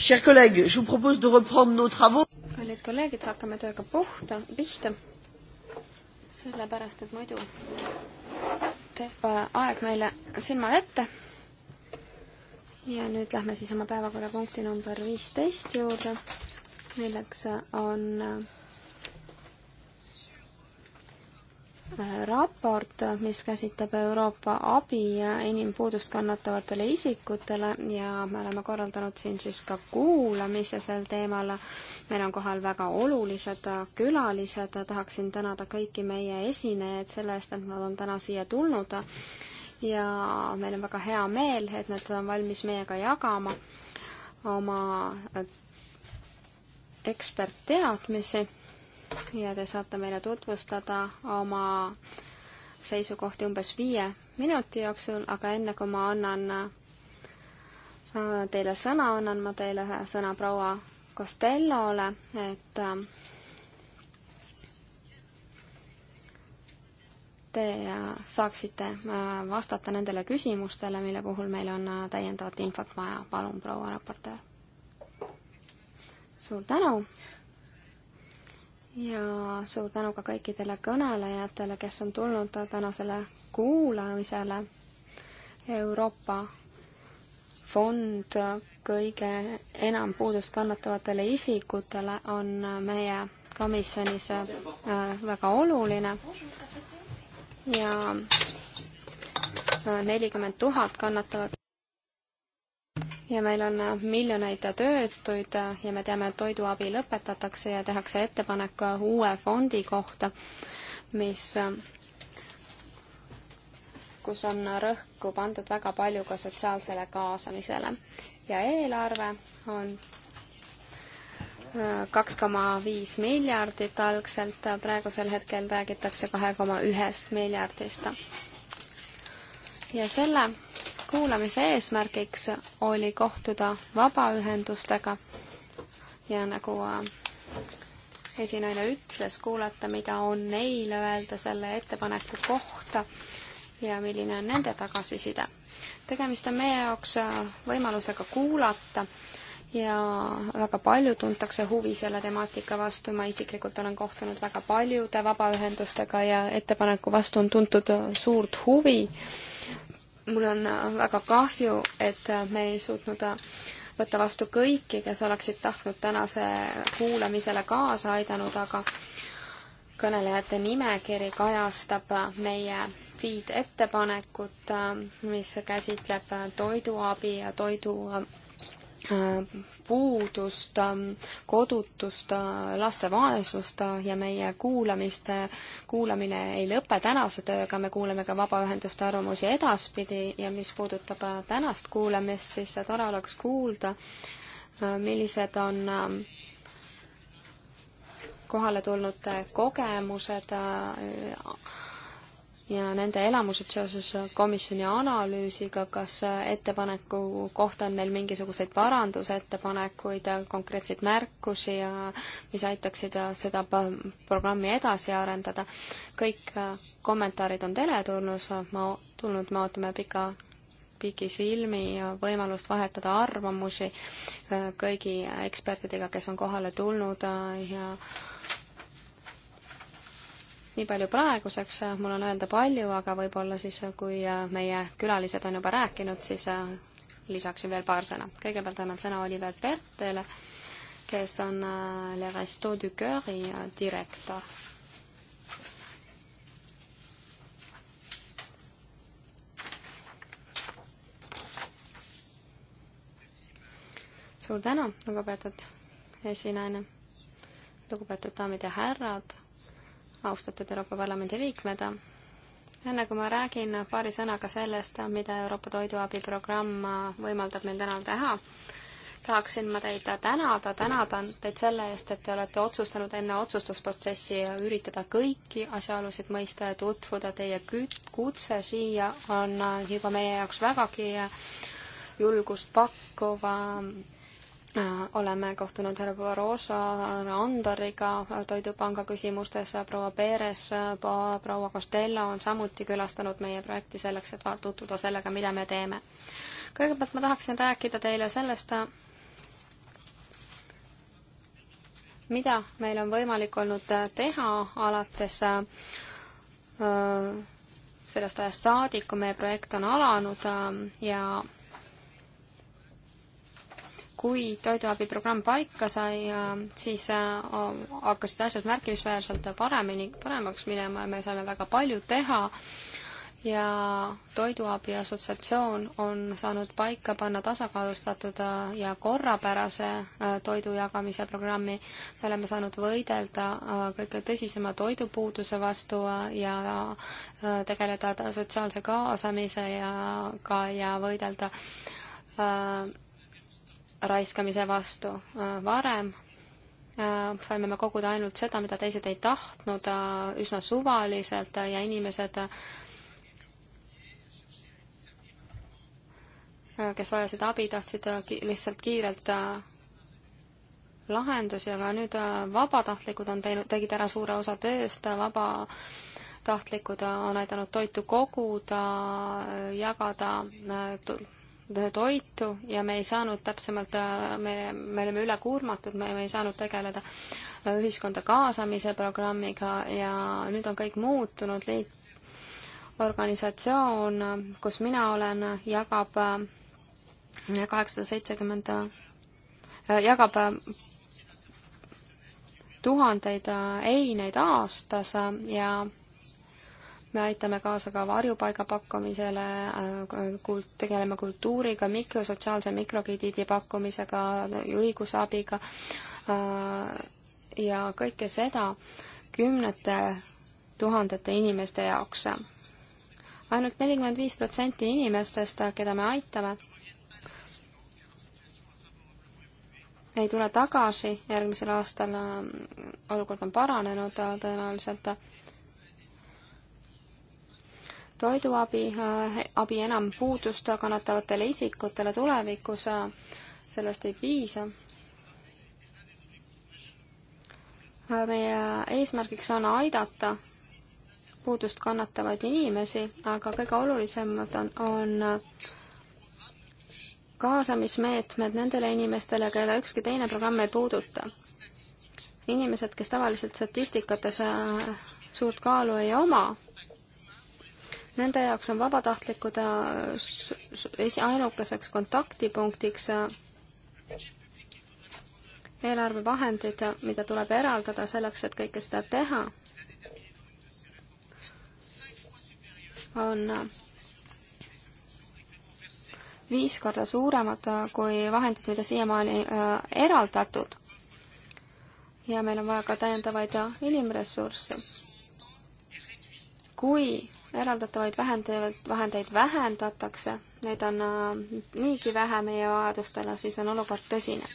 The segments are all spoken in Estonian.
Chers collègues, je vous propose de reprendre nos travaux. kallid kolleegid, hakkame tööga puhta, pihta. sellepärast, et muidu teeb äh, aeg meile silmad ette. ja nüüd lähme siis oma päevakorrapunkti number viisteist juurde, milleks on äh, raport, mis käsitleb Euroopa abi enim puudust kannatavatele isikutele ja me oleme korraldanud siin siis ka kuulamise sel teemal. meil on kohal väga olulised külalised, tahaksin tänada kõiki meie esinejaid selle eest, et nad on täna siia tulnud ja meil on väga hea meel, et nad on valmis meiega jagama oma ekspertteadmisi ja te saate meile tutvustada oma seisukohti umbes viie minuti jooksul, aga enne kui ma annan äh, teile sõna, annan ma teile sõna proua Costellole, et äh, te äh, saaksite vastata nendele küsimustele, mille puhul meil on täiendavat infot vaja. palun, proua raportöör. suur tänu, ja suur tänu ka kõikidele kõnelejatele, kes on tulnud tänasele kuulamisele. Euroopa fond kõige enam puudust kannatavatele isikutele on meie komisjonis äh, väga oluline ja äh, nelikümmend tuhat kannatavat ja meil on äh, miljoneid töötuid äh, ja me teame, et toiduabi lõpetatakse ja tehakse ettepanek äh, uue fondi kohta, mis, kus on rõhku pandud väga palju ka sotsiaalsele kaasamisele ja eelarve on kaks koma viis miljardit algselt, praegusel hetkel räägitakse kahe koma ühest miljardist. ja selle kuulamise eesmärgiks oli kohtuda vabaühendustega ja nagu äh, esinaine ütles, kuulata, mida on neil öelda selle ettepaneku kohta ja milline on nende tagasiside. tegemist on meie jaoks äh, võimalusega kuulata ja väga palju tuntakse huvi selle temaatika vastu, ma isiklikult olen kohtunud väga paljude vabaühendustega ja ettepaneku vastu on tuntud suurt huvi mul on äh, väga kahju, et äh, me ei suutnud äh, võtta vastu kõiki, kes oleksid tahtnud tänase kuulamisele kaasa aidanud, aga kõnelejate nimekiri kajastab meie viid ettepanekut, mis käsitleb toiduabi ja toidu puudust, ähm, kodutust, äh, laste vaesust äh, ja meie kuulamiste, kuulamine ei lõpe tänase tööga, me kuulame ka vabaühenduste arvamusi edaspidi ja mis puudutab äh, tänast kuulamist, siis tore oleks kuulda, millised on ähm, kohale tulnud kogemused ja nende elamused seoses komisjoni analüüsiga, kas ettepaneku kohta on neil mingisuguseid parandusettepanekuid, konkreetseid märkusi ja mis aitaksid seda programmi edasi arendada. kõik kommentaarid on teretulnud, ma, tulnud, me ootame pika pikisilmi ja võimalust vahetada arvamusi kõigi ekspertidega, kes on kohale tulnud ja nii palju praeguseks, mul on öelda palju, aga võib-olla siis, kui äh, meie külalised on juba rääkinud, siis äh, lisaksin veel paar sõna. kõigepealt annan sõna Oliver Pertele, kes on äh, Le Resto du Coeur'i direktor. suur tänu, lugupeetud esinaine, lugupeetud daamid ja härrad austatud Euroopa Parlamendi liikmed. enne kui ma räägin paari sõnaga sellest, mida Euroopa toiduabiprogramm võimaldab meil täna teha, tahaksin ma teid tänada, tänada teid selle eest, et te olete otsustanud enne otsustusprotsessi üritada kõiki asjaolusid mõista ja tutvuda. Teie kutse siia on juba meie jaoks vägagi julgust pakkuva Äh, oleme kohtunud härra Barroso, härra Andoriga Toidupanga küsimustes, proua Peeres, proua Costello on samuti külastanud meie projekti selleks, et tutvuda sellega, mida me teeme. kõigepealt ma tahaksin rääkida teile sellest, mida meil on võimalik olnud teha alates äh, sellest ajast saadik, kui meie projekt on alanud äh, ja kui toiduabiprogramm paika sai, siis äh, hakkasid asjad märkimisväärselt paremini, paremaks minema ja me saime väga palju teha ja Toiduabi Assotsiatsioon on saanud paika panna tasakaalustatud äh, ja korrapärase äh, toidu jagamise programmi. me oleme saanud võidelda kõige tõsisema toidupuuduse vastu ja tegeleda sotsiaalse kaasamise ja ka ja võidelda raiskamise vastu äh, varem, äh, saime me koguda ainult seda, mida teised ei tahtnud, äh, üsna suvaliselt ja inimesed, kes vajasid abi, tahtsid lihtsalt kiirelt lahendusi, aga nüüd vabatahtlikud on teinud, tegid ära suure osa tööst, vabatahtlikud on aidanud toitu koguda, jagada toitu ja me ei saanud täpsemalt, me, me olime ülekuurmatud, me ei saanud tegeleda ühiskonda kaasamise programmiga ja nüüd on kõik muutunud, liit, organisatsioon, kus mina olen, jagab eh, kaheksasada seitsekümmend, eh, jagab eh, tuhandeid eineid aastas ja me aitame kaasa ka varjupaiga pakkumisele, äh, kult-, tegeleme kultuuriga, mikrosotsiaalse mikrokrediidi pakkumisega, õigusabiga äh, ja kõike seda kümnete tuhandete inimeste jaoks. ainult nelikümmend viis protsenti inimestest, keda me aitame, ei tule tagasi järgmisel aastal, äh, olukord on paranenud tõenäoliselt toiduabi, äh, abi enam puudust kannatavatele isikutele tulevikus, äh, sellest ei piisa. Äh, meie eesmärgiks on aidata puudust kannatavaid inimesi, aga kõige olulisemad on, on kaasamismeetmed nendele inimestele, keda ükski teine programm ei puuduta. inimesed, kes tavaliselt statistikates suurt kaalu ei oma, Nende jaoks on vabatahtlikud äh, ainukeseks kontaktipunktiks äh, eelarvevahendid, mida tuleb eraldada selleks, et kõike seda teha, on äh, viis korda suuremad kui vahendid, mida siiamaani eraldatud. ja meil on vaja ka täiendavaid inimressursse. kui eraldatavaid vahendeid, vahendeid vähendatakse, neid on äh, niigi vähe meie vajadustele, siis on olukord tõsine.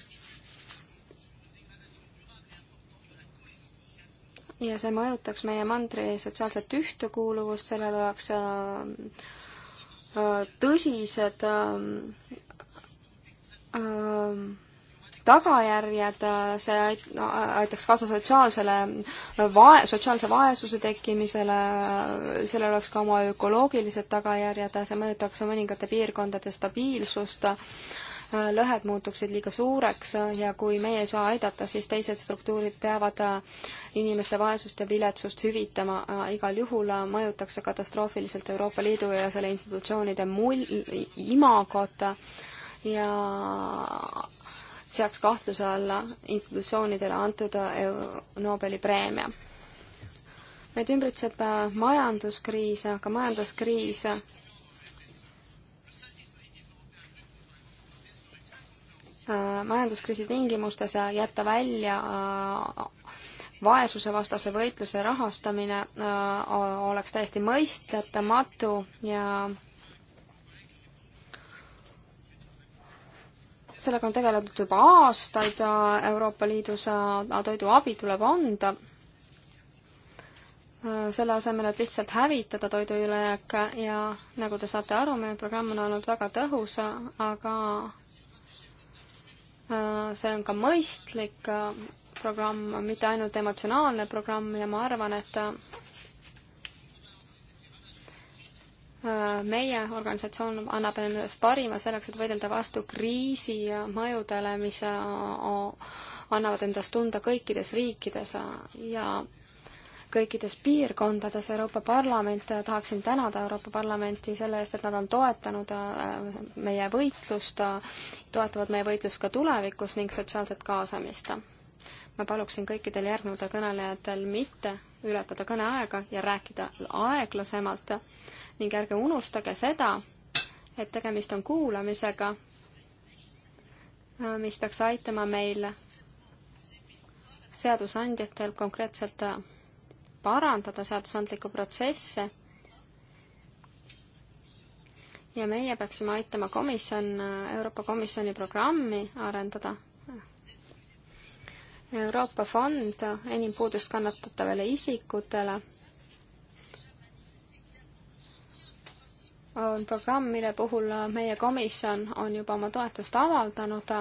ja see mõjutaks meie mandri sotsiaalset ühtekuuluvust, sellel oleks äh, äh, tõsised tagajärjed, see aitaks kaasa sotsiaalsele vae-, sotsiaalse vaesuse tekkimisele, sellel oleks ka oma ökoloogilised tagajärjed, see mõjutaks mõningate piirkondade stabiilsust, lõhed muutuksid liiga suureks ja kui meie ei saa aidata, siis teised struktuurid peavad inimeste vaesust ja viletsust hüvitama. igal juhul mõjutakse katastroofiliselt Euroopa Liidu ja selle institutsioonide mul-, imagot ja seaks kahtluse alla institutsioonidele antud äh, Nobeli preemia. meid ümbritseb äh, majanduskriis, aga majanduskriis äh, majanduskriisi tingimustes jätta välja vaesusevastase võitluse rahastamine oleks täiesti mõistetamatu ja sellega on tegeletud juba aastaid Euroopa Liidus, toiduabi tuleb anda. selle asemel, et lihtsalt hävitada toidu ülejääk ja nagu te saate aru, meie programm on olnud väga tõhus, aga äh, see on ka mõistlik äh, programm, mitte ainult emotsionaalne programm ja ma arvan, et meie organisatsioon annab endast parima selleks, et võidelda vastu kriisi ja mõjudele, mis äh, annavad endast tunda kõikides riikides äh, ja kõikides piirkondades. Euroopa Parlament, äh, tahaksin tänada Euroopa Parlamenti selle eest, et nad on toetanud meie võitlust, toetavad meie võitlust ka tulevikus ning sotsiaalset kaasamist. ma paluksin kõikidel järgnevatel kõnelejatel mitte ületada kõneaega ja rääkida aeglasemalt ning ärge unustage seda, et tegemist on kuulamisega, äh, mis peaks aitama meil seadusandjatel konkreetselt äh, parandada seadusandlikku protsessi ja meie peaksime aitama komisjon, äh, Euroopa Komisjoni programmi arendada. Euroopa fond enim puudust kannatatavale isikutele on programm, mille puhul meie komisjon on juba oma toetust avaldanud.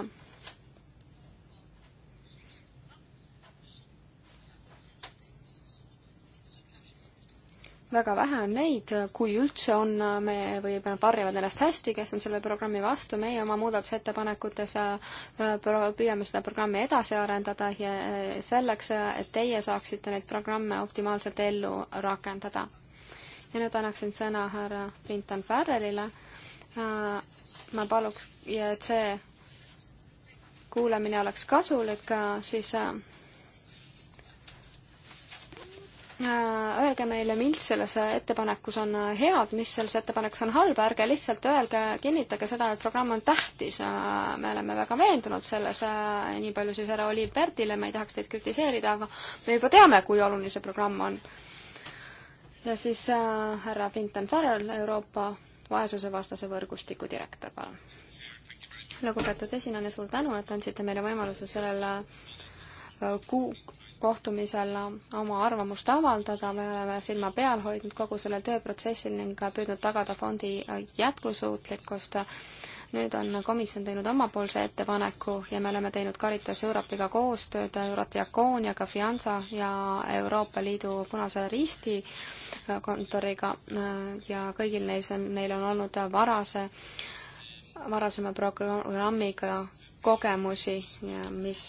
väga vähe on neid, kui üldse on, me või nad varjavad ennast hästi, kes on selle programmi vastu, meie oma muudatusettepanekutes äh, püüame seda programmi edasi arendada ja äh, selleks, et teie saaksite neid programme optimaalselt ellu rakendada ja nüüd annaksin sõna härra Vinton Farrellile. Äh, ma paluks, ja et see kuulamine oleks kasulik, äh, siis äh, öelge meile, mis selles ettepanekus on head, mis selles ettepanekus on halba, ärge lihtsalt öelge, kinnitage seda, et programm on tähtis. me oleme väga veendunud selles, nii palju siis härra Oliv Pärtile, ma ei tahaks teid kritiseerida, aga me juba teame, kui oluline see programm on ja siis äh, härra Fintan Farrel, Euroopa vaesusevastase võrgustiku direktor, palun. lugupeetud esinejana, suur tänu, et andsite meile võimaluse sellel äh, kuu kohtumisel äh, oma arvamust avaldada, me oleme silma peal hoidnud kogu sellel tööprotsessil ning äh, püüdnud tagada fondi jätkusuutlikkust äh, nüüd on komisjon teinud omapoolse ettepaneku ja me oleme teinud Caritas Europe'iga koostööd, Eurodiakooniaga, Fianza ja Euroopa Liidu Punase Risti äh, kontoriga äh, ja kõigil neis on, neil on olnud varase, varasema programmiga kogemusi, mis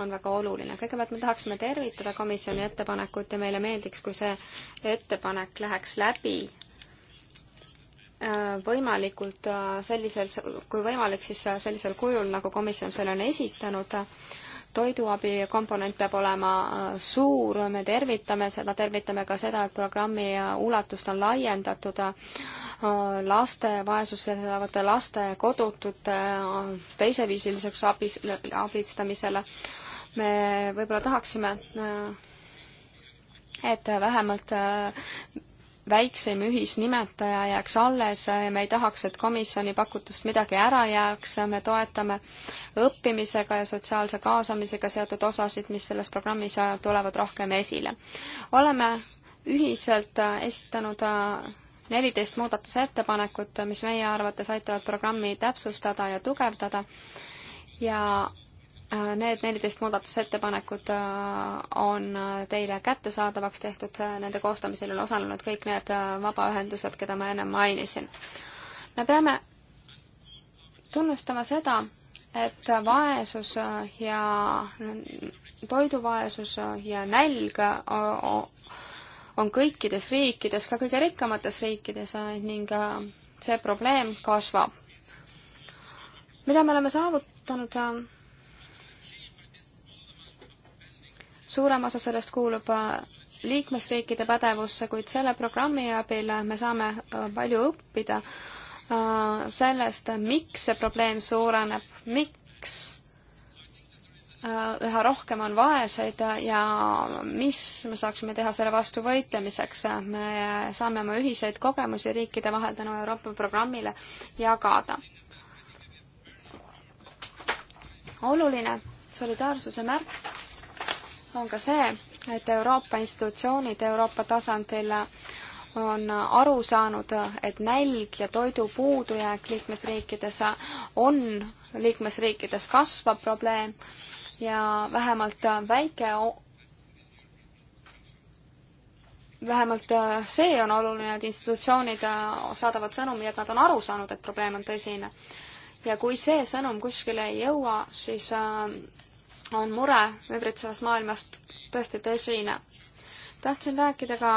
on väga oluline. kõigepealt me tahaksime tervitada komisjoni ettepanekut ja meile meeldiks, kui see ettepanek läheks läbi Äh, võimalikult äh, sellisel, kui võimalik, siis äh, sellisel kujul, nagu komisjon selle on esitanud. toiduabi komponent peab olema suur, me tervitame seda, tervitame ka seda, et programmi ulatust on laiendatud laste, vaesuses elavate laste, kodutute teiseviisiliseks abis, abistamisele. me võib-olla tahaksime, et vähemalt väikseim ühisnimetaja jääks alles, me ei tahaks, et komisjoni pakutust midagi ära jääks, me toetame õppimisega ja sotsiaalse kaasamisega seotud osasid, mis selles programmis tulevad rohkem esile. oleme ühiselt esitanud neliteist muudatusettepanekut, mis meie arvates aitavad programmi täpsustada ja tugevdada ja Need neliteist muudatusettepanekut äh, on äh, teile kättesaadavaks tehtud, äh, nende koostamisel on osalenud kõik need vabaühendused, keda ma ennem mainisin. me peame tunnustama seda, et vaesus ja toiduvaesus ja nälg on kõikides riikides, ka kõige rikkamates riikides ning see probleem kasvab. mida me oleme saavutanud suurem osa sellest kuulub äh, liikmesriikide pädevusse, kuid selle programmi abil me saame äh, palju õppida äh, sellest, miks see probleem suureneb, miks üha rohkem on vaeseid ja mis me saaksime teha selle vastu võitlemiseks. me saame oma ühiseid kogemusi riikide vahel tänu Euroopa programmile jagada. oluline solidaarsuse märk on ka see, et Euroopa institutsioonid Euroopa tasandil on aru saanud, et nälg ja toidu puudujääk liikmesriikides on, liikmesriikides kasvav probleem ja vähemalt väike vähemalt see on oluline, et institutsioonid saadavad sõnumi, et nad on aru saanud, et probleem on tõsine. ja kui see sõnum kuskile ei jõua, siis äh, on mure ümbritsevast maailmast tõesti tõsine. tahtsin rääkida ka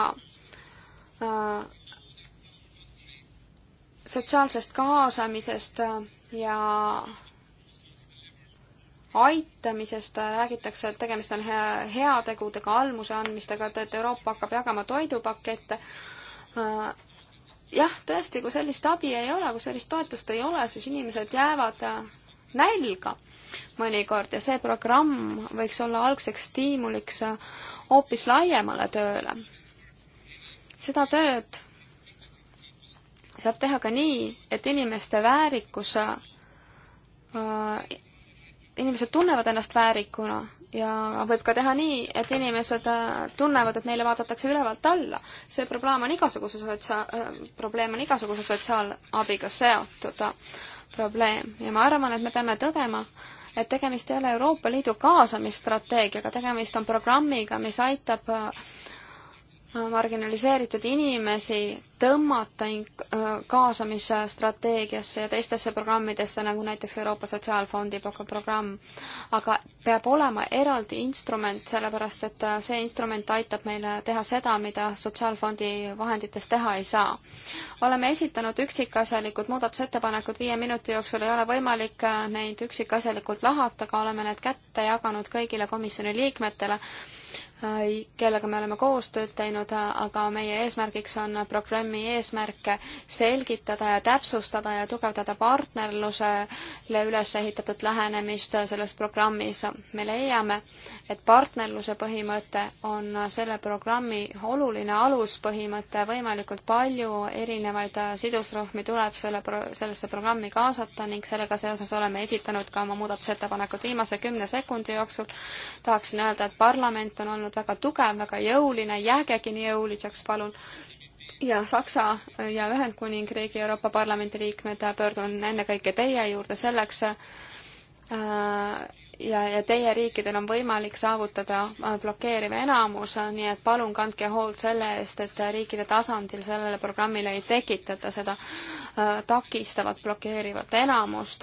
äh, sotsiaalsest kaasamisest äh, ja aitamisest räägitakse, et tegemist on hea, heategudega, almuse andmistega, et, et Euroopa hakkab jagama toidupakette äh, jah, tõesti, kui sellist abi ei ole, kui sellist toetust ei ole, siis inimesed jäävad äh, nälga mõnikord ja see programm võiks olla algseks stiimuliks hoopis laiemale tööle. seda tööd saab teha ka nii, et inimeste väärikus äh, inimesed tunnevad ennast väärikuna ja võib ka teha nii, et inimesed äh, tunnevad, et neile vaadatakse ülevalt alla. see probleem on igasuguse sotsia-, äh, probleem on igasuguse sotsiaalabiga seotud probleem ja ma arvan, et me peame tõdema, et tegemist ei ole Euroopa Liidu kaasamisstrateegiaga, tegemist on programmiga, mis aitab äh, marginaliseeritud inimesi tõmmata kaasamisstrateegiasse ja teistesse programmidesse, nagu näiteks Euroopa Sotsiaalfondi programm. aga peab olema eraldi instrument, sellepärast et see instrument aitab meile teha seda, mida Sotsiaalfondi vahendites teha ei saa. oleme esitanud üksikasjalikud muudatusettepanekud viie minuti jooksul, ei ole võimalik neid üksikasjalikult lahata, aga oleme need kätte jaganud kõigile komisjoni liikmetele kellega me oleme koostööd teinud, aga meie eesmärgiks on programmi eesmärke selgitada ja täpsustada ja tugevdada partnerlusele üles ehitatud lähenemist selles programmis. me leiame, et partnerluse põhimõte on selle programmi oluline aluspõhimõte, võimalikult palju erinevaid sidusrühmi tuleb selle pro-, sellesse programmi kaasata ning sellega seoses oleme esitanud ka oma muudatusettepanekud viimase kümne sekundi jooksul. tahaksin öelda, et parlament on olnud olnud väga tugev, väga jõuline, jäägegi nii jõuliseks, palun. ja Saksa ja Ühendkuningriigi Euroopa Parlamendi liikmed, pöördun ennekõike teie juurde selleks äh,, ja, ja teie riikidel on võimalik saavutada äh, blokeeriv enamus, äh, nii et palun kandke hoolt selle eest, et äh, riikide tasandil sellele programmile ei tekitata seda takistavat blokeerivat enamust,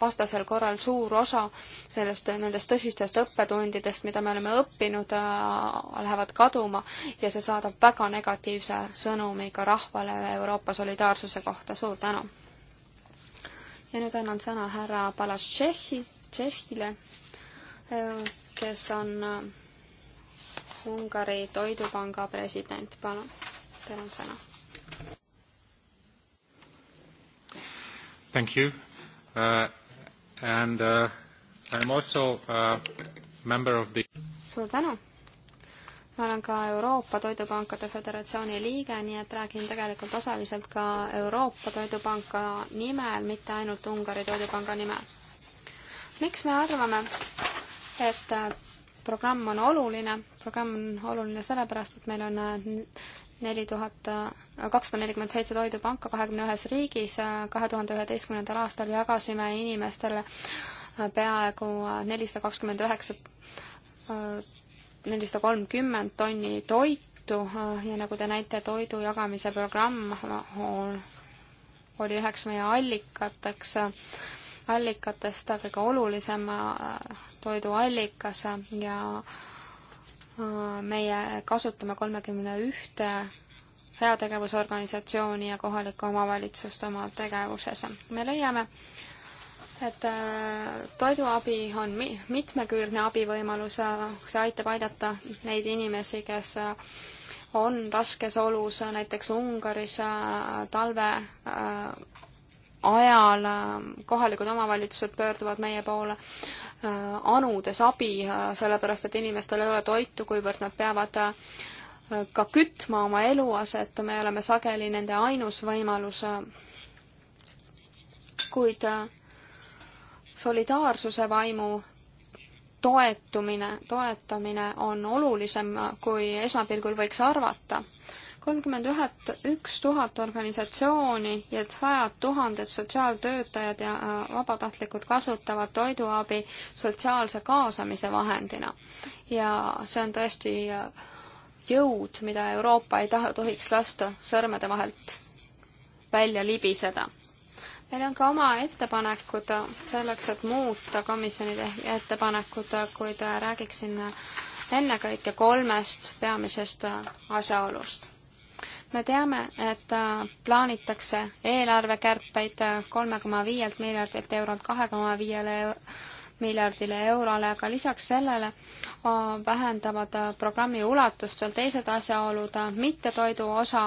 vastasel korral suur osa sellest, nendest tõsistest õppetundidest, mida me oleme õppinud, lähevad kaduma ja see saadab väga negatiivse sõnumi ka rahvale Euroopa solidaarsuse kohta, suur tänu! ja nüüd annan sõna härra Balazs-Tšehhi Tšehhile, eh, kes on eh, Ungari Toidupanga president. palun, teil on sõna. Thank you uh, and uh, I am also uh, member of the suur tänu! ma olen ka Euroopa Toidupankade Föderatsiooni liige, nii et räägin tegelikult osaliselt ka Euroopa Toidupanka nimel, mitte ainult Ungari Toidupanga nimel miks me arvame, et äh, programm on oluline, programm on oluline sellepärast, et meil on äh, neli tuhat, äh, kakssada nelikümmend seitse toidupanka kahekümne ühes riigis, kahe tuhande üheteistkümnendal aastal jagasime inimestele peaaegu nelisada kakskümmend üheksa, nelisada kolmkümmend tonni toitu ja nagu te näite, toidu jagamise programm oli üheks meie allikateks allikatest kõige olulisem äh, toiduallikas ja äh, meie kasutame kolmekümne ühte heategevusorganisatsiooni ja kohalikku omavalitsust oma tegevuses. me leiame, et äh, toiduabi on mitmekülgne abivõimalus, see aitab aidata neid inimesi, kes on raskes olus, näiteks Ungaris talve ajal ähm, kohalikud omavalitsused pöörduvad meie poole äh, anudes abi, äh, sellepärast et inimestel ei ole toitu, kuivõrd nad peavad äh, ka kütma oma eluaset, me oleme sageli nende ainus võimalus. kuid solidaarsuse vaimu toetumine, toetamine on olulisem, kui esmapilgul võiks arvata kolmkümmend ühet, üks tuhat organisatsiooni ja sajad tuhanded sotsiaaltöötajad ja äh, vabatahtlikud kasutavad toiduabi sotsiaalse kaasamise vahendina. ja see on tõesti äh, jõud, mida Euroopa ei taha, tohiks lasta sõrmede vahelt välja libiseda. meil on ka oma ettepanekud selleks, et muuta komisjoni ettepanekud, kuid räägiksin ennekõike kolmest peamisest asjaolust me teame, et äh, plaanitakse eelarvekärpeid äh, kolme koma viielt miljardilt eurolt kahe koma viiele miljardile eurole, aga lisaks sellele äh, vähendavad programmi ulatust veel teised asjaolud, mittetoidu osa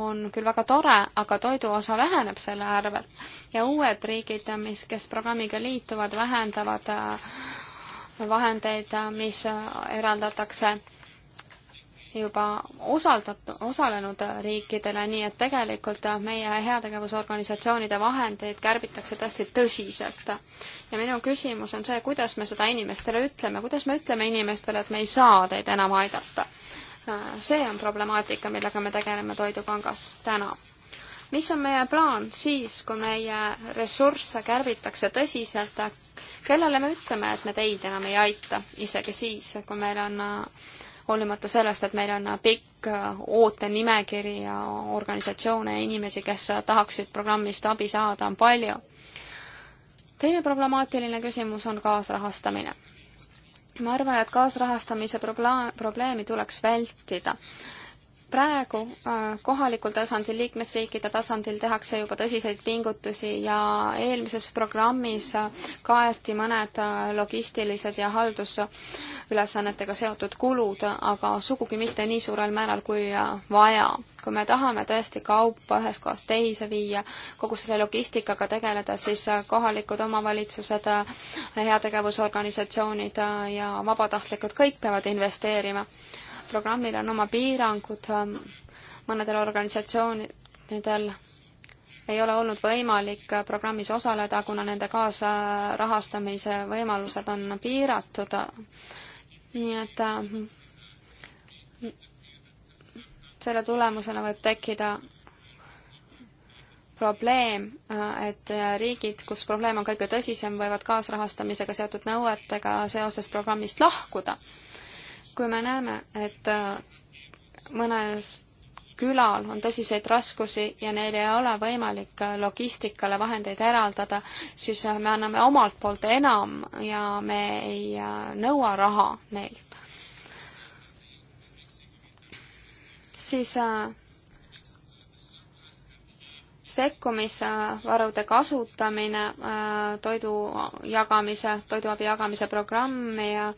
on küll väga tore, aga toidu osa väheneb selle arvelt ja uued riigid, mis, kes programmiga liituvad, vähendavad vahendeid, mis eraldatakse juba osaldat-, osalenud riikidele, nii et tegelikult meie heategevusorganisatsioonide vahendeid kärbitakse tõesti tõsiselt. ja minu küsimus on see, kuidas me seda inimestele ütleme, kuidas me ütleme inimestele, et me ei saa teid enam aidata. see on problemaatika, millega me tegeleme Toidupangas täna. mis on meie plaan siis, kui meie ressursse kärbitakse tõsiselt, kellele me ütleme, et me teid enam ei aita, isegi siis, kui meil on äh, hoolimata sellest, et meil on pikk ootenimekiri äh, ja organisatsioone ja inimesi, kes tahaksid programmist abi saada, on palju. teine problemaatiline küsimus on kaasrahastamine. ma arvan, et kaasrahastamise probleemi tuleks vältida praegu äh, kohalikul tasandil, liikmesriikide tasandil tehakse juba tõsiseid pingutusi ja eelmises programmis äh, kaeti mõned äh, logistilised ja haldusülesannetega seotud kulud, aga sugugi mitte nii suurel määral, kui vaja. kui me tahame tõesti kaupa ühest kohast teise viia, kogu selle logistikaga tegeleda, siis kohalikud omavalitsused, heategevusorganisatsioonid ja vabatahtlikud kõik peavad investeerima programmil on oma piirangud, ähm, mõnedel organisatsioonidel ei ole olnud võimalik äh, programmis osaleda, kuna nende kaasrahastamise võimalused on piiratud. nii et äh, selle tulemusena võib tekkida probleem, äh, et riigid, kus probleem on kõige tõsisem, võivad kaasrahastamisega seotud nõuetega seoses programmist lahkuda kui me näeme, et äh, mõnel külal on tõsiseid raskusi ja neil ei ole võimalik äh, logistikale vahendeid eraldada, siis äh, me anname omalt poolt enam ja me ei nõua raha neilt. siis sekkumisvarude kasutamine toidu jagamise, toiduabi jagamise programmi ja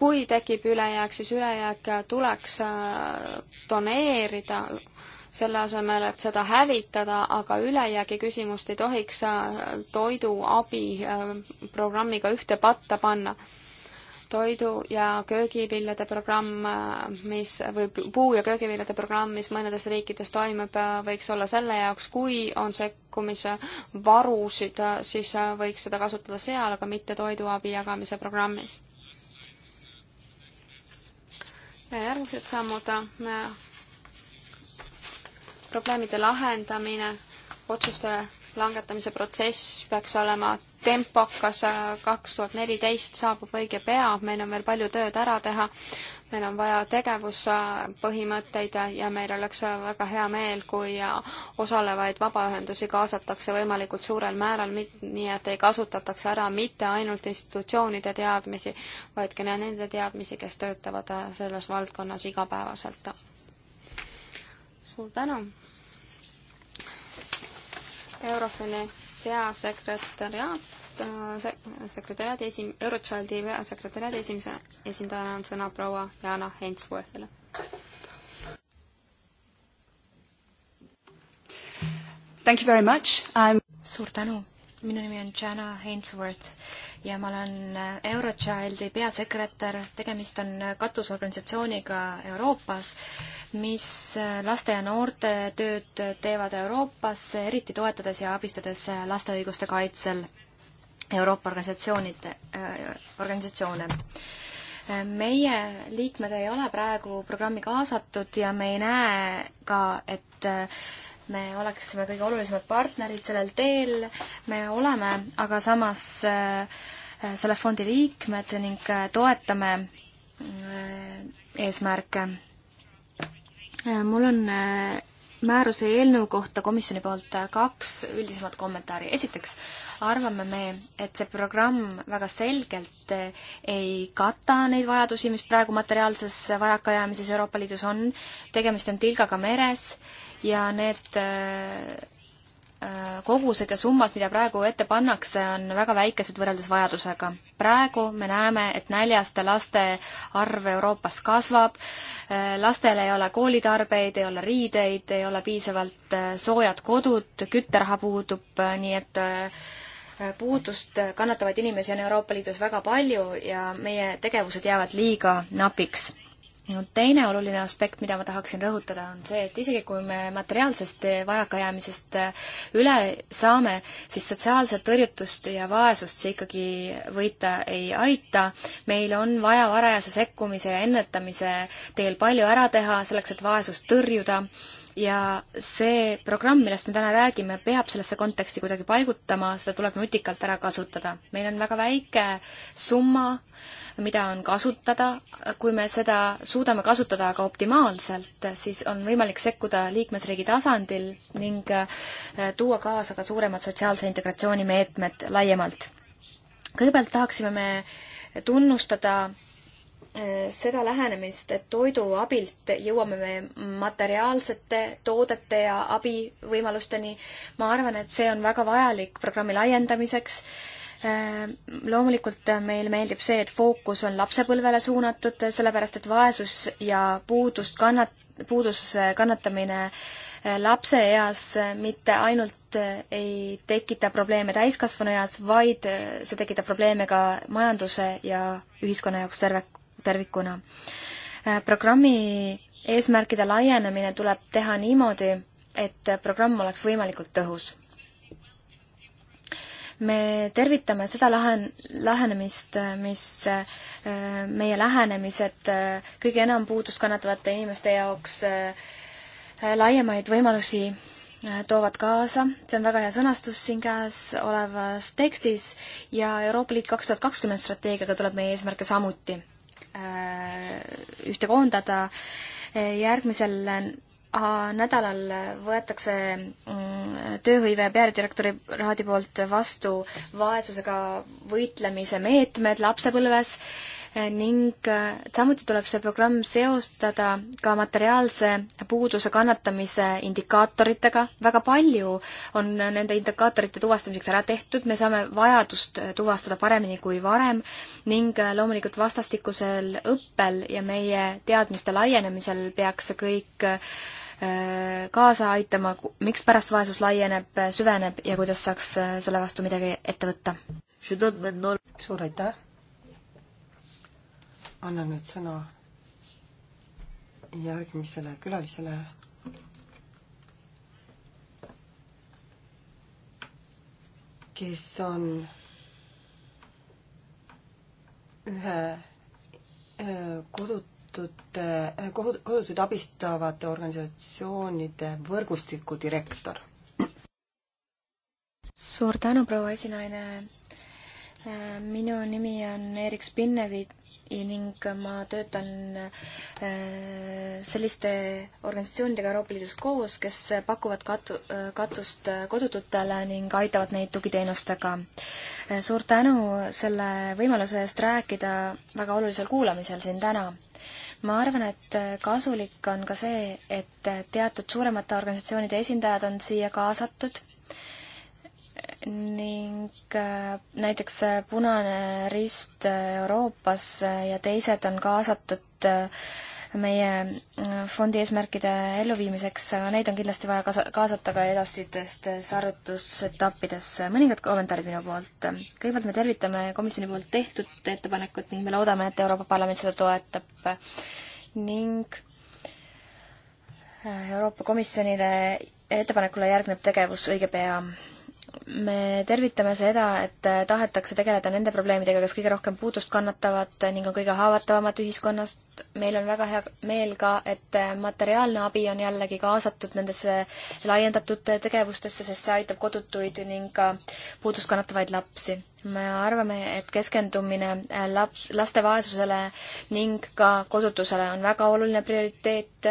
kui tekib ülejääk, siis ülejääk tuleks äh, doneerida, selle asemel, et seda hävitada, aga ülejäägi küsimust ei tohiks äh, toiduabi äh, programmiga ühte patta panna toidu- ja köögiviljade programm, mis, või puu- ja köögiviljade programm, mis mõnedes riikides toimub, võiks olla selle jaoks, kui on sekkumise varusid, siis võiks seda kasutada seal, aga mitte toiduabi jagamise programmis ja järgmised sammud, äh, probleemide lahendamine, otsuste langetamise protsess peaks olema tempokas, äh, kaks tuhat neliteist saabub õige pea, meil on veel palju tööd ära teha, meil on vaja tegevuspõhimõtteid ja meil oleks väga hea meel, kui osalevaid vabaühendusi kaasatakse võimalikult suurel määral, nii et ei kasutataks ära mitte ainult institutsioonide teadmisi, vaid ka nende teadmisi, kes töötavad selles valdkonnas igapäevaselt. suur tänu! Eurofini peasekretäriaat poolt äh, sekretäriaadi esim-, Eurotšaldi sekretäriaadi esimese esindajana on sõna proua Jana Hensworthile. Thank you very much, I m suur tänu, minu nimi on Jana Hensworth ja ma olen Eurochildi peasekretär, tegemist on katusorganisatsiooniga Euroopas, mis laste ja noorte tööd teevad Euroopas, eriti toetades ja abistades laste õiguste kaitsel. Euroopa organisatsioonide, äh, organisatsioone. meie liikmed ei ole praegu programmi kaasatud ja me ei näe ka, et äh, me oleksime kõige olulisemad partnerid sellel teel, me oleme aga samas äh, selle fondi liikmed ning toetame eesmärke. mul on määruse eelnõu kohta komisjoni poolt kaks üldisemat kommentaari. esiteks arvame me, et see programm väga selgelt ei kata neid vajadusi, mis praegu materiaalses vajakajäämises Euroopa Liidus on. tegemist on tilgaga meres ja need kogused ja summad, mida praegu ette pannakse, on väga väikesed võrreldes vajadusega. praegu me näeme, et näljaste laste arv Euroopas kasvab, lastel ei ole koolitarbeid, ei ole riideid, ei ole piisavalt äh, soojad kodud, kütteraha puudub, äh, nii et äh, puudust kannatavaid inimesi on Euroopa Liidus väga palju ja meie tegevused jäävad liiga napiks no teine oluline aspekt, mida ma tahaksin rõhutada, on see, et isegi kui me materiaalsest vajakajäämisest äh, üle saame, siis sotsiaalset tõrjutust ja vaesust see ikkagi võita ei aita. meil on vaja varajase sekkumise ja ennetamise teel palju ära teha selleks, et vaesust tõrjuda ja see programm, millest me täna räägime, peab sellesse konteksti kuidagi paigutama, seda tuleb nutikalt ära kasutada. meil on väga väike summa, mida on kasutada, kui me seda suudame kasutada aga optimaalselt, siis on võimalik sekkuda liikmesriigi tasandil ning äh, tuua kaasa ka suuremad sotsiaalse integratsiooni meetmed laiemalt. kõigepealt tahaksime me tunnustada Äh, seda lähenemist, et toidu abilt jõuame me materiaalsete toodete ja abivõimalusteni. ma arvan, et see on väga vajalik programmi laiendamiseks. Äh, loomulikult meile meeldib see, et fookus on lapsepõlvele suunatud, sellepärast et vaesus ja puudust kannat-, puuduse kannatamine äh, lapseeas mitte ainult ei tekita probleeme täiskasvanueas, vaid see tekitab probleeme ka majanduse ja ühiskonna jaoks terve, tervikuna. Äh, programmi eesmärkide laienemine tuleb teha niimoodi, et programm oleks võimalikult tõhus. me tervitame seda lahen-, lähenemist, mis äh, meie lähenemised äh, kõige enam puudust kannatavate inimeste jaoks laiemaid võimalusi toovad kaasa, see on väga hea sõnastus siin käes olevas tekstis ja Euroopa Liit kaks tuhat kakskümmend strateegiaga tuleb meie eesmärke samuti Äh, ühte koondada. Äh, järgmisel äh, nädalal võetakse mm, tööhõive peadirektori raadi poolt vastu vaesusega võitlemise meetmed lapsepõlves ning äh, samuti tuleb see programm seostada ka materiaalse puuduse kannatamise indikaatoritega. väga palju on nende indikaatorite tuvastamiseks ära tehtud, me saame vajadust tuvastada paremini kui varem ning äh, loomulikult vastastikusel õppel ja meie teadmiste laienemisel peaks see kõik äh, kaasa aitama, mikspärast vaesus laieneb, süveneb ja kuidas saaks selle vastu midagi ette võtta? suur aitäh! annan nüüd sõna järgmisele külalisele. kes on ühe äh, kodutute, äh, kodutuid abistavate organisatsioonide võrgustiku direktor. suur tänu, proua esinaine Äh, minu nimi on Erik Spinnevi ning ma töötan äh, selliste organisatsioonidega Euroopa Liidus koos, kes pakuvad katu, äh, katust kodututele ning aitavad neid tugiteenustega. suur tänu selle võimaluse eest rääkida väga olulisel kuulamisel siin täna ma arvan, et kasulik on ka see, et teatud suuremate organisatsioonide esindajad on siia kaasatud ning äh, näiteks äh, Punane Rist äh, Euroopas ja teised on kaasatud meie fondi eesmärkide elluviimiseks, aga neid on kindlasti vaja kaasa, kaasata ka edasitestes arvutusetappidesse. mõningad kommentaarid minu poolt. kõigepealt me tervitame komisjoni poolt tehtud ettepanekut ning me loodame, et Euroopa Parlament seda toetab ning Euroopa Komisjonile ettepanekule järgneb tegevus õige pea me tervitame seda, et äh, tahetakse tegeleda nende probleemidega, kes kõige rohkem puudust kannatavad ning on kõige haavatavamad ühiskonnast. meil on väga hea meel ka, et äh, materiaalne abi on jällegi kaasatud nendesse laiendatud tegevustesse, sest see aitab kodutuid ning ka puudust kannatavaid lapsi me arvame, et keskendumine äh, laps, laste vaesusele ning ka kodutusele on väga oluline prioriteet.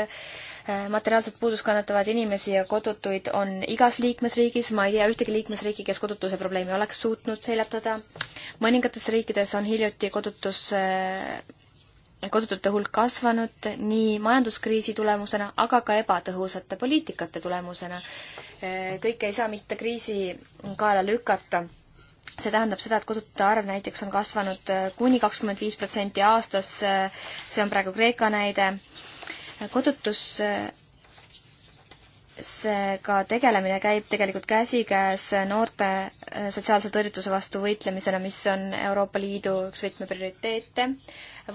Äh, materiaalselt puudust kannatavaid inimesi ja kodutuid on igas liikmesriigis, ma ei tea ühtegi liikmesriiki, kes kodutuse probleemi oleks suutnud seljatada. mõningates riikides on hiljuti kodutus äh, kodutute hulk kasvanud nii majanduskriisi tulemusena, aga ka ebatõhusate poliitikate tulemusena. kõike ei saa mitte kriisi kaela lükata see tähendab seda, et kodutute arv näiteks on kasvanud äh, kuni kakskümmend viis protsenti aastas, äh, see on praegu Kreeka näide. kodutus ka äh, tegelemine käib tegelikult käsikäes noorte sotsiaalse tõrjutuse vastu võitlemisena, mis on Euroopa Liidu üks võtmeprioriteete.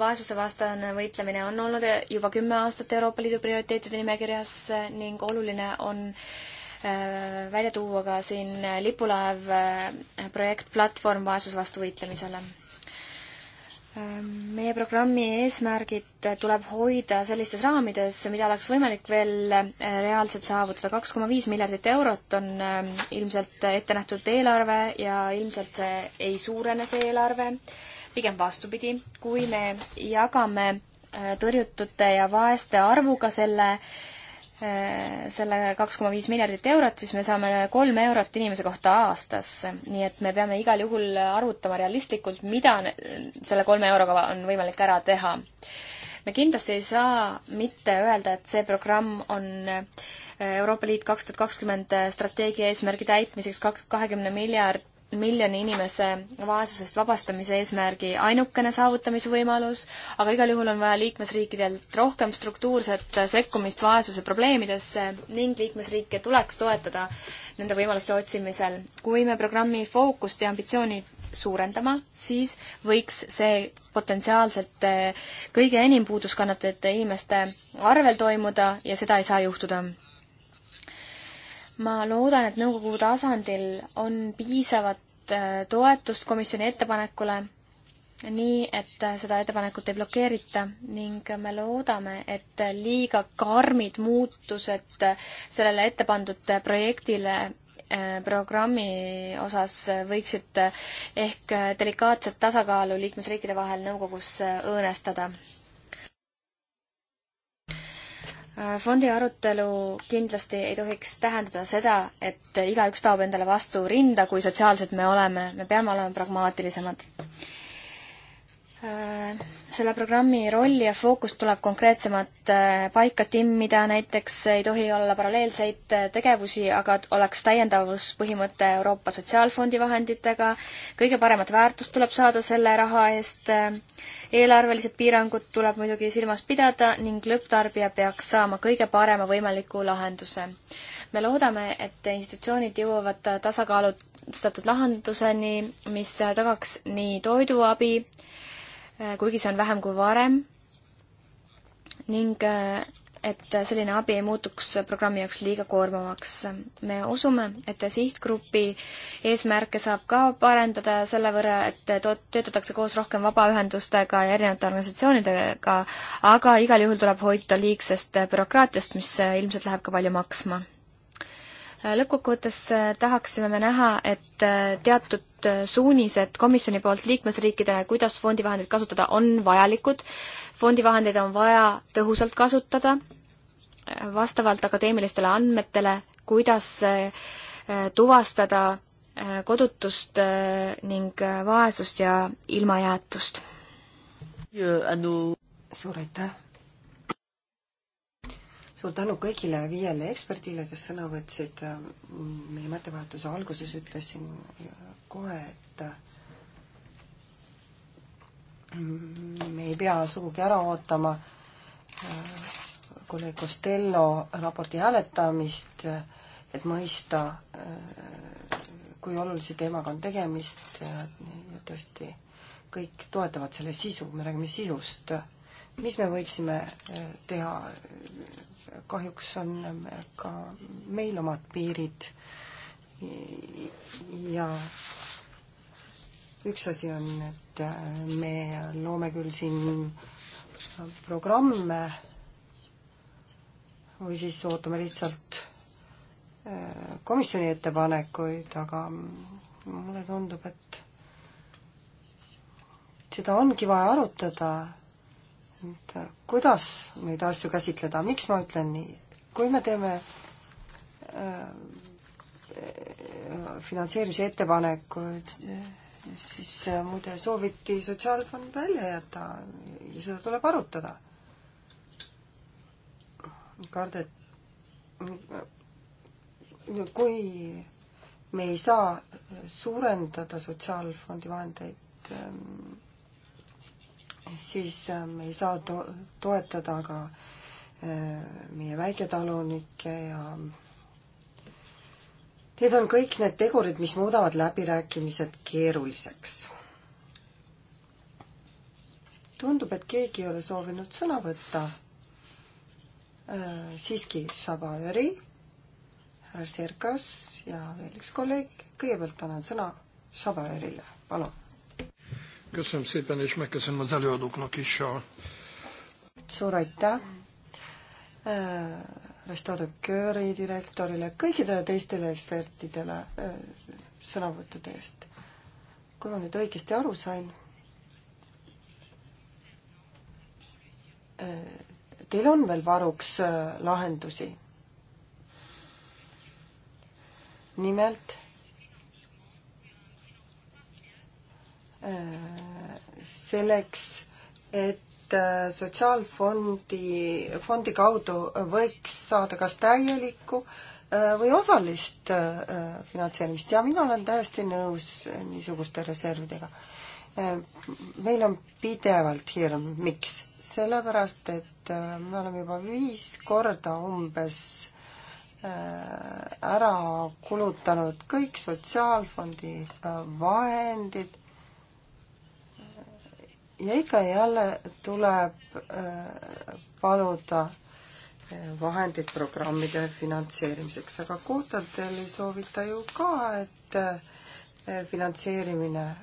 vaesusevastane võitlemine on olnud juba kümme aastat Euroopa Liidu prioriteetide nimekirjas ning oluline on äh, Äh, välja tuua ka siin lipulaev äh, projekt Platvorm vaesuse vastu võitlemisele. Ähm, meie programmi eesmärgid tuleb hoida sellistes raamides, mida oleks võimalik veel äh, reaalselt saavutada. kaks koma viis miljardit eurot on ähm, ilmselt ette nähtud eelarve ja ilmselt see ei suurene, see eelarve. pigem vastupidi, kui me jagame tõrjutute ja vaeste arvuga selle äh, Äh, selle kaks koma viis miljardit eurot, siis me saame kolm eurot inimese kohta aastas. nii et me peame igal juhul arvutama realistlikult, mida selle kolme euroga on võimalik ära teha. me kindlasti ei saa mitte öelda, et see programm on äh, Euroopa Liit kaks tuhat kakskümmend strateegia eesmärgi täitmiseks kaks, kahekümne miljard miljoni inimese vaesusest vabastamise eesmärgi ainukene saavutamisvõimalus, aga igal juhul on vaja liikmesriikidelt rohkem struktuurset sekkumist vaesuse probleemidesse ning liikmesriike tuleks toetada nende võimaluste otsimisel. kui me programmi fookust ja ambitsiooni suurendama, siis võiks see potentsiaalselt kõige enim puuduskannatajate inimeste arvel toimuda ja seda ei saa juhtuda ma loodan, et nõukogu tasandil on piisavat äh, toetust komisjoni ettepanekule, nii et äh, seda ettepanekut ei blokeerita ning me loodame, et liiga karmid muutused äh, sellele ette pandud projektile programmi osas võiksid ehk delikaatset tasakaalu liikmesriikide vahel nõukogus õõnestada. Äh, fondi arutelu kindlasti ei tohiks tähendada seda, et igaüks taob endale vastu rinda, kui sotsiaalsed me oleme, me peame olema pragmaatilisemad selle programmi rolli ja fookust tuleb konkreetsemat äh, paika timmida, näiteks ei tohi olla paralleelseid äh, tegevusi, aga oleks täiendavuspõhimõte Euroopa Sotsiaalfondi vahenditega, kõige paremat väärtust tuleb saada selle raha eest, äh, eelarvelised piirangud tuleb muidugi silmas pidada ning lõpptarbija peaks saama kõige parema võimaliku lahenduse. me loodame, et institutsioonid jõuavad tasakaalustatud lahenduseni, mis tagaks nii toiduabi, Äh, kuigi see on vähem kui varem, ning äh, et selline abi ei muutuks programmi jaoks liiga koormavaks. me usume, et sihtgrupi eesmärke saab ka parendada selle võrra, et töötatakse koos rohkem vabaühendustega ja erinevate organisatsioonidega, aga igal juhul tuleb hoida liigsest bürokraatiast, mis ilmselt läheb ka palju maksma lõppkokkuvõttes äh, tahaksime me näha, et äh, teatud äh, suunised komisjoni poolt liikmesriikidele, kuidas fondivahendeid kasutada, on vajalikud. fondivahendeid on vaja tõhusalt kasutada, vastavalt akadeemilistele andmetele, kuidas tuvastada kodutust ning vaesust ja ilmajäetust. suur aitäh suur tänu kõigile viiele eksperdile, kes sõna võtsid. meie mõttevahetuse alguses ütlesin kohe, et me ei pea sugugi ära ootama äh, kolleeg Costello raporti hääletamist, et mõista, äh, kui olulise teemaga on tegemist ja tõesti kõik toetavad selle sisu, me räägime sisust mis me võiksime äh, teha kahjuks on ka meil omad piirid ja üks asi on, et me loome küll siin programme või siis ootame lihtsalt äh, komisjoni ettepanekuid, aga mulle tundub, et seda ongi vaja arutada et äh, kuidas neid asju käsitleda, miks ma ütlen nii, kui me teeme äh, finantseerimise ettepanekuid, siis äh, muide sooviti sotsiaalfond välja jätta ja seda tuleb arutada. kardet-, kui me ei saa suurendada sotsiaalfondi vahendeid, ähm, siis äh, me ei saa to-, toetada ka äh, meie väiketalunikke ja need on kõik need tegurid, mis muudavad läbirääkimised keeruliseks. tundub, et keegi ei ole soovinud sõna võtta. Äh, siiski Šabaveri, härra Serkas ja veel üks kolleeg. kõigepealt annan sõna Šabaverile, palun köszönöm szépen, és megköszönöm az előadóknak is a... suur aitäh restoran Kööri direktorile, kõikidele teistele ekspertidele sõnavõttude eest. kui ma nüüd õigesti aru sain, teil on veel varuks lahendusi? nimelt selleks, et äh, sotsiaalfondi, fondi kaudu võiks saada kas täielikku äh, või osalist äh, finantseerimist ja mina olen täiesti nõus niisuguste reservidega. meil on pidevalt hirm, miks? sellepärast, et me oleme juba viis korda umbes ära kulutanud kõik sotsiaalfondi vahendid ja ikka ja jälle tuleb äh, paluda äh, vahendid programmide finantseerimiseks, aga kvootadel ei soovita ju ka, et äh, finantseerimine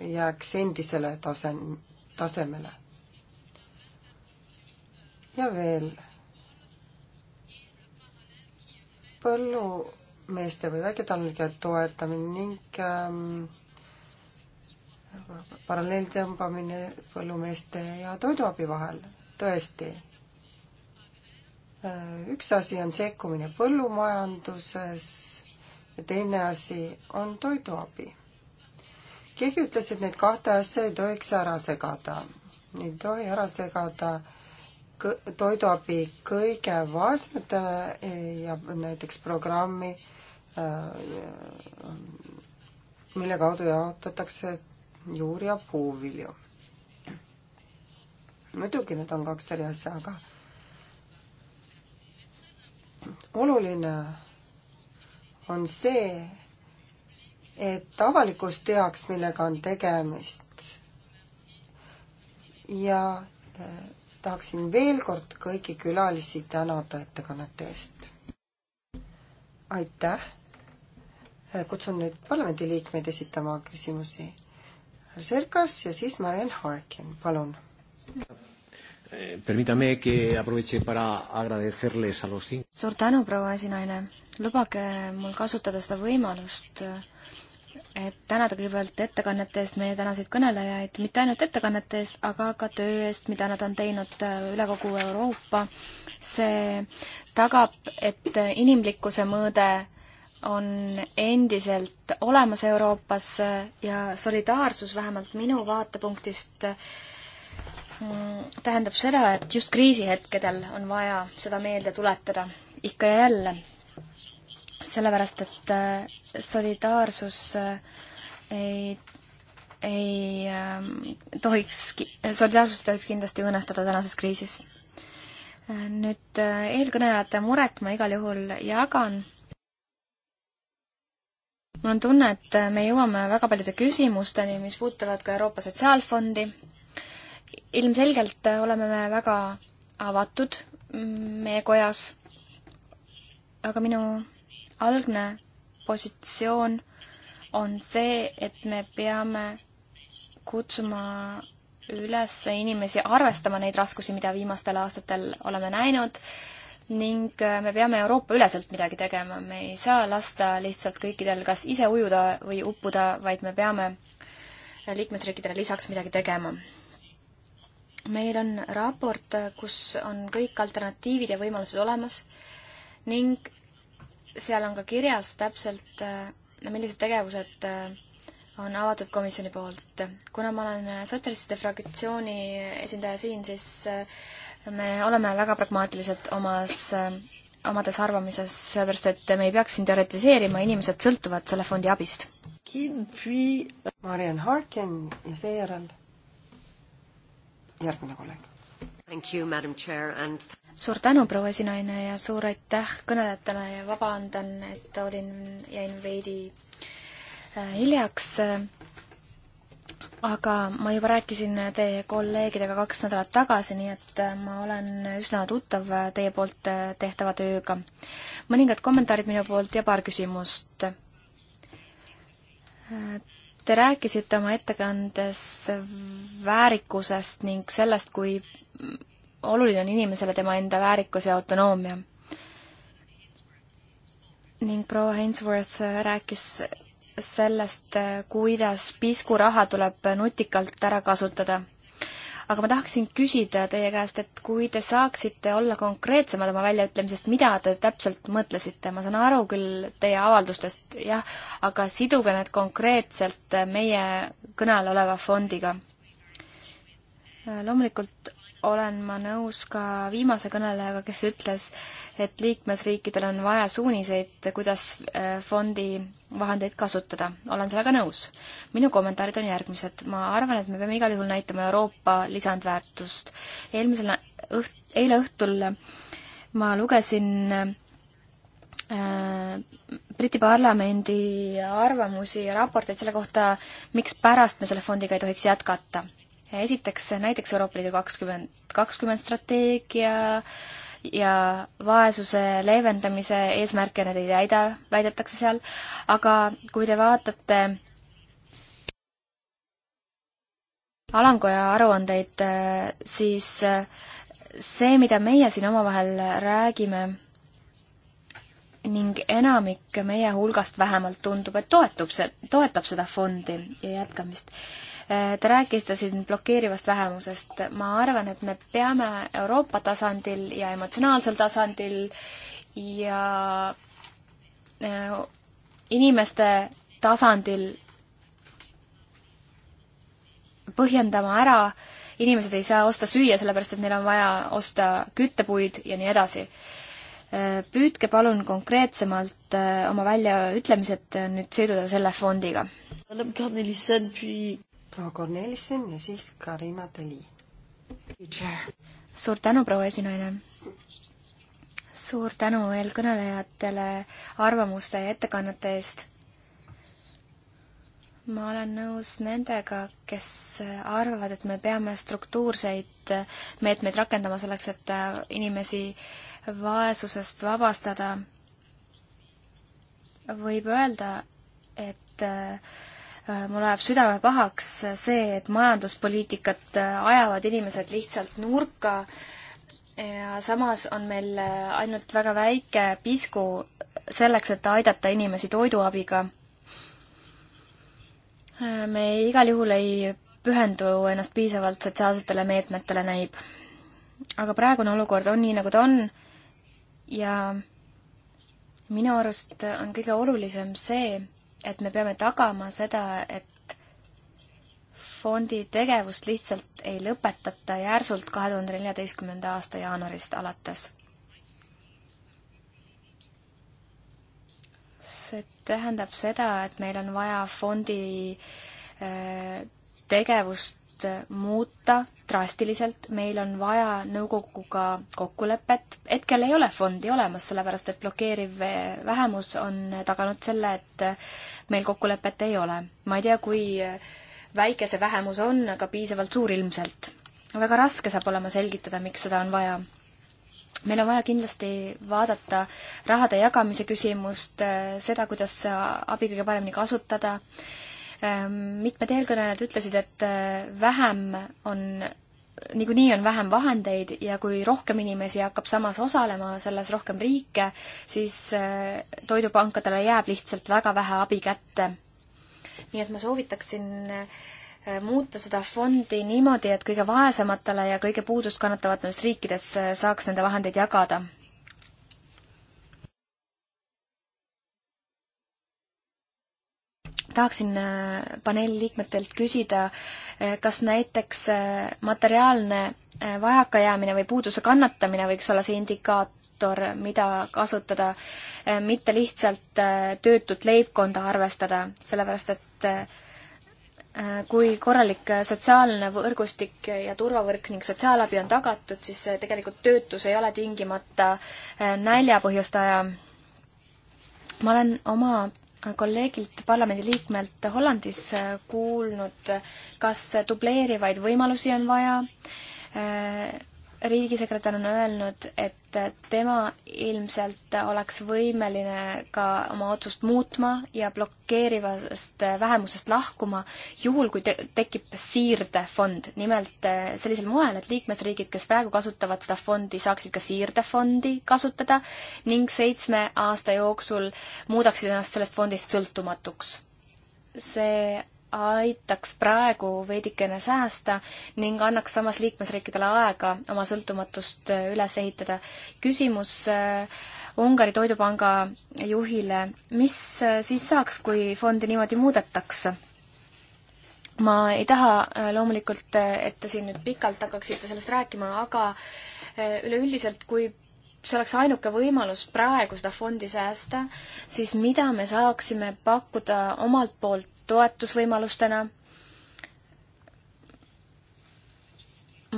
jääks endisele tase, tasemele. ja veel põllumeeste või väiketalunike toetamine ning ähm, paralleeltõmbamine põllumeeste ja toiduabi vahel, tõesti. Äh, üks asi on sekkumine põllumajanduses ja teine asi on toiduabi. keegi ütles, et neid kahte asja ei tohiks ära segada. ei tohi ära segada toiduabi kõige vaesmatele ja näiteks programmi äh, mille kaudu jaotatakse juur ja puuvilju. muidugi need on kaks eri asja, aga oluline on see, et avalikkus teaks, millega on tegemist. ja eh, tahaksin veel kord kõiki külalisi tänada ettekannete eest. aitäh! Eh, kutsun nüüd parlamendiliikmeid esitama küsimusi Serkas ja siis Mariann Harkin, palun. Permítame que aproveche para agradecerles a los cinco. suur tänu, proua esinaine. lubage mul kasutada seda võimalust, et tänada kõigepealt ettekannete eest meie tänaseid kõnelejaid, mitte ainult ettekannete eest, aga ka töö eest, mida nad on teinud äh, üle kogu Euroopa. see tagab, et inimlikkuse mõõde on endiselt olemas Euroopas ja solidaarsus vähemalt minu vaatepunktist mm, tähendab seda, et just kriisihetkedel on vaja seda meelde tuletada ikka ja jälle. sellepärast, et äh, solidaarsus äh, ei, ei ähm, tohiks, solidaarsust tohiks kindlasti õõnestada tänases kriisis. Äh, nüüd eelkõnelejate muret ma igal juhul jagan mul on tunne, et me jõuame väga paljude küsimusteni, mis puudutavad ka Euroopa Sotsiaalfondi. ilmselgelt oleme me väga avatud meie kojas, aga minu algne positsioon on see, et me peame kutsuma üles inimesi arvestama neid raskusi, mida viimastel aastatel oleme näinud äh, ning äh, me peame Euroopa-üleselt midagi tegema, me ei saa lasta lihtsalt kõikidel kas ise ujuda või uppuda, vaid me peame liikmesriikidele lisaks midagi tegema. meil on raport, kus on kõik alternatiivid ja võimalused olemas ning seal on ka kirjas täpselt, äh, millised tegevused äh, on avatud komisjoni poolt. kuna ma olen sotsialistide fraktsiooni esindaja siin, siis me oleme väga pragmaatilised omas, omades arvamises, sellepärast et me ei peaks siin teoritiseerima, inimesed sõltuvad selle fondi abist. Marian Harkin ja seejärel järgmine kolleeg. And... suur tänu, proua esinaine ja suur aitäh kõnelejatele ja vabandan, et olin, jäin veidi äh, hiljaks aga ma juba rääkisin teie kolleegidega kaks nädalat tagasi, nii et äh, ma olen üsna tuttav äh, teie poolt äh, tehtava tööga. mõningad kommentaarid minu poolt ja paar küsimust. Te rääkisite oma ettekandes väärikusest ning sellest, kui oluline on inimesele tema enda väärikus ja autonoomia. ning proua Hainsworth rääkis sellest, kuidas piskuraha tuleb nutikalt ära kasutada. aga ma tahaksin küsida teie käest, et kui te saaksite olla konkreetsemad oma väljaütlemisest, mida te täpselt mõtlesite, ma saan aru küll teie avaldustest, jah, aga siduge need konkreetselt meie kõne all oleva fondiga. loomulikult olen ma nõus ka viimase kõnelejaga, kes ütles, et liikmesriikidel on vaja suuniseid, kuidas äh, fondi vahendeid kasutada. olen sellega nõus. minu kommentaarid on järgmised. ma arvan, et me peame igal juhul näitama Euroopa lisandväärtust. eelmisel õht-, eile õhtul ma lugesin äh, Briti parlamendi arvamusi ja raporteid selle kohta, miks pärast me selle fondiga ei tohiks jätkata esiteks näiteks Euroopa Liidu kakskümmend, kakskümmend strateegia ja vaesuse leevendamise eesmärke need ei täida, väidetakse seal, aga kui te vaatate alamkoja aruandeid, siis see, mida meie siin omavahel räägime, ning enamik meie hulgast vähemalt tundub, et toetub see, toetab seda fondi ja jätkamist. Äh, te rääkisite siin blokeerivast vähemusest. ma arvan, et me peame Euroopa tasandil ja emotsionaalsel tasandil ja äh, inimeste tasandil põhjendama ära, inimesed ei saa osta süüa, sellepärast et neil on vaja osta küttepuid ja nii edasi. Äh, püüdke palun konkreetsemalt oma väljaütlemised nüüd siduda selle fondiga proua Kornelissen ja siis Karima Deli. suur tänu, proua esinaine! suur tänu eelkõnelejatele arvamuste ja ettekannete eest ma olen nõus nendega, kes arvavad, et me peame struktuurseid meetmeid rakendama selleks, et inimesi vaesusest vabastada. võib öelda, et Äh, mul läheb südame pahaks see, et majanduspoliitikat äh, ajavad inimesed lihtsalt nurka ja samas on meil äh, ainult väga väike pisku selleks, et aidata inimesi toiduabiga. me igal juhul ei pühendu ennast piisavalt sotsiaalsetele meetmetele, näib. aga praegune olukord on nii, nagu ta on ja minu arust on kõige olulisem see, et me peame tagama seda, et fondi tegevust lihtsalt ei lõpetata järsult kahe tuhande neljateistkümnenda aasta jaanuarist alates. see tähendab seda, et meil on vaja fondi äh, tegevust määrust muuta drastiliselt, meil on vaja nõukoguga kokkulepet. hetkel ei ole fondi olemas, sellepärast et blokeeriv vähemus on taganud selle, et meil kokkulepet ei ole. ma ei tea, kui väike see vähemus on, aga piisavalt suur ilmselt. väga raske saab olema selgitada, miks seda on vaja meil on vaja kindlasti vaadata rahade jagamise küsimust, seda, kuidas abi kõige paremini kasutada, Ähm, mitmed eelkõnelejad ütlesid, et äh, vähem on niikuinii on vähem vahendeid ja kui rohkem inimesi hakkab samas osalema, selles rohkem riike, siis äh, toidupankadele jääb lihtsalt väga vähe abi kätte. nii et ma soovitaksin äh, muuta seda fondi niimoodi, et kõige vaesematele ja kõige puudust kannatavates riikides saaks nende vahendeid jagada. tahaksin äh, paneeli liikmetelt küsida, äh, kas näiteks äh, materiaalne vajakajäämine või puuduse kannatamine võiks olla see indikaator, mida kasutada, mitte lihtsalt töötut leibkonda arvestada, sellepärast et kui korralik sotsiaalne võrgustik ja turvavõrk ning sotsiaalabi on tagatud, siis tegelikult töötus ei ole tingimata nälja põhjustaja. ma olen oma kolleegilt, parlamendiliikmelt Hollandis äh, kuulnud, kas dubleerivaid võimalusi on vaja äh, riigisekretär on öelnud, et tema ilmselt oleks võimeline ka oma otsust muutma ja blokeerivast vähemusest lahkuma, juhul kui te tekib siirdefond. nimelt eh, sellisel moel, et liikmesriigid, kes praegu kasutavad seda fondi, saaksid ka siirdefondi kasutada ning seitsme aasta jooksul muudaksid ennast sellest fondist sõltumatuks. see aitaks praegu veidikene säästa ning annaks samas liikmesriikidele aega oma sõltumatust äh, üles ehitada. küsimus äh, Ungari Toidupanga juhile, mis äh, siis saaks, kui fondi niimoodi muudetakse? ma ei taha loomulikult, et te siin nüüd pikalt hakkaksite sellest rääkima, aga üleüldiselt, kui see oleks ainuke võimalus praegu seda fondi säästa, siis mida me saaksime pakkuda omalt poolt toetusvõimalustena.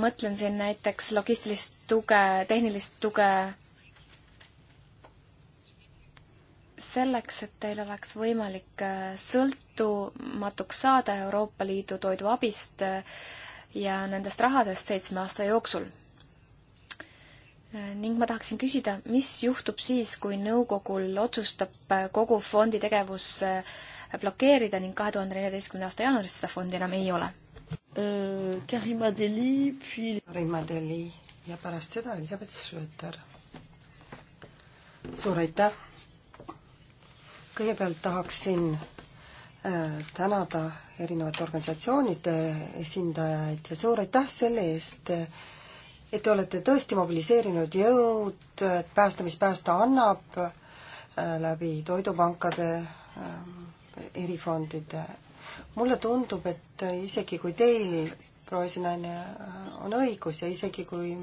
mõtlen siin näiteks logistilist tuge, tehnilist tuge selleks, et teil oleks võimalik äh, sõltumatuks saada Euroopa Liidu toiduabist äh, ja nendest rahadest seitsme aasta jooksul. Äh, ning ma tahaksin küsida, mis juhtub siis, kui nõukogul otsustab kogu fondi tegevus blokeerida ning kahe tuhande neljateistkümne aasta jaanuarist seda fondi enam ei ole. Äh, Karima Deli, puis Karima Deli ja pärast seda Elizabeth Schröter. suur aitäh! kõigepealt tahaksin äh, tänada erinevate organisatsioonide esindajaid ja suur aitäh selle eest, et te olete tõesti mobiliseerinud jõud, et päästa, mis päästa annab, äh, läbi toidupankade ähm, erifondide. mulle tundub, et isegi kui teil, proua esinaine, on õigus ja isegi kui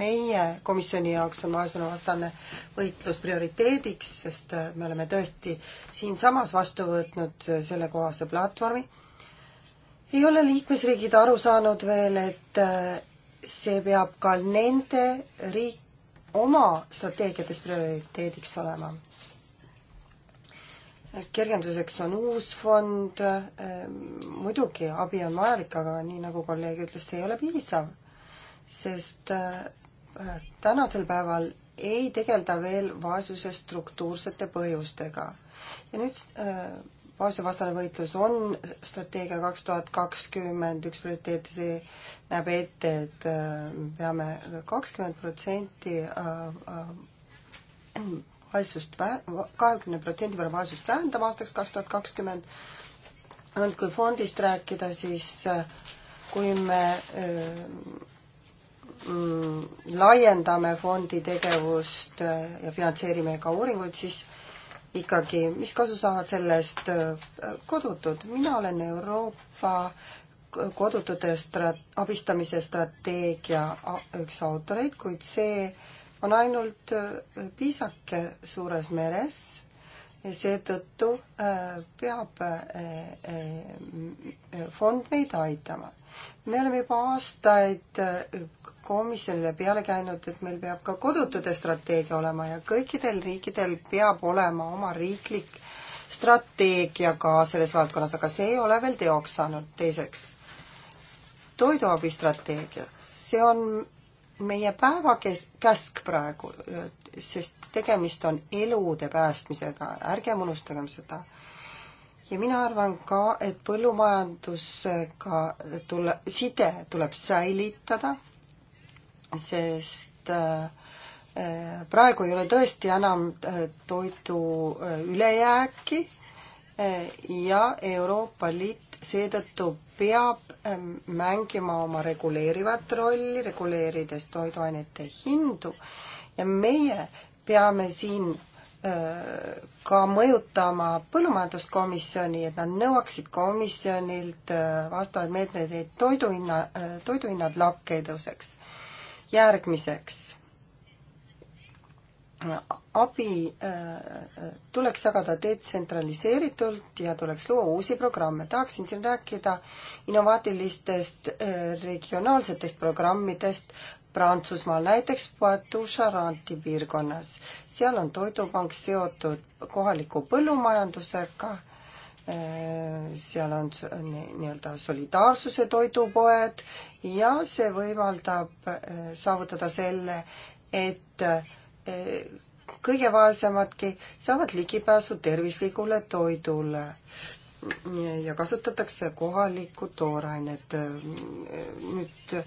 meie komisjoni jaoks on vaesusevastane võitlus prioriteediks, sest me oleme tõesti siinsamas vastu võtnud sellekohase platvormi, ei ole liikmesriigid aru saanud veel, et see peab ka nende riik, oma strateegiates prioriteediks olema kergenduseks on uus fond, ehm, muidugi abi on vajalik, aga nii nagu kolleeg ütles, see ei ole piisav, sest eh, tänasel päeval ei tegelda veel vaesuse struktuursete põhjustega. ja nüüd eh, vaesusevastane võitlus on strateegia kaks tuhat kakskümmend üks prioriteet, see näeb ette, et eh, peame kakskümmend protsenti vaesust, kahekümne protsendi võrra vaesust vähendama aastaks kaks tuhat kakskümmend. ainult kui fondist rääkida, siis äh, kui me äh, mm, laiendame fondi tegevust äh, ja finantseerime ka uuringuid, siis ikkagi, mis kasu saavad sellest kodutud? mina olen Euroopa kodutute strat-, abistamise strateegia üks autoreid, kuid see äh, on ainult äh, piisake suures meres ja seetõttu äh, peab äh, fond meid aitama. me oleme juba aastaid komisjonile peale käinud, et meil peab ka kodutude strateegia olema ja kõikidel riikidel peab olema oma riiklik strateegia ka selles valdkonnas, aga see ei ole veel teoks saanud. teiseks, toiduabistrateegia, see on meie päevakesk praegu, sest tegemist on elude päästmisega, ärgem unustagem seda. ja mina arvan ka, et põllumajandusega tule, side tuleb säilitada, sest äh, äh, praegu ei ole tõesti enam äh, toidu ülejääki ja Euroopa Liit seetõttu peab ähm, mängima oma reguleerivat rolli, reguleerides toiduainete hindu ja meie peame siin äh, ka mõjutama Põllumajanduskomisjoni, et nad nõuaksid komisjonilt äh, vastavaid meetmeid, et toiduhinna, äh, toiduhinnad lakke ei tõuseks. järgmiseks abi äh, tuleks jagada detsentraliseeritult ja tuleks luua uusi programme. tahaksin siin rääkida innovaatilistest äh, regionaalsetest programmidest Prantsusmaal, näiteks Poitou-Charente'i piirkonnas. seal on Toidupank seotud kohaliku põllumajandusega, äh, seal on nii-öelda solidaarsuse toidupoed ja see võimaldab saavutada selle, et kõige vaesemadki saavad ligipääsu tervislikule toidule ja kasutatakse kohalikku toorainet. nüüd äh,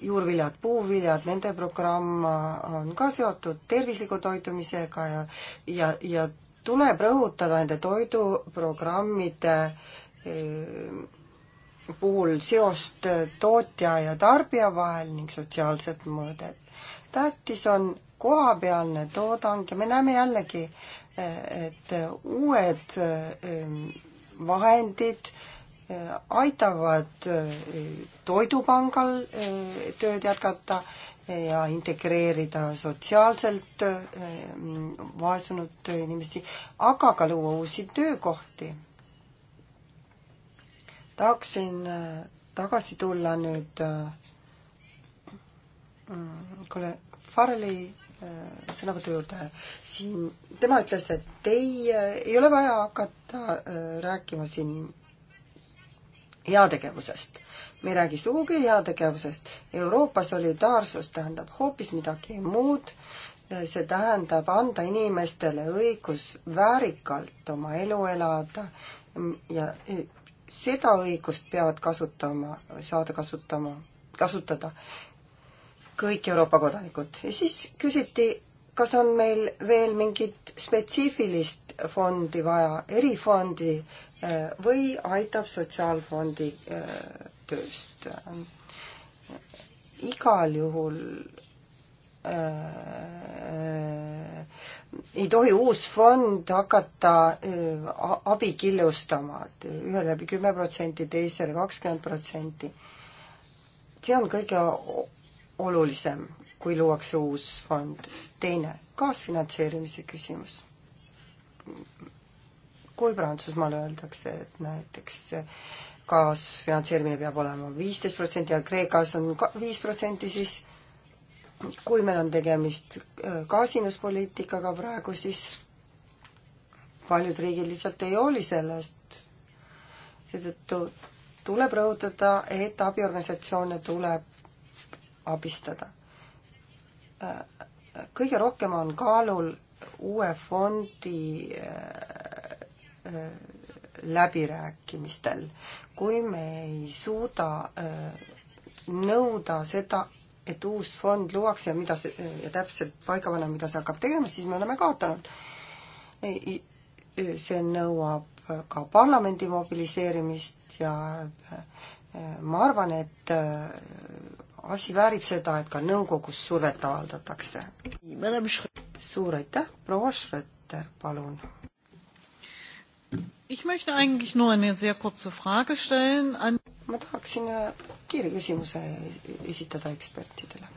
juurviljad, puuviljad, nende programm on ka seotud tervisliku toitumisega ja, ja, ja tuleb rõhutada nende toiduprogrammide äh, puhul seost tootja ja tarbija vahel ning sotsiaalset mõõdet. tähtis on kohapealne toodang ja me näeme jällegi, et uued ähm, vahendid äh, aitavad äh, Toidupangal äh, tööd jätkata ja integreerida sotsiaalselt vaesunud inimesi, aga ka luua uusi töökohti. tahaksin tagasi tulla nüüd mm, kolleeg Farley Äh, sõnavõtu juurde. siin tema ütles, et ei, äh, ei ole vaja hakata äh, rääkima siin heategevusest. me ei räägi sugugi heategevusest. Euroopa solidaarsus tähendab hoopis midagi muud. see tähendab anda inimestele õigus väärikalt oma elu elada ja e, seda õigust peavad kasutama, saada kasutama, kasutada kõik Euroopa kodanikud. ja siis küsiti, kas on meil veel mingit spetsiifilist fondi vaja, erifondi äh, või aitab sotsiaalfondi äh, tööst. igal juhul äh, ei tohi uus fond hakata äh, abi killustama, et ühe läbi kümme protsenti, teise läbi kakskümmend protsenti. see on kõige olulisem, kui luuakse uus fond. teine, kaasfinantseerimise küsimus. kui Prantsusmaal öeldakse, et näiteks kaasfinantseerimine peab olema viisteist protsenti ja Kreekas on viis protsenti, siis kui meil on tegemist äh, kaasinuspoliitikaga praegu, siis paljud riigid lihtsalt ei hooli sellest. seetõttu tuleb rõhutada, et abiorganisatsioone tuleb abistada. kõige rohkem on kaalul uue fondi äh, äh, läbirääkimistel, kui me ei suuda äh, nõuda seda, et uus fond luuakse ja mida see ja täpselt paika panna, mida see hakkab tegema, siis me oleme kaotanud. see nõuab ka parlamendi mobiliseerimist ja ma arvan, et asi väärib seda, et ka nõukogus survet avaldatakse. suur aitäh, proua Schröter, palun. An... ma tahaksin äh, kiire küsimuse esitada ekspertidele.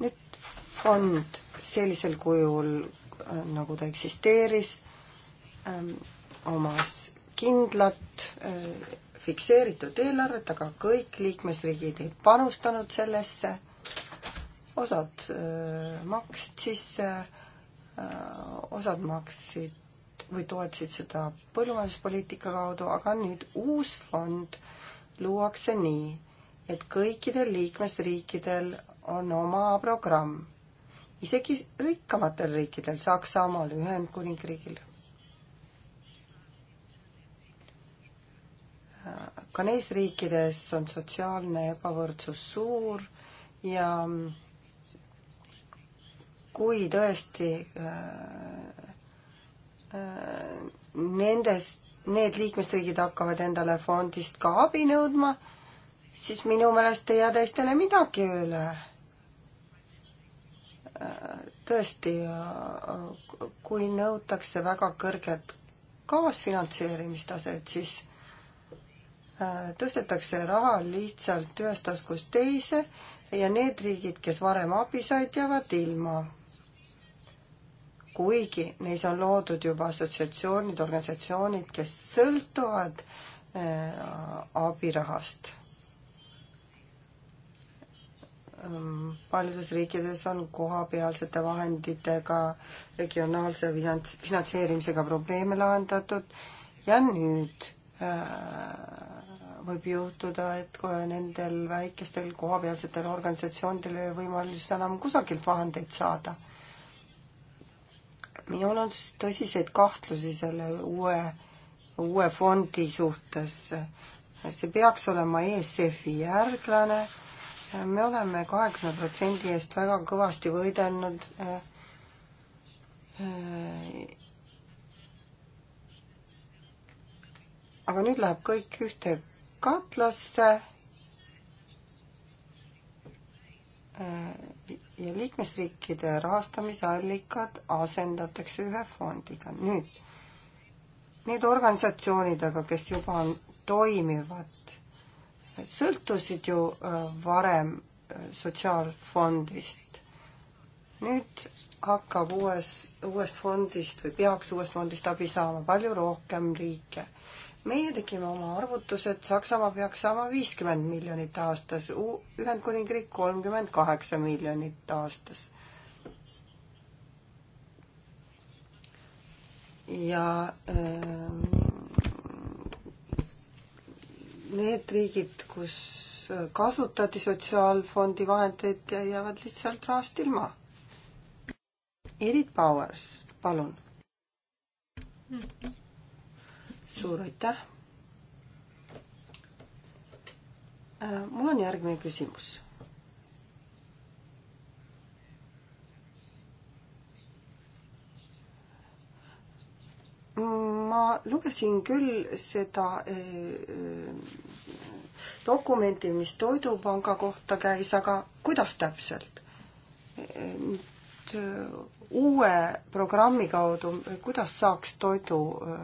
nüüd fond sellisel kujul, äh, nagu ta eksisteeris, ähm, omas kindlat öö, äh, fikseeritud eelarvet, aga kõik liikmesriigid ei panustanud sellesse. osad öö, äh, maksid sisse, äh, osad maksid või toetasid seda põllumajanduspoliitika kaudu, aga nüüd uus fond luuakse nii, et kõikidel liikmesriikidel on oma programm. isegi rikkamatel riikidel, Saksamaal, Ühendkuningriigil ka neis riikides on sotsiaalne ebavõrdsus suur ja kui tõesti äh, äh, nendes, need liikmesriigid hakkavad endale fondist ka abi nõudma, siis minu meelest ei jää teistele midagi üle. Äh, tõesti, kui nõutakse väga kõrget kaasfinantseerimistaset, siis tõstetakse raha lihtsalt ühest taskust teise ja need riigid, kes varem abi said, jäävad ilma. kuigi neis on loodud juba assotsiatsioonid, organisatsioonid, kes sõltuvad äh, abirahast. paljudes riikides on kohapealsete vahenditega regionaalse finantseerimisega probleeme lahendatud ja nüüd äh, võib juhtuda, et kohe nendel väikestel kohapealsetel organisatsioonidel ei ole võimalus enam kusagilt vahendeid saada. minul on siis tõsiseid kahtlusi selle uue, uue fondi suhtes. see peaks olema ESF-i järglane, me oleme kahekümne protsendi eest väga kõvasti võidelnud äh, äh, aga nüüd läheb kõik ühte katlasse äh, ja liikmesriikide rahastamisallikad asendatakse ühe fondiga. nüüd, need organisatsioonid aga, kes juba on, toimivad, sõltusid ju äh, varem äh, sotsiaalfondist. nüüd hakkab uues, uuest fondist või peaks uuest fondist abi saama palju rohkem riike meie tegime oma arvutused, Saksamaa peaks saama viiskümmend miljonit aastas, Ühendkuningriik kolmkümmend kaheksa miljonit aastas. ja äh, need riigid, kus kasutati sotsiaalfondi vahendeid, jäävad lihtsalt rahast ilma. Edith Powers, palun mm. -hmm suur aitäh. Äh, mul on järgmine küsimus. ma lugesin küll seda äh, äh, dokumenti, mis Toidupanga kohta käis, aga kuidas täpselt? uue programmi kaudu, kuidas saaks toidu äh,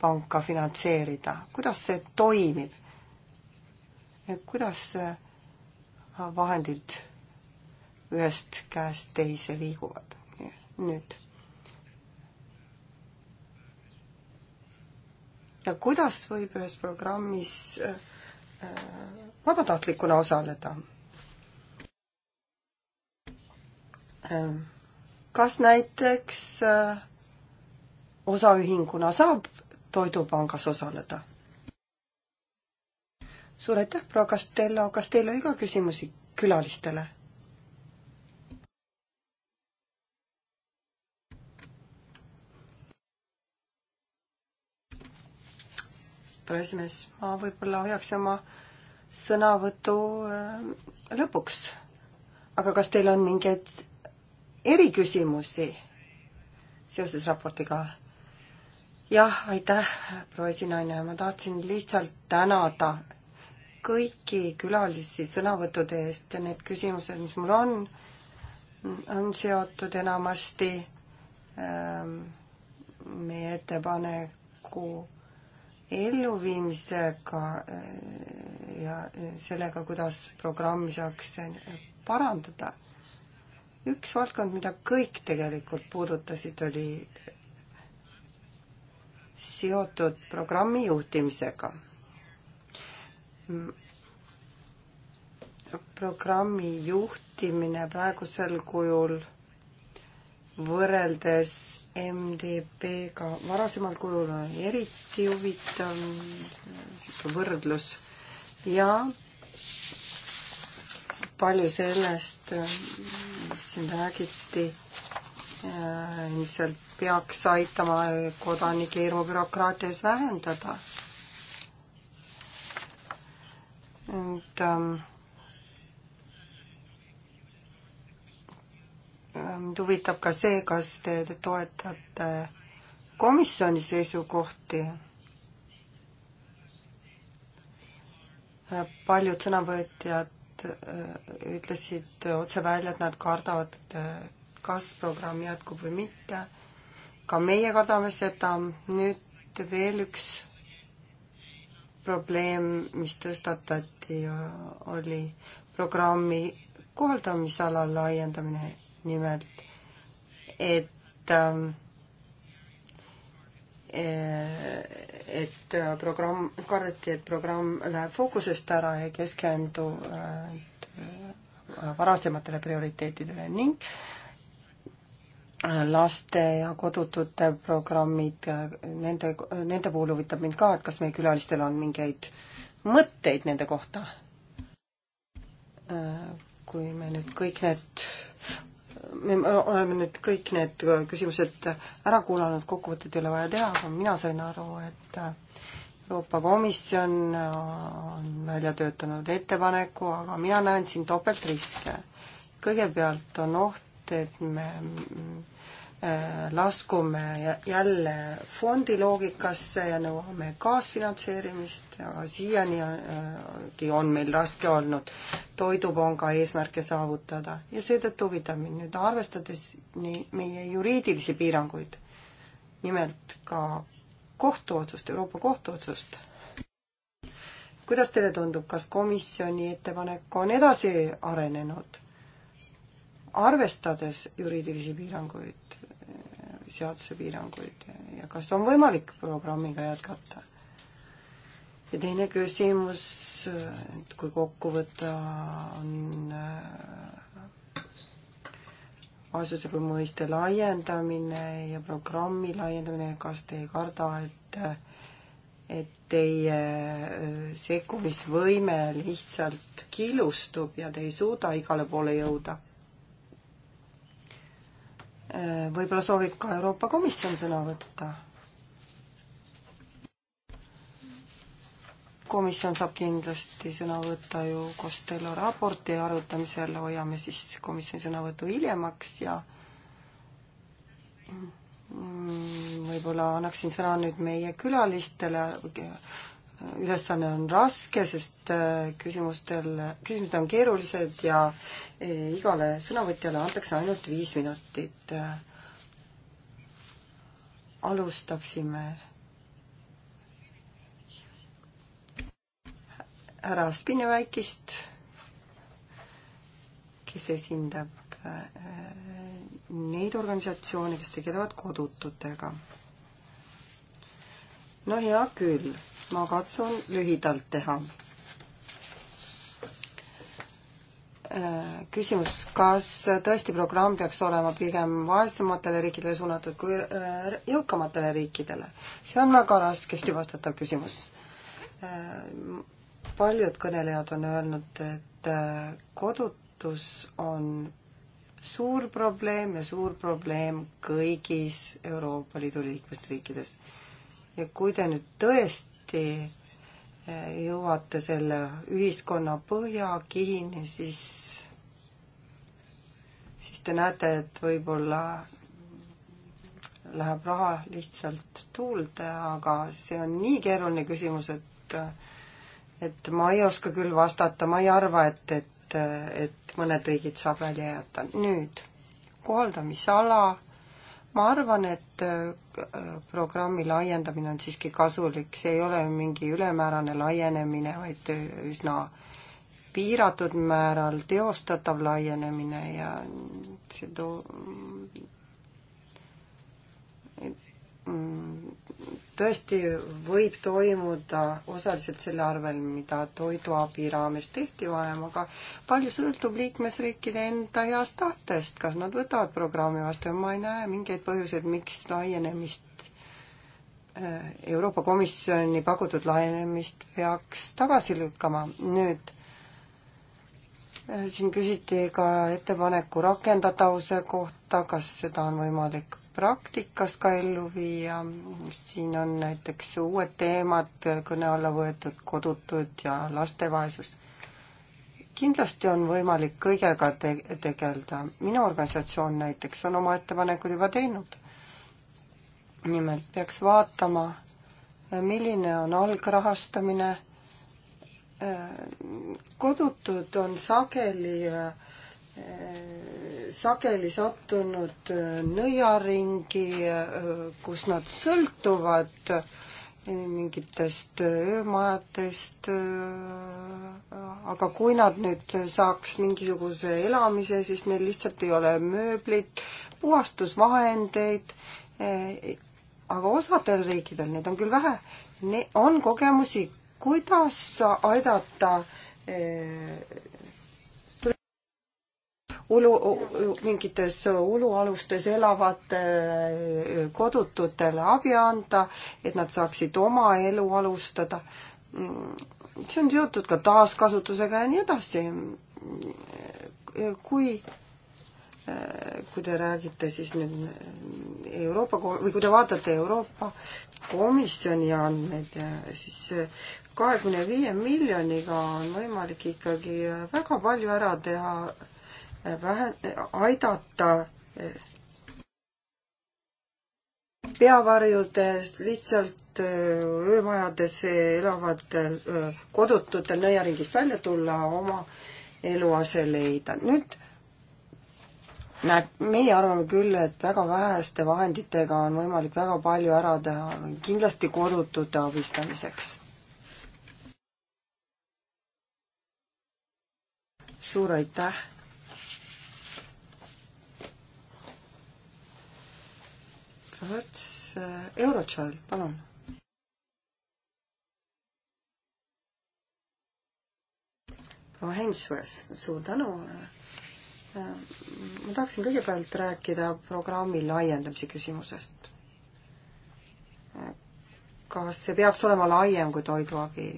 panka finantseerida, kuidas see toimib? kuidas äh, vahendid ühest käest teise liiguvad nüüd? ja kuidas võib ühes programmis äh, äh, vabatahtlikuna osaleda? Ähm, kas näiteks osaühinguna saab Toidupangas osaleda. suur aitäh, proua Castello, kas teil oli ka küsimusi külalistele? esimees, ma võib-olla hoiaks oma sõnavõtu äh, lõpuks. aga kas teil on mingeid eriküsimusi seoses raportiga? jah, aitäh, proua esinaine, ma tahtsin lihtsalt tänada kõiki külalisi sõnavõttude eest ja need küsimused, mis mul on, on seotud enamasti ähm, meie ettepaneku elluviimisega äh, ja äh, sellega, kuidas programmi saaks parandada. üks valdkond, mida kõik tegelikult puudutasid, oli seotud programmi juhtimisega. programmi juhtimine praegusel kujul võrreldes MDB-ga varasemal kujul on eriti huvitav võrdlus ja palju sellest, mis siin räägiti Äh, ilmselt peaks aitama kodanike hirmu bürokraatias vähendada. et ähm, ähm, mind huvitab ka see, kas te, te toetate komisjoni seisukohti. Äh, paljud sõnavõtjad äh, ütlesid otse välja, et nad kardavad, et kas programm jätkub või mitte. ka meie kardame seda. nüüd veel üks probleem, mis tõstatati, oli programmi kohaldamisala laiendamine, nimelt et ähm, eh, et programm, kardeti, et programm läheb fookusest ära ja ei keskendu äh, äh, varasematele prioriteetidele ning äh, laste ja kodutute programmid, nende, nende puhul huvitab mind ka, et kas meie külalistel on mingeid mõtteid nende kohta. kui me nüüd kõik need, me oleme nüüd kõik need küsimused ära kuulanud, kokkuvõtteid ei ole vaja teha, aga mina sain aru, et Euroopa Komisjon on välja töötanud ettepaneku, aga mina näen siin topeltriske. kõigepealt on oht, et me laskume jälle fondi loogikasse ja nõuame kaasfinantseerimist, aga siianigi äh, on meil raske olnud toidupanga eesmärke saavutada ja seetõttu huvitab mind nüüd, arvestades nii meie juriidilisi piiranguid, nimelt ka kohtuotsust, Euroopa kohtuotsust, kuidas teile tundub, kas komisjoni ettepanek on edasi arenenud? arvestades juriidilisi piiranguid, seaduse piiranguid ja kas on võimalik programmiga jätkata? ja teine küsimus, et kui kokku võtta, on äh, asjade kui mõiste laiendamine ja programmi laiendamine, kas te ei karda, et et teie äh, sekkumisvõime lihtsalt killustub ja te ei suuda igale poole jõuda? võib-olla soovib ka Euroopa Komisjon sõna võtta. komisjon saab kindlasti sõna võtta ju Costello raporti arutamisel, hoiame siis komisjoni sõnavõtu hiljemaks ja mm, võib-olla annaksin sõna nüüd meie külalistele, ülesanne on raske, sest äh, küsimustel, küsimused on keerulised ja äh, igale sõnavõtjale antakse ainult viis minutit. Äh, alustaksime härra Spineväikist, kes esindab neid organisatsioone, kes tegelevad kodututega. no hea küll ma katsun lühidalt teha. Äh, küsimus, kas tõesti programm peaks olema pigem vaesematele riikidele suunatud kui äh, jõukamatele riikidele? see on väga raskesti vastatav küsimus. Äh, paljud kõnelejad on öelnud, et kodutus on suur probleem ja suur probleem kõigis Euroopa Liidu liikmesriikides. ja kui te nüüd tõesti tõesti eh, jõuate selle ühiskonna põhjakihini, siis, siis te näete, et võib-olla läheb raha lihtsalt tuulde, aga see on nii keeruline küsimus, et, et ma ei oska küll vastata, ma ei arva, et, et, et mõned riigid saab välja jätta. nüüd, kohaldamisala ma arvan, et äh, programmi laiendamine on siiski kasulik, see ei ole mingi ülemäärane laienemine, vaid äh, üsna piiratud määral teostatav laienemine ja see too- mm, mm, tõesti võib toimuda osaliselt selle arvel, mida toiduabi raames tehti varem, aga palju sõltub liikmesriikide enda heast tahtest, kas nad võtavad programmi vastu ja ma ei näe mingeid põhjuseid, miks laienemist, äh, Euroopa Komisjoni pakutud laienemist peaks tagasi lükkama. nüüd Äh, siin küsiti ka ettepaneku rakendatavuse kohta, kas seda on võimalik praktikas ka ellu viia, siin on näiteks uued teemad äh, kõne alla võetud, kodutud ja laste vaesus. kindlasti on võimalik kõigega te-, tegeleda, minu organisatsioon näiteks on oma ettepanekud juba teinud. nimelt peaks vaatama, milline on algrahastamine kodutud on sageli, sageli sattunud nõiaringi, kus nad sõltuvad mingitest öömajadest, aga kui nad nüüd saaks mingisuguse elamise, siis neil lihtsalt ei ole mööblit, puhastusvahendeid, aga osadel riikidel, neid on küll vähe, on kogemusi kuidas aidata eh, ulu, mingites ulualustes elavate eh, kodututele abi anda, et nad saaksid oma elu alustada. Mm, see on seotud ka taaskasutusega ja nii edasi. kui eh, kui te räägite siis nüüd Euroopa või kui te vaatate Euroopa Komisjoni andmeid ja siis kahekümne viie miljoniga on võimalik ikkagi väga palju ära teha, vähe, aidata peavarjudes, lihtsalt äh, öömajades elavatel äh, kodututel nõiaringist välja tulla, oma eluase leida. nüüd näeb, meie arvame küll, et väga väheste vahenditega on võimalik väga palju ära teha, kindlasti kodutute abistamiseks suur aitäh. Roberts, äh, Eurochild, palun. proua Hensworth, suur tänu. Äh, ma tahaksin kõigepealt rääkida programmi laiendamise küsimusest. Äh, kas see peaks olema laiem kui toiduabi?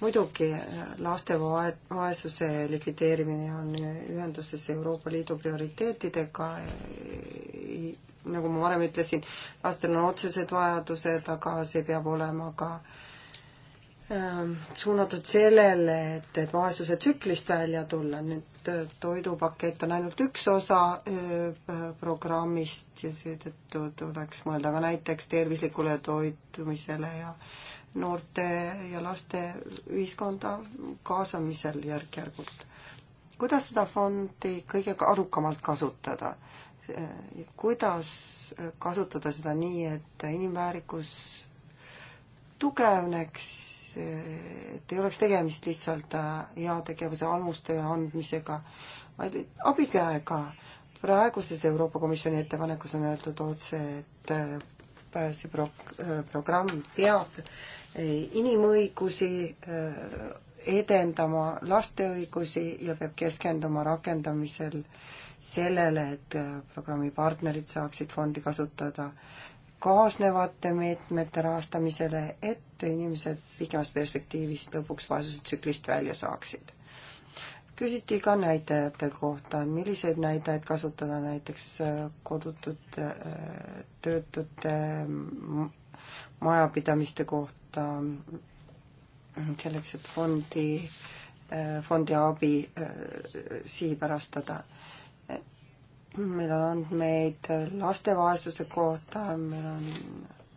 muidugi äh, laste vaesuse likvideerimine on äh, ühenduses Euroopa Liidu prioriteetidega, äh, nagu ma varem ütlesin, lastel on otsesed vajadused, aga see peab olema ka ähm, suunatud sellele, et, et vaesuse tsüklist välja tulla, nüüd toidupakett on ainult üks osa programmist ja seetõttu tuleks mõelda ka näiteks tervislikule toitumisele ja äh, noorte ja laste ühiskonda kaasamisel järk-järgult. kuidas seda fondi kõige arukamalt kasutada? kuidas kasutada seda nii, et inimväärikus tugevneks, et ei oleks tegemist lihtsalt äh, heategevuse almuste andmisega, vaid abikäega. praeguses Euroopa Komisjoni ettepanekus on öeldud otse, et äh, pääseprog-, äh, programm peab inimõigusi äh, edendama, laste õigusi ja peab keskenduma rakendamisel sellele, et äh, programmi partnerid saaksid fondi kasutada kaasnevate meetmete rahastamisele, et inimesed pikemas perspektiivis lõpuks vaesustsüklist välja saaksid. küsiti ka näitajate kohta, milliseid näitajaid kasutada näiteks äh, kodutute, töötute majapidamiste kohta, kasutada ähm, selleks, et fondi, äh, fondi abi äh, sihipärastada. meil on andmeid laste vaesuse kohta, meil on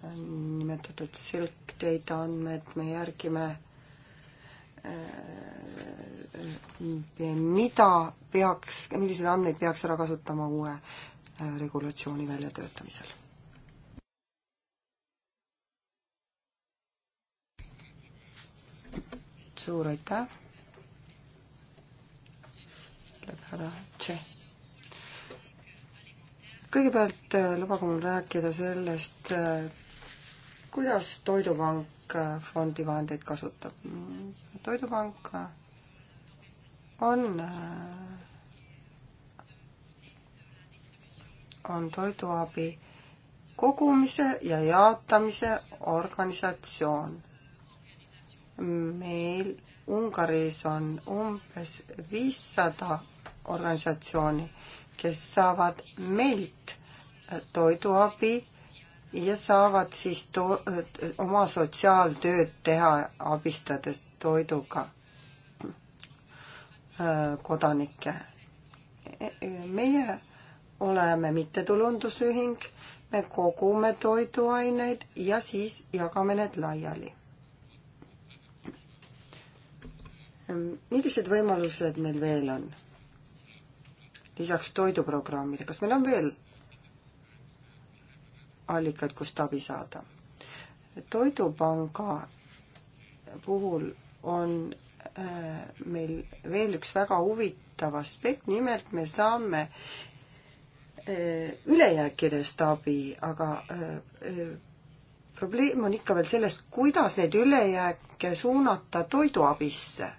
äh, nimetatud silk data andmed, me järgime mida peaks, milliseid andmeid peaks ära kasutama uue regulatsiooni väljatöötamisel suur aitäh, ütleb härra Tšehh kõigepealt äh, lubage mul rääkida sellest, äh, kuidas Toidupank äh, fondivahendeid kasutab. Mm, toidupank on, on toiduabi kogumise ja jaotamise organisatsioon meil Ungaris on umbes viissada organisatsiooni, kes saavad meilt toiduabi ja saavad siis to-, oma sotsiaaltööd teha, abistades toiduga äh, kodanikke. E-, e-, meie oleme mittetulundusühing, me kogume toiduaineid ja siis jagame need laiali millised võimalused meil veel on? lisaks toiduprogrammide, kas meil on veel allikaid, kust abi saada? toidupanga puhul on äh, meil veel üks väga huvitav aspekt, nimelt me saame äh, ülejääkidest abi, aga äh, probleem on ikka veel selles, kuidas neid ülejääke suunata toiduabisse.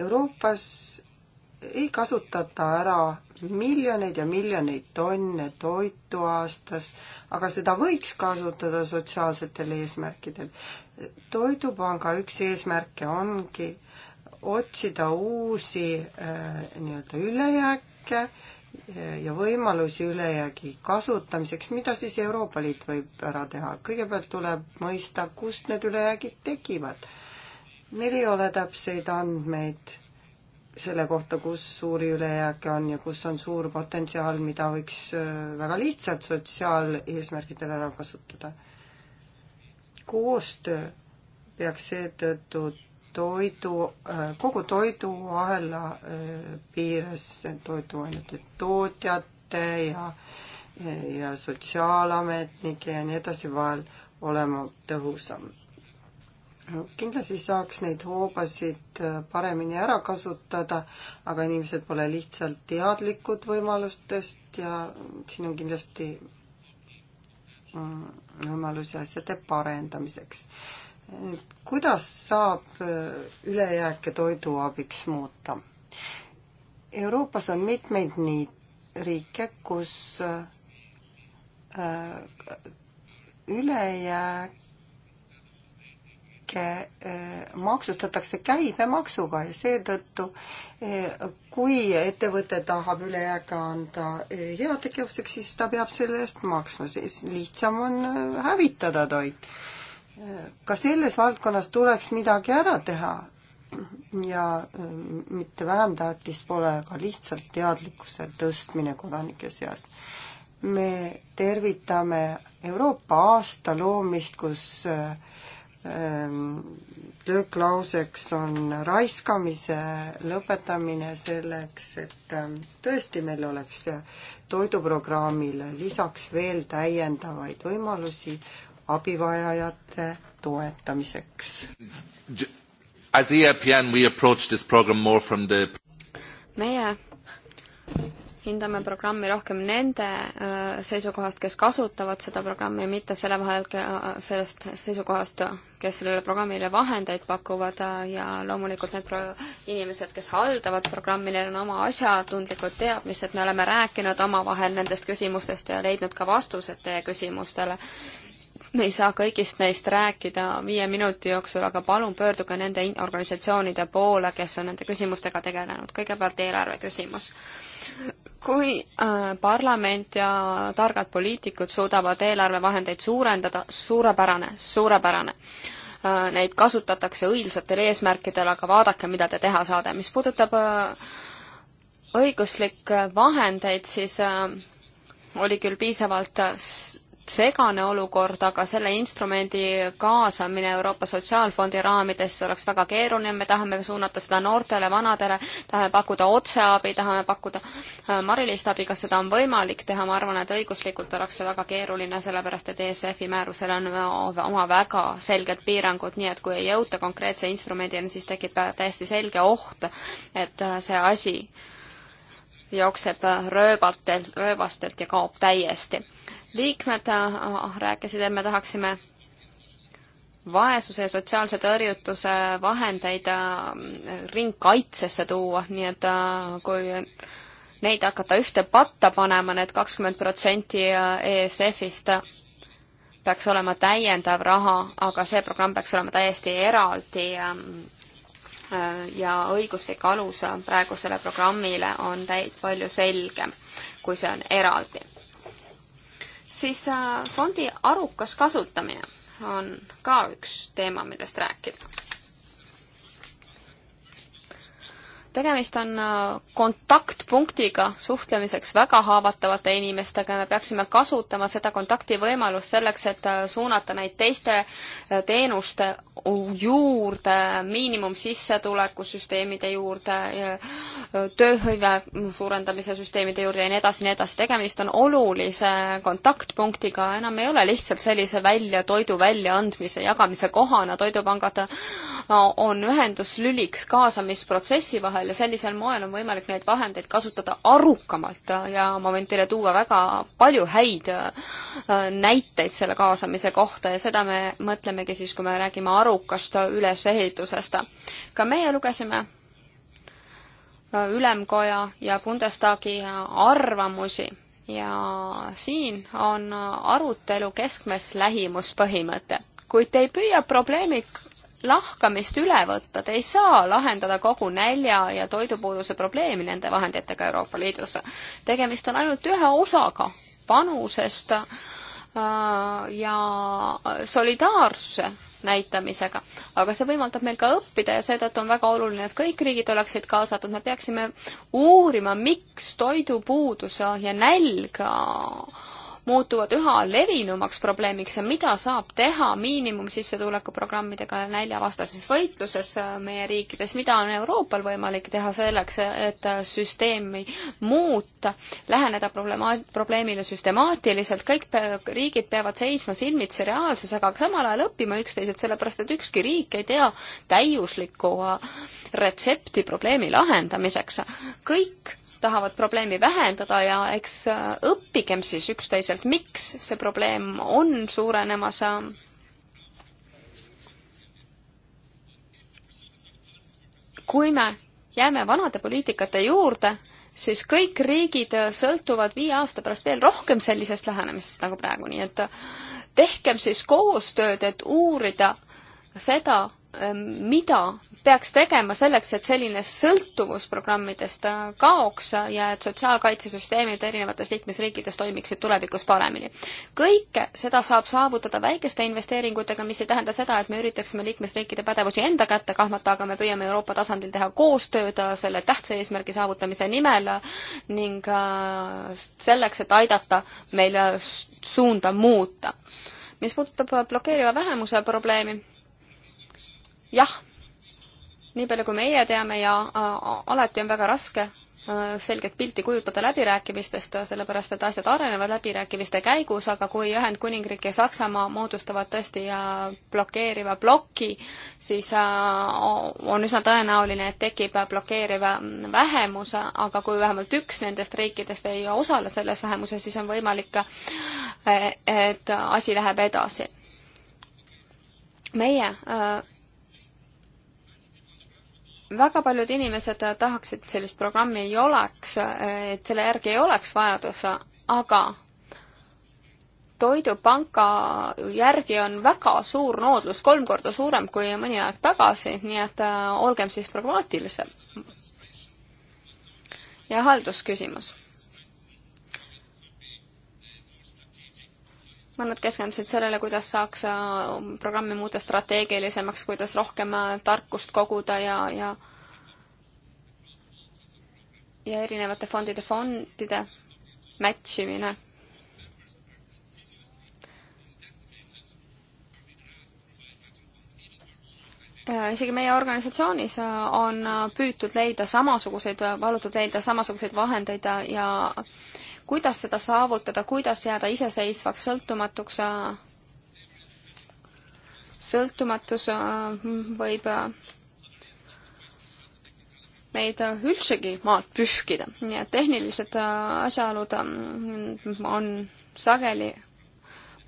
Euroopas ei kasutata ära miljoneid ja miljoneid tonne toitu aastas, aga seda võiks kasutada sotsiaalsetel eesmärkidel. toidupanga üks eesmärke ongi otsida uusi äh, nii-öelda ülejääke äh, ja võimalusi ülejäägi kasutamiseks, mida siis Euroopa Liit võib ära teha. kõigepealt tuleb mõista, kust need ülejäägid tekivad meil ei ole täpseid andmeid selle kohta, kus suuri ülejääke on ja kus on suur potentsiaal, mida võiks äh, väga lihtsalt sotsiaaleesmärkidel ära kasutada. koostöö peaks seetõttu toidu, äh, kogu toiduahela äh, piires toiduainete tootjate ja, ja sotsiaalametnike ja nii edasi vahel olema tõhusam kindlasti saaks neid hoobasid äh, paremini ära kasutada, aga inimesed pole lihtsalt teadlikud võimalustest ja siin on kindlasti mm, võimalusi asjade parendamiseks. kuidas saab äh, ülejääke toidu abiks muuta? Euroopas on mitmeid nii riike, kus äh, ülejääk kõike eh, maksustatakse käibemaksuga ja seetõttu eh, kui ettevõte tahab ülejääke anda eh, heategevuseks, siis ta peab selle eest maksma, siis lihtsam on hävitada toit. ka selles valdkonnas tuleks midagi ära teha ja mitte vähem tähtis pole ka lihtsalt teadlikkuse tõstmine kodanike seas me tervitame Euroopa aasta loomist, kus Ehm, tööklauseks on raiskamise lõpetamine selleks, et ehm, tõesti meil oleks toiduprogrammile lisaks veel täiendavaid võimalusi abivajajate toetamiseks. As EAPN we approach this program more from the meie hindame programmi rohkem nende äh, seisukohast, kes kasutavad seda programmi, mitte selle vahel, äh, sellest seisukohast, kes sellele programmile vahendeid pakuvad äh, ja loomulikult need pro-, inimesed, kes haldavad programmi, neil on oma asjatundlikud teadmised, me oleme rääkinud omavahel nendest küsimustest ja leidnud ka vastused teie küsimustele me ei saa kõigist neist rääkida viie minuti jooksul, aga palun pöörduge nende organisatsioonide poole, kes on nende küsimustega tegelenud. kõigepealt eelarve küsimus. kui äh, parlament ja targad poliitikud suudavad eelarvevahendeid suurendada, suurepärane, suurepärane äh,. Neid kasutatakse õilsatel eesmärkidel, aga vaadake, mida te teha saate. mis puudutab äh, õiguslikke vahendeid, siis äh, oli küll piisavalt segane olukord, aga selle instrumendi kaasamine Euroopa Sotsiaalfondi raamidesse oleks väga keeruline, me tahame suunata seda noortele, vanadele, tahame pakkuda otseabi, tahame pakkuda äh, marilist abi, kas seda on võimalik teha, ma arvan, et õiguslikult oleks see väga keeruline, sellepärast et ESF-i määrusel on oma väga selged piirangud, nii et kui ei jõuta konkreetse instrumendini, siis tekib täiesti selge oht, et äh, see asi jookseb äh, rööbastelt, rööbastelt ja kaob täiesti liikmed ah, ah, rääkisid, et me tahaksime vaesuse ja sotsiaalse tõrjutuse vahendeid ah, ringkaitsesse tuua, nii et kui neid hakata ühte patta panema need, need kakskümmend protsenti ESF-ist peaks olema täiendav raha, aga see programm peaks olema täiesti eraldi ja, ja õiguslik alus praegusele programmile on täi-, palju selgem, kui see on eraldi siis äh, fondi arukas kasutamine on ka üks teema, millest rääkida. tegemist on äh, kontaktpunktiga suhtlemiseks väga haavatavate inimestega ja me peaksime kasutama seda kontaktivõimalust selleks, et äh, suunata neid teiste äh, teenuste juurde, miinimumsissetulekusüsteemide juurde, tööhõive suurendamise süsteemide juurde ja nii edasi, nii edasi. tegemist on olulise kontaktpunktiga, enam ei ole lihtsalt sellise välja, toidu väljaandmise, jagamise kohana, toidupangad on ühenduslüliks kaasamisprotsessi vahel, omavahel ja sellisel moel on võimalik neid vahendeid kasutada arukamalt ja ma võin teile tuua väga palju häid äh, näiteid selle kaasamise kohta ja seda me mõtlemegi siis, kui me räägime arukast ülesehitusest. ka meie lugesime äh, ülemkoja ja Bundestagi äh, arvamusi ja siin on arutelu keskmes lähimuspõhimõte kuid ei püüa probleemi lahkamist üle võtta, te ei saa lahendada kogu nälja ja toidupuuduse probleemi nende vahenditega Euroopa Liidus. tegemist on ainult ühe osaga panusest äh, ja solidaarsuse näitamisega. aga see võimaldab meil ka õppida ja seetõttu on väga oluline, et kõik riigid oleksid kaasatud, me peaksime uurima, miks toidupuudus ja nälg muutuvad üha levinumaks probleemiks ja mida saab teha miinimumsissetuleku programmidega näljavastases võitluses äh, meie riikides, mida on Euroopal võimalik teha selleks, et äh, süsteemi muuta, läheneda problema-, probleemile süstemaatiliselt, kõik pe-, riigid peavad seisma silmitsi reaalsusega, aga samal ajal õppima üksteiselt, sellepärast et ükski riik ei tea täiuslikku äh, retsepti probleemi lahendamiseks. kõik tahavad probleemi vähendada ja eks äh, õppigem siis üksteiselt, miks see probleem on suurenemas. kui me jääme vanade poliitikate juurde, siis kõik riigid äh, sõltuvad viie aasta pärast veel rohkem sellisest lähenemisest nagu praegu, nii et äh, tehkem siis koostööd, et uurida seda, mida peaks tegema selleks, et selline sõltuvus programmidest kaoks ja et sotsiaalkaitsesüsteemid erinevates liikmesriikides toimiksid tulevikus paremini. kõike seda saab saavutada väikeste investeeringutega, mis ei tähenda seda, et me üritaksime liikmesriikide pädevusi enda kätte kahmata, aga me püüame Euroopa tasandil teha koostööd selle tähtsa eesmärgi saavutamise nimel ning äh, selleks, et aidata meil äh, suunda muuta. mis puudutab blokeeriva vähemuse probleemi, jah nii palju kui meie teame ja äh, alati on väga raske äh, selget pilti kujutada läbirääkimistest, äh, sellepärast et asjad arenevad läbirääkimiste käigus, aga kui Ühendkuningriik ja Saksamaa moodustavad tõesti blokeeriva ploki, siis on üsna tõenäoline, et tekib blokeeriv vähemus, aga kui vähemalt üks nendest riikidest ei osale selles vähemuses, siis on võimalik, et asi läheb edasi. meie väga paljud inimesed tahaksid, et sellist programmi ei oleks, et selle järgi ei oleks vajadus, aga toidupanka järgi on väga suur nõudlus, kolm korda suurem kui mõni aeg tagasi, nii et äh, olgem siis pragmaatilised. ja haldusküsimus mõned keskendusid sellele, kuidas saaks äh, programmi muuta strateegilisemaks, kuidas rohkem äh, tarkust koguda ja, ja ja erinevate fondide fondide match imine. isegi meie organisatsioonis äh, on püütud leida samasuguseid, palutud leida samasuguseid vahendeid ja, ja kuidas seda saavutada, kuidas jääda iseseisvaks, sõltumatuks. Äh, sõltumatus äh, võib äh, meid üldsegi maad pühkida, nii et tehnilised asjaolud ähm, on sageli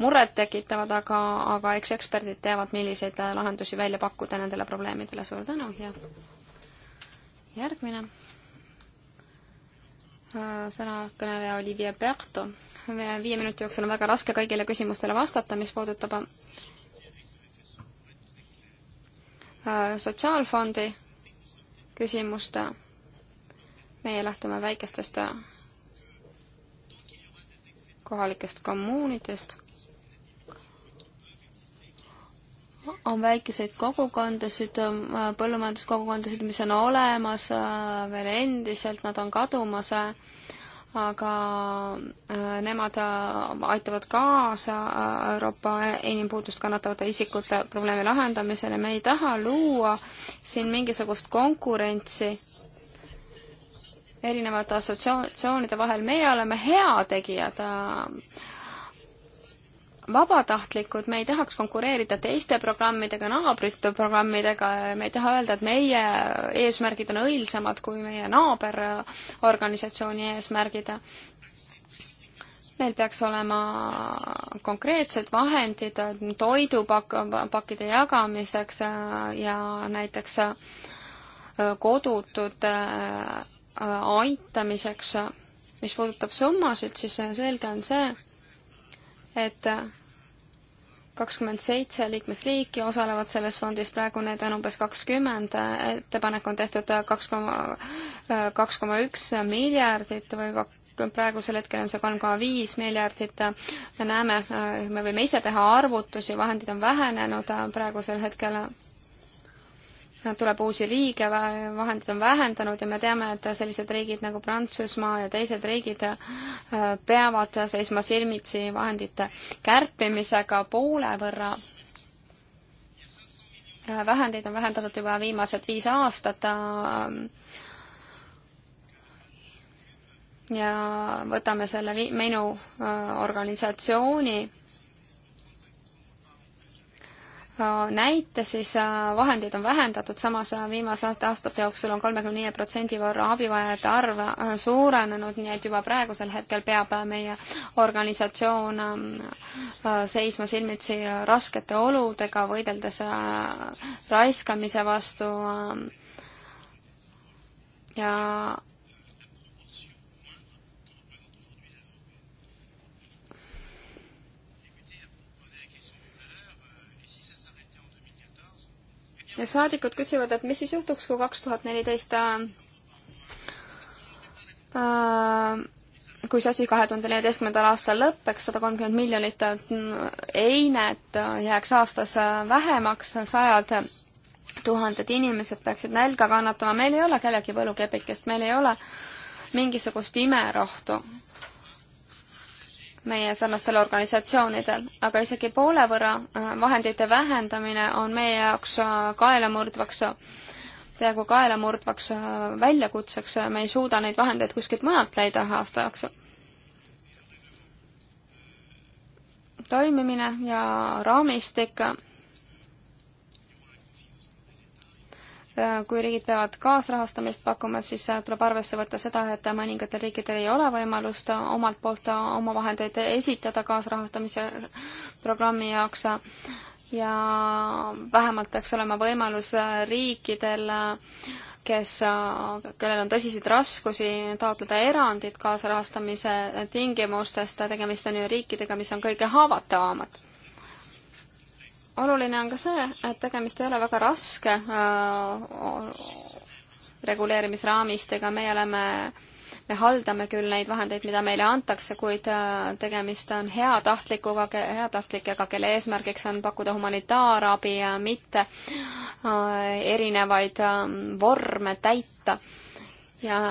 muret tekitavad, aga, aga eks eksperdid teavad, milliseid lahendusi välja pakkuda nendele probleemidele. suur tänu ja järgmine Äh, sõna kõneleja Olivia Berto. viie minuti jooksul on väga raske kõigile küsimustele vastata, mis puudutab äh, sotsiaalfondi küsimust. meie lähtume väikestest äh, kohalikest kommuunidest on väikeseid kogukondasid, äh, põllumajanduskogukondasid, mis on olemas äh, veel endiselt, nad on kadumas, äh, aga nemad aitavad kaasa Euroopa inimpuudust kannatavate isikute probleemi lahendamisele, me ei taha luua siin mingisugust konkurentsi erinevate assotsiatsioonide vahel, meie oleme heategijad vabatahtlikud, me ei tahaks konkureerida teiste programmidega, naabrite programmidega, me ei taha öelda, et meie eesmärgid on õilsamad kui meie naaberorganisatsiooni eesmärgid. Neil peaks olema konkreetsed vahendid toidupakkide jagamiseks ja näiteks kodutute aitamiseks. mis puudutab summasid, siis selge on see, et kakskümmend seitse liikmesriiki osalevad selles fondis, praegu neid on umbes kakskümmend, ettepanek on tehtud kaks koma, kaks koma üks miljardit või praegusel hetkel on see kolm koma viis miljardit, me näeme, me võime ise teha arvutusi, vahendid on vähenenud praegusel hetkel tuleb uusi riike, vahendid on vähendanud ja me teame, et sellised riigid nagu Prantsusmaa ja teised riigid äh, peavad seisma silmitsi vahendite kärpimisega poole võrra. Äh, vahendeid on vähendatud juba viimased viis aastat. Äh, ja võtame selle minu organisatsiooni näite, siis äh, vahendeid on vähendatud, samas äh, viimase aasta aastate jooksul on kolmekümne viie protsendi võrra abivajajate arv äh, suurenenud, nii et juba praegusel hetkel peab meie organisatsioon ähm, seisma silmitsi raskete oludega, võideldes raiskamise vastu ähm, ja ja saadikud küsivad, et mis siis juhtuks, kui kaks tuhat neliteist äh, äh, kui see asi kahe tuhande neljateistkümnendal aastal lõpeks, sada kolmkümmend miljonit äh, einet jääks aastas vähemaks, sajad tuhanded inimesed peaksid nälga kannatama, meil ei ole kellegi võlukepikest, meil ei ole mingisugust imerohtu meie sarnastel organisatsioonidel, aga isegi poole võrra äh, vahendite vähendamine on meie jaoks äh, kaelamurdvaks, peaaegu kaelamurdvaks äh, väljakutseks, me ei suuda neid vahendeid kuskilt mujalt leida aasta jooksul. toimimine ja raamistik Äh, kui riigid peavad kaasrahastamist pakkuma, siis äh, tuleb arvesse võtta seda, et mõningatel riikidel ei ole võimalust äh, omalt poolt oma vahendeid esitada kaasrahastamise programmi jaoks ja vähemalt peaks olema võimalus riikidel kes, kellel on tõsiseid raskusi taotleda erandit kaasrahastamise tingimustest, tegemist on ju riikidega, mis on kõige haavatavamad oluline on ka see, et tegemist ei ole väga raske äh, reguleerimisraamistega, meie oleme, me haldame küll neid vahendeid, mida meile antakse, kuid äh, tegemist on heatahtlikuga, heatahtlikega, kelle eesmärgiks on pakkuda humanitaarabi ja mitte äh, erinevaid ähm, vorme täita. ja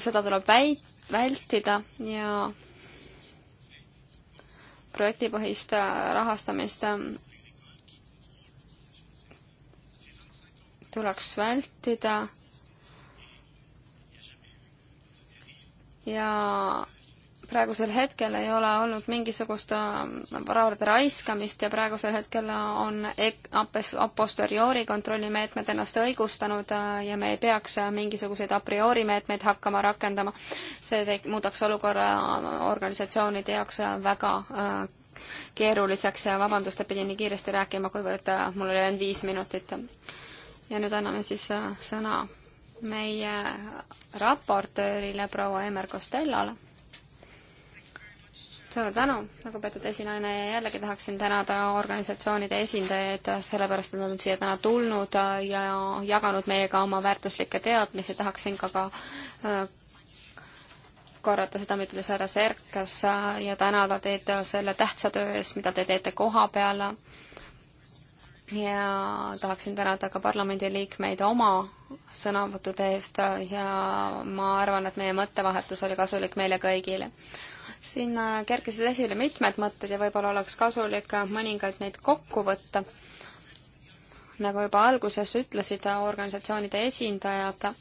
seda tuleb väit-, vältida ja projektipõhist rahastamist ähm, tuleks vältida ja praegusel hetkel ei ole olnud mingisugust varade äh, raiskamist ja praegusel hetkel on a posteriori kontrollimeetmed ennast õigustanud äh, ja me ei peaks äh, mingisuguseid a priori meetmeid hakkama rakendama. see muudaks olukorra organisatsioonide jaoks väga keeruliseks ja vabandust, et pidin nii kiiresti rääkima, kuivõrd mul oli ainult viis minutit ja nüüd anname siis äh, sõna meie raportöörile proua Emmer Costellale. suur tänu, lugupeetud esinaine ja jällegi tahaksin tänada organisatsioonide esindajaid, sellepärast et nad on siia täna tulnud äh, ja jaganud meiega oma väärtuslikke teadmisi, tahaksin ka ka äh, korrata seda, mida ütles härra Serkas ja tänada teid selle tähtsa töö eest, mida te teete koha peal ja tahaksin tänada ka parlamendiliikmeid oma sõnavõttude eest ja ma arvan, et meie mõttevahetus oli kasulik meile kõigile. siin äh, kerkisid esile mitmed mõtted ja võib-olla oleks kasulik äh, mõningaid neid kokku võtta. nagu juba alguses ütlesid äh, organisatsioonide esindajad,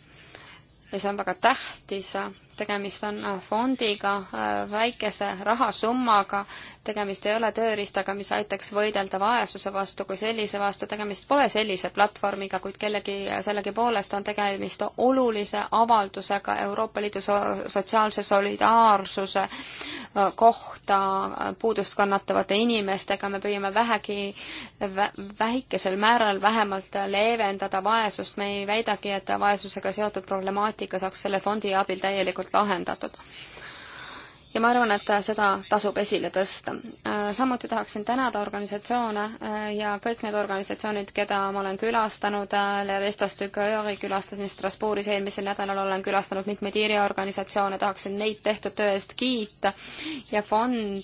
ja see on väga tähtis tegemist on äh, fondiga, äh, väikese rahasummaga, tegemist ei ole tööriistaga, mis aitaks võidelda vaesuse vastu kui sellise vastu, tegemist pole sellise platvormiga, kuid kellegi, sellegipoolest on tegemist olulise avaldusega Euroopa Liidu so sotsiaalse solidaarsuse äh, kohta puudust kannatavate inimestega, me püüame vähegi vä, väikesel määral vähemalt leevendada vaesust, me ei väidagi, et vaesusega seotud problemaatika saaks selle fondi abil täielikult korralikult lahendatud ja ma arvan, et seda tasub esile tõsta. Äh, samuti tahaksin tänada organisatsioone äh, ja kõik need organisatsioonid, keda ma olen külastanud, äh, Restos du Coeuri külastasin Strasbourgis eelmisel nädalal, olen külastanud mitmeid Iiri organisatsioone, tahaksin neid tehtud töö eest kiita ja fond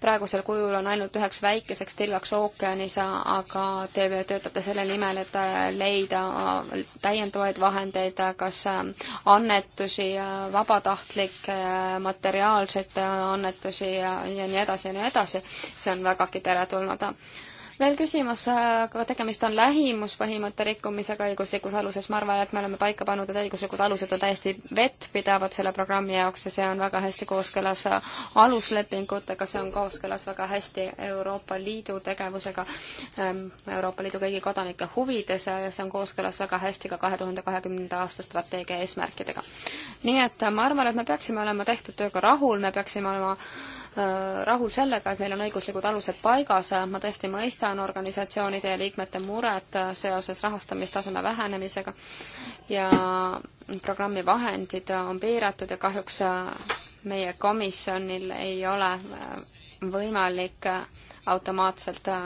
praegusel kujul on ainult üheks väikeseks tilgaks ookeanis, aga te töötate selle nimel, et leida täiendavaid vahendeid, kas annetusi, vabatahtlikke materjale, reaalseid annetusi ja, ja nii edasi ja nii edasi, see on vägagi teretulnud veel küsimus, aga tegemist on lähimuspõhimõtte rikkumisega õiguslikus aluses, ma arvan, et me oleme paika pannud, et õiguslikud alused on täiesti vettpidavad selle programmi jaoks ja see on väga hästi kooskõlas aluslepingutega, see on kooskõlas väga hästi Euroopa Liidu tegevusega, ähm, Euroopa Liidu kõigi kodanike huvides ja see on kooskõlas väga hästi ka kahe tuhande kahekümnenda aasta strateegia eesmärkidega. nii et ma arvan, et me peaksime olema tehtud tööga rahul, me peaksime olema Äh, rahul sellega, et meil on õiguslikud alused paigas, ma tõesti mõistan organisatsioonide ja liikmete muret äh, seoses rahastamistaseme vähenemisega ja programmi vahendid on piiratud ja kahjuks äh, meie komisjonil ei ole võimalik automaatselt äh,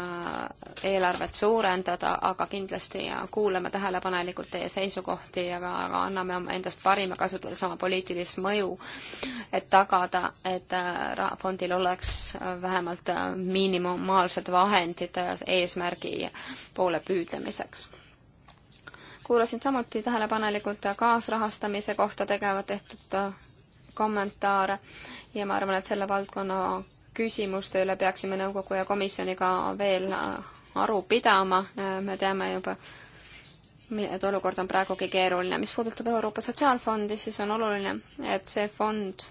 eelarvet suurendada, aga kindlasti äh, kuulame tähelepanelikult teie seisukohti ja ka, ka anname oma endast parima, kasutades oma poliitilist mõju, et tagada, et äh, rahafondil oleks vähemalt minimaalsed vahendid eesmärgi poole püüdlemiseks kuulasin samuti tähelepanelikult kaasrahastamise kohta tegevat tehtud kommentaare ja ma arvan, et selle valdkonna küsimuste üle peaksime nõukogu ja komisjoniga veel äh, aru pidama, äh, me teame juba, et olukord on praegugi keeruline. mis puudutab Euroopa Sotsiaalfondi, siis on oluline, et see fond,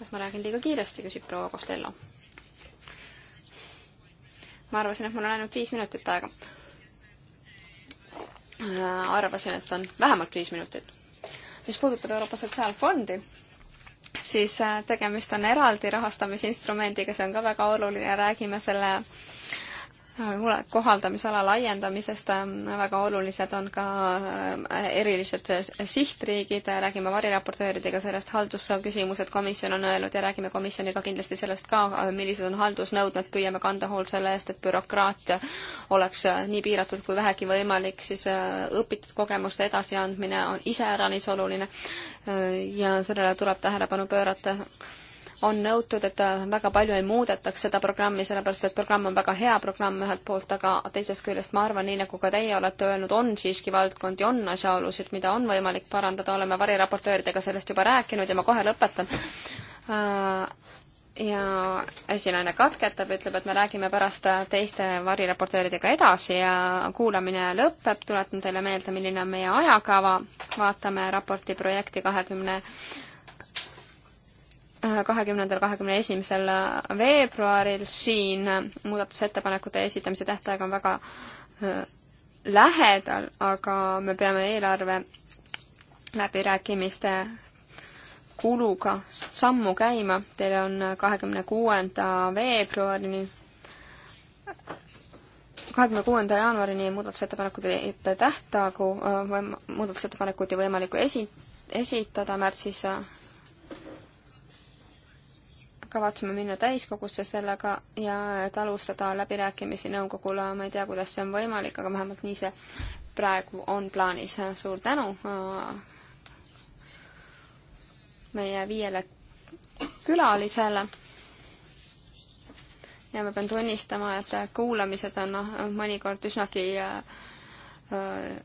kas ma räägin liiga kiiresti, küsib proua Costello. ma arvasin, et mul on ainult viis minutit aega. Äh, arvasin, et on vähemalt viis minutit. mis puudutab Euroopa Sotsiaalfondi, siis äh, tegemist on eraldi rahastamisinstrumendiga, see on ka väga oluline, räägime selle kohaldamisala laiendamisest ähm, väga olulised on ka äh, erilised äh, sihtriigid, räägime variraportööridega sellest, haldusküsimused komisjon on öelnud ja räägime komisjoniga kindlasti sellest ka, äh, millised on haldusnõudmed, püüame kanda hoolt selle eest, et bürokraatia oleks nii piiratud kui vähegi võimalik, siis õpitud kogemuste edasiandmine on iseäranis oluline ja sellele tuleb tähelepanu pöörata on nõutud, et väga palju ei muudetaks seda programmi, sellepärast et programm on väga hea programm ühelt poolt, aga teisest küljest ma arvan, nii nagu ka teie olete öelnud, on siiski valdkondi, on asjaolusid, mida on võimalik parandada, oleme variraportööridega sellest juba rääkinud ja ma kohe lõpetan. Äh, ja esinaine katketab, ütleb, et me räägime pärast teiste variraportööridega edasi ja kuulamine lõpeb, tuletan teile meelde, milline on meie ajakava, vaatame raporti projekti kahekümne 20 kahekümnendal, kahekümne esimesel veebruaril siin muudatusettepanekute esitamise tähtaeg on väga lähedal, aga me peame eelarve läbirääkimiste kuluga sammu käima. Teil on kahekümne kuuenda veebruarini kahekümne kuuenda jaanuarini muudatusettepanekute tähtaegu, muudatusettepanekuid ja võimalikku esi-, esitada märtsis kavatseme minna täiskogusse sellega ja et alustada läbirääkimisi nõukogule, ma ei tea, kuidas see on võimalik, aga vähemalt nii see praegu on plaanis. suur tänu äh, meie viiele külalisele ja ma pean tunnistama, et kuulamised on noh, mõnikord üsnagi äh, äh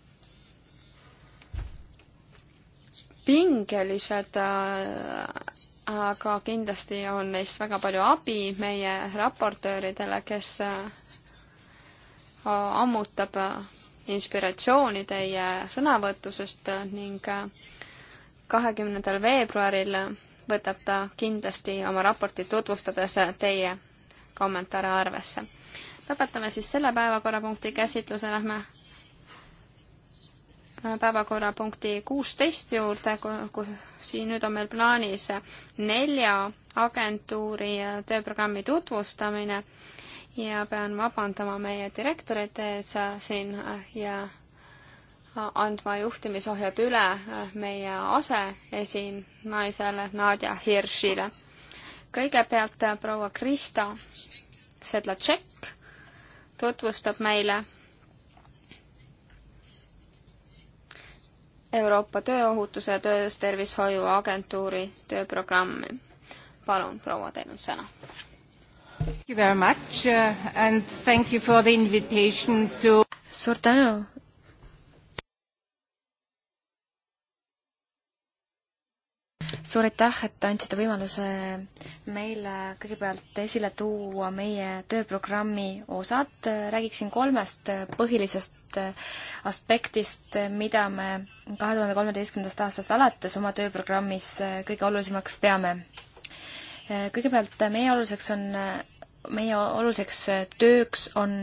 pingelised äh, aga kindlasti on neist väga palju abi meie raportööridele, kes äh, ammutab äh, inspiratsiooni teie sõnavõtusest ning äh, kahekümnendal veebruaril võtab ta kindlasti oma raportit tutvustades teie kommentaare arvesse. lõpetame siis selle päevakorrapunkti käsitluse, lähme päevakorrapunkti kuusteist juurde, siin nüüd on meil plaanis nelja agentuuri tööprogrammi tutvustamine ja pean vabandama meie direktorite ees siin ja andma juhtimisohjad üle meie aseesinaisele Nadja Hirschile. kõigepealt proua Krista Sedlatšek tutvustab meile Euroopa Tööohutuse ja Töötervishoiu Agentuuri tööprogrammi. palun, proua, teil on sõna. Thank you very much uh, and thank you for the invitation to suur tänu suur aitäh, et andsite võimaluse meile kõigepealt esile tuua meie tööprogrammi osad. räägiksin kolmest põhilisest aspektist, mida me kahe tuhande kolmeteistkümnendast aastast alates oma tööprogrammis kõige olulisemaks peame. kõigepealt meie oluliseks on, meie oluliseks tööks on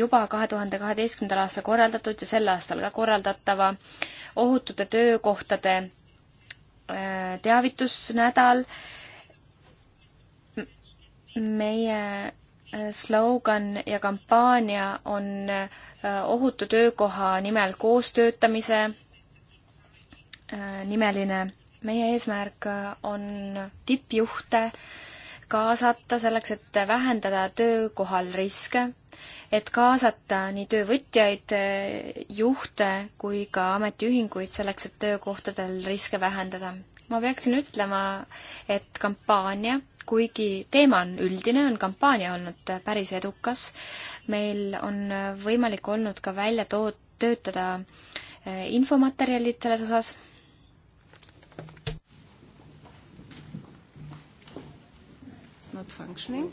juba kahe tuhande kaheteistkümnendal aastal korraldatud ja sel aastal ka korraldatava ohutute töökohtade teavitusnädal. meie slogan ja kampaania on äh, ohutu töökoha nimel koostöötamise äh, nimeline. meie eesmärk on tippjuhte kaasata selleks, et vähendada töökohal riske et kaasata nii töövõtjaid, juhte kui ka ametiühinguid selleks, et töökohtadel riske vähendada. ma peaksin ütlema, et kampaania kuigi teema on üldine, on kampaania olnud päris edukas. meil on võimalik olnud ka välja too-, töötada eh, infomaterjalid selles osas. It's not functioning.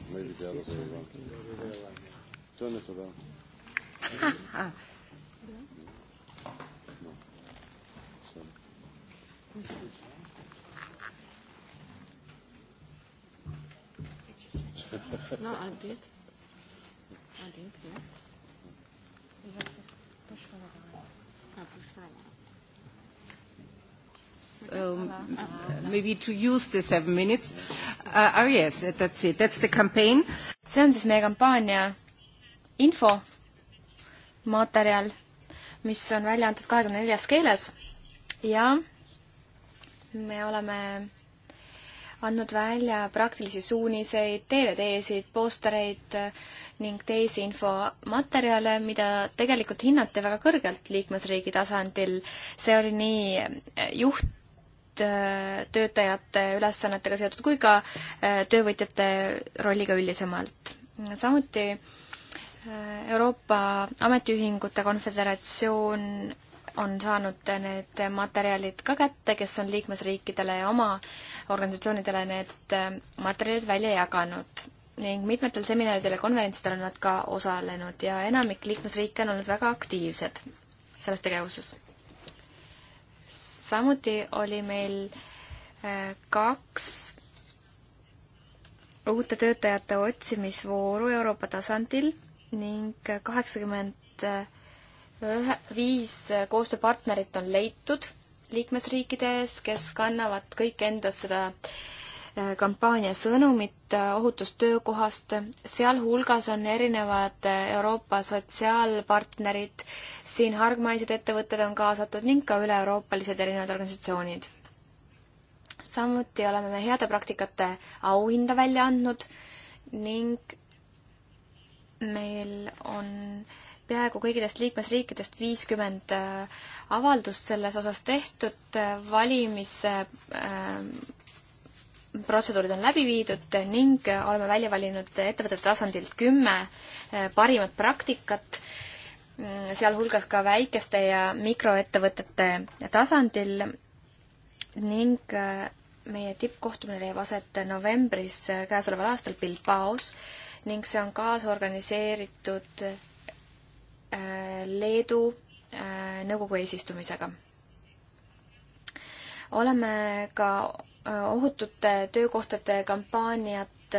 Turn it around. no. Sorry. no, I did. I did, yeah. You have to push for a while. I push for a while. Um, maybe to use the seven minutes uh,. Oh yes, that's it, that's the campaign. see on siis meie kampaania infomaterjal, mis on välja antud kahekümne neljas keeles ja me oleme andnud välja praktilisi suuniseid, DVD-sid, postereid ning teisi infomaterjale, mida tegelikult hinnati väga kõrgelt liikmesriigi tasandil. see oli nii eh, juht, eh, töötajate ülesannetega seotud kui ka eh, töövõtjate rolliga üldisemalt. samuti äh, Euroopa Ametiühingute Konföderatsioon on saanud need materjalid ka kätte, kes on liikmesriikidele ja oma organisatsioonidele need materjalid välja jaganud. ning mitmetel seminaridel ja konverentsidel on nad ka osalenud ja enamik liikmesriike on olnud väga aktiivsed selles tegevuses. samuti oli meil äh, kaks uute töötajate otsimisvooru Euroopa tasandil ning kaheksakümmend ühe, viis koostööpartnerit on leitud liikmesriikides, kes kannavad kõik endas seda äh, kampaania sõnumit äh, ohutust töökohast, sealhulgas on erinevad äh, Euroopa sotsiaalpartnerid, siin hargmaised ettevõtted on kaasatud ning ka üle-euroopalised erinevad organisatsioonid. samuti oleme me heade praktikate auhinda välja andnud ning meil on peaaegu kõigidest liikmesriikidest viiskümmend äh, avaldust selles osas tehtud, valimisprotseduurid äh, on läbi viidud ning oleme välja valinud ettevõtete tasandilt kümme äh, parimat praktikat, sealhulgas ka väikeste ja mikroettevõtete tasandil ning meie tippkohtumine leiab aset novembris käesoleval aastal Bilbaos ning see on kaasorganiseeritud äh, Leedu äh, nõukogu eesistumisega. oleme ka äh, ohutute töökohtade kampaaniat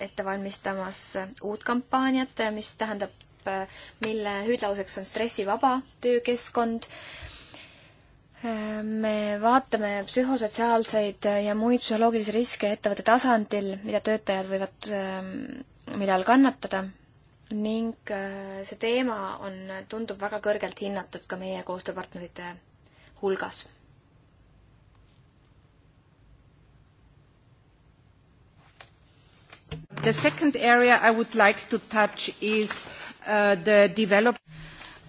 ette valmistamas uut kampaaniat, mis tähendab, mille hüüdlauseks on stressivaba töökeskkond me vaatame psühhosotsiaalseid ja muid psühholoogilisi riske ettevõtte tasandil, mida töötajad võivad, ähm, mille all kannatada, ning äh, see teema on, tundub väga kõrgelt hinnatud ka meie koostööpartnerite hulgas The second area I would like to touch is uh, the develop-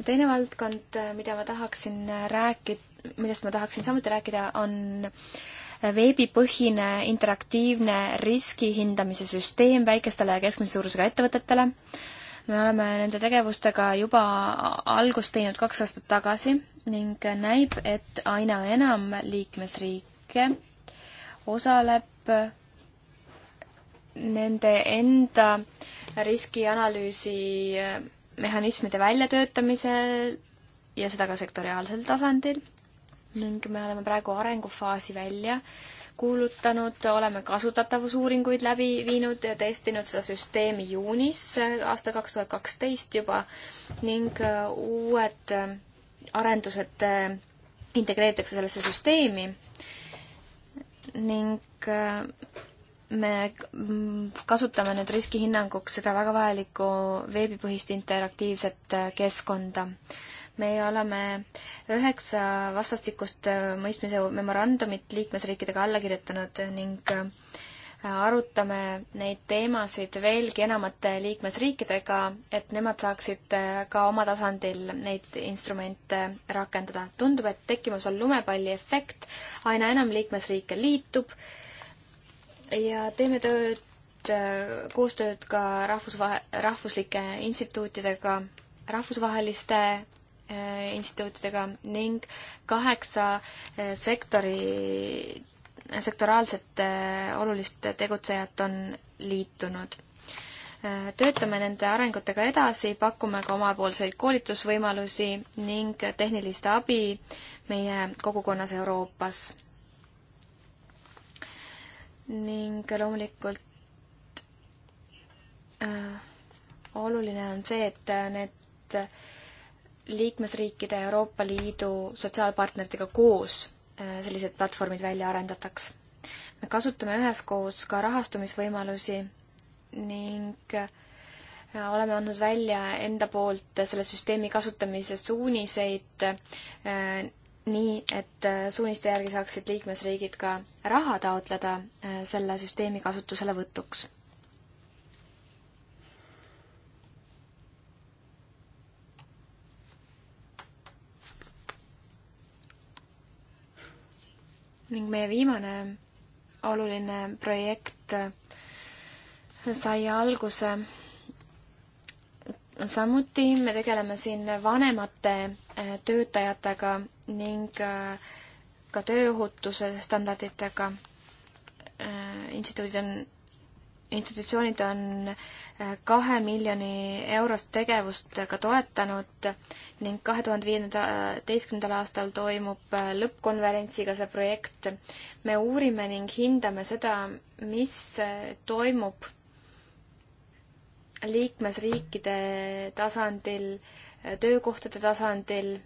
teine valdkond, äh, mida ma tahaksin rääkida, millest ma tahaksin samuti rääkida, on veebipõhine interaktiivne riski hindamise süsteem väikestele ja keskmise suurusega ettevõtetele. me oleme nende tegevustega juba algust teinud kaks aastat tagasi ning näib, et aina enam liikmesriike osaleb nende enda riskianalüüsi mehhanismide väljatöötamisel ja seda ka sektoriaalsel tasandil ning me oleme praegu arengufaasi välja kuulutanud, oleme kasutatavusuuringuid läbi viinud ja testinud seda süsteemi juunis äh, aastal kaks tuhat kaksteist juba ning äh, uued äh, arendused integreeritakse sellesse süsteemi ning me kasutame nüüd riskihinnanguks seda väga vajalikku veebipõhist interaktiivset keskkonda me oleme üheksa vastastikust äh, mõistmise memorandumit liikmesriikidega alla kirjutanud ning äh, arutame neid teemasid veelgi enamate liikmesriikidega, et nemad saaksid äh, ka oma tasandil neid instrumente rakendada. tundub, et tekkimas on lumepalli efekt, aina enam liikmesriike liitub ja teeme tööd koostööd ka rahvusvahe, rahvuslike instituutidega, rahvusvaheliste Äh, instituutidega ning kaheksa äh, sektori, äh, sektoraalset olulist tegutsejat on liitunud. töötame nende arengutega edasi, pakume ka omapoolseid koolitusvõimalusi ning tehnilist abi meie kogukonnas Euroopas. ning loomulikult oluline on see, et need liikmesriikide ja Euroopa Liidu sotsiaalpartneritega koos äh, sellised platvormid välja arendataks. me kasutame üheskoos ka rahastumisvõimalusi ning äh, oleme andnud välja enda poolt selle süsteemi kasutamise suuniseid äh, nii, et suuniste järgi saaksid liikmesriigid ka raha taotleda selle süsteemi kasutuselevõtuks. ning meie viimane oluline projekt sai alguse samuti me tegeleme siin vanemate äh, töötajatega ning äh, ka tööohutuse standarditega. Äh, instituudid on, institutsioonid on kahe miljoni eurost tegevust ka toetanud ning kahe tuhande viieteistkümnendal aastal toimub äh, lõppkonverentsiga see projekt. me uurime ning hindame seda, mis äh, toimub liikmesriikide tasandil, äh, töökohtade tasandil,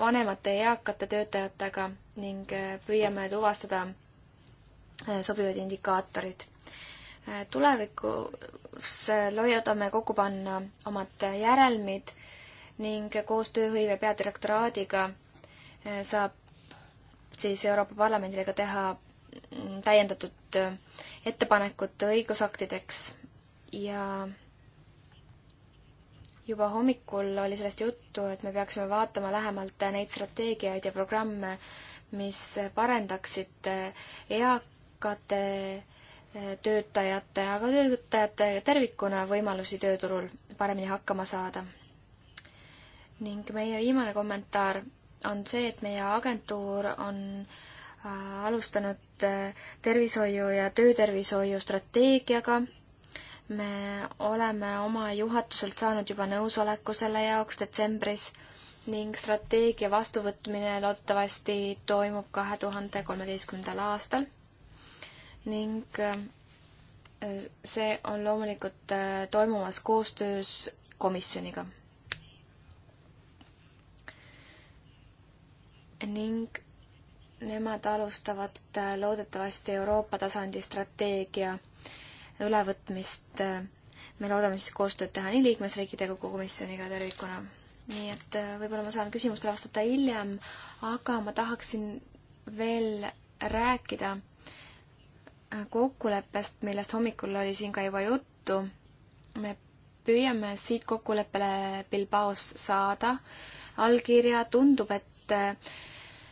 vanemate ja eakate töötajatega ning püüame tuvastada sobivad indikaatorid tulevikus loodame kokku panna omad järelmid ning koos tööhõive peadirektoraadiga eh, saab siis Euroopa Parlamendile ka teha mm, täiendatud eh, ettepanekut õigusaktideks ja juba hommikul oli sellest juttu, et me peaksime vaatama lähemalt neid strateegiaid ja programme, mis parendaksid eh, eakate töötajate, aga töötajate tervikuna võimalusi tööturul paremini hakkama saada ning meie viimane kommentaar on see, et meie agentuur on äh, alustanud äh, tervishoiu ja töötervishoiu strateegiaga. me oleme oma juhatuselt saanud juba nõusoleku selle jaoks detsembris ning strateegia vastuvõtmine loodetavasti toimub kahe tuhande kolmeteistkümnendal aastal. ning äh, see on loomulikult toimumas koostöös komisjoniga ning nemad alustavad äh, loodetavasti Euroopa tasandi strateegia ülevõtmist. Äh, me loodame siis koostööd teha nii liikmesriikidega kui komisjoniga tervikuna. nii et äh, võib-olla ma saan küsimustele vastata hiljem, aga ma tahaksin veel rääkida kokkuleppest, millest hommikul oli siin ka juba juttu. me püüame siit kokkuleppele Bilbaos saada allkirja, tundub, et et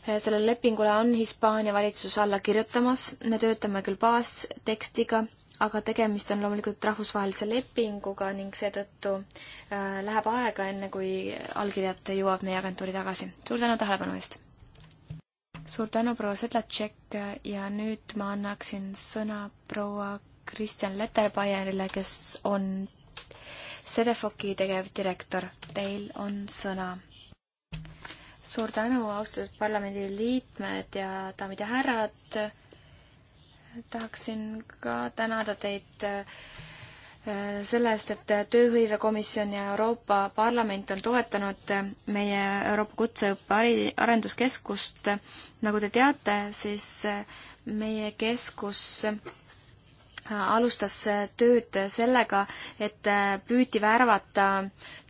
eh, sellele lepingule on Hispaania valitsus alla kirjutamas, me töötame küll baastekstiga, aga tegemist on loomulikult rahvusvahelise lepinguga ning seetõttu eh, läheb aega, enne kui allkirjad jõuab meie agentuuri tagasi. suur tänu tähelepanu eest! suur tänu, proua Sedlatšek ja nüüd ma annaksin sõna proua Kristjan Leterbaierile, kes on Sedefoki tegevdirektor. Teil on sõna suur tänu, austatud parlamendiliikmed ja daamid ja härrad. tahaksin ka tänada teid äh, selle eest, et Tööhõivekomisjon ja Euroopa Parlament on toetanud meie Euroopa Kutseõppe Arenduskeskust. nagu te teate, siis äh, meie keskus alustas tööd sellega, et püüti värvata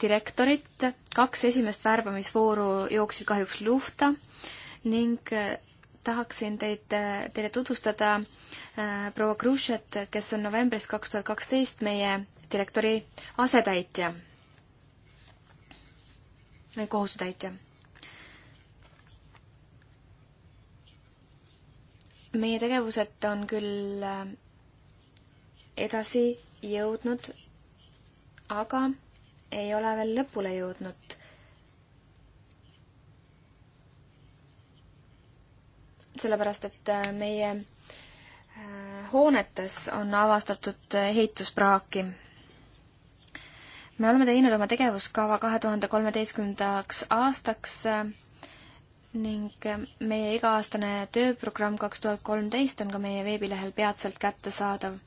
direktorit, kaks esimest värbamisvooru jooksid kahjuks luhta ning tahaksin teid, teile tutvustada äh, proua Krušet, kes on novembris kaks tuhat kaksteist meie direktori asetäitja, kohusetäitja. meie tegevused on küll äh, edasi jõudnud, aga ei ole veel lõpule jõudnud. sellepärast, et äh, meie äh, hoonetes on avastatud ehituspraaki. me oleme teinud oma tegevuskava kahe tuhande kolmeteistkümnendaks aastaks äh, ning eh, meie iga-aastane tööprogramm kaks tuhat kolmteist on ka meie veebilehel peatselt kättesaadav.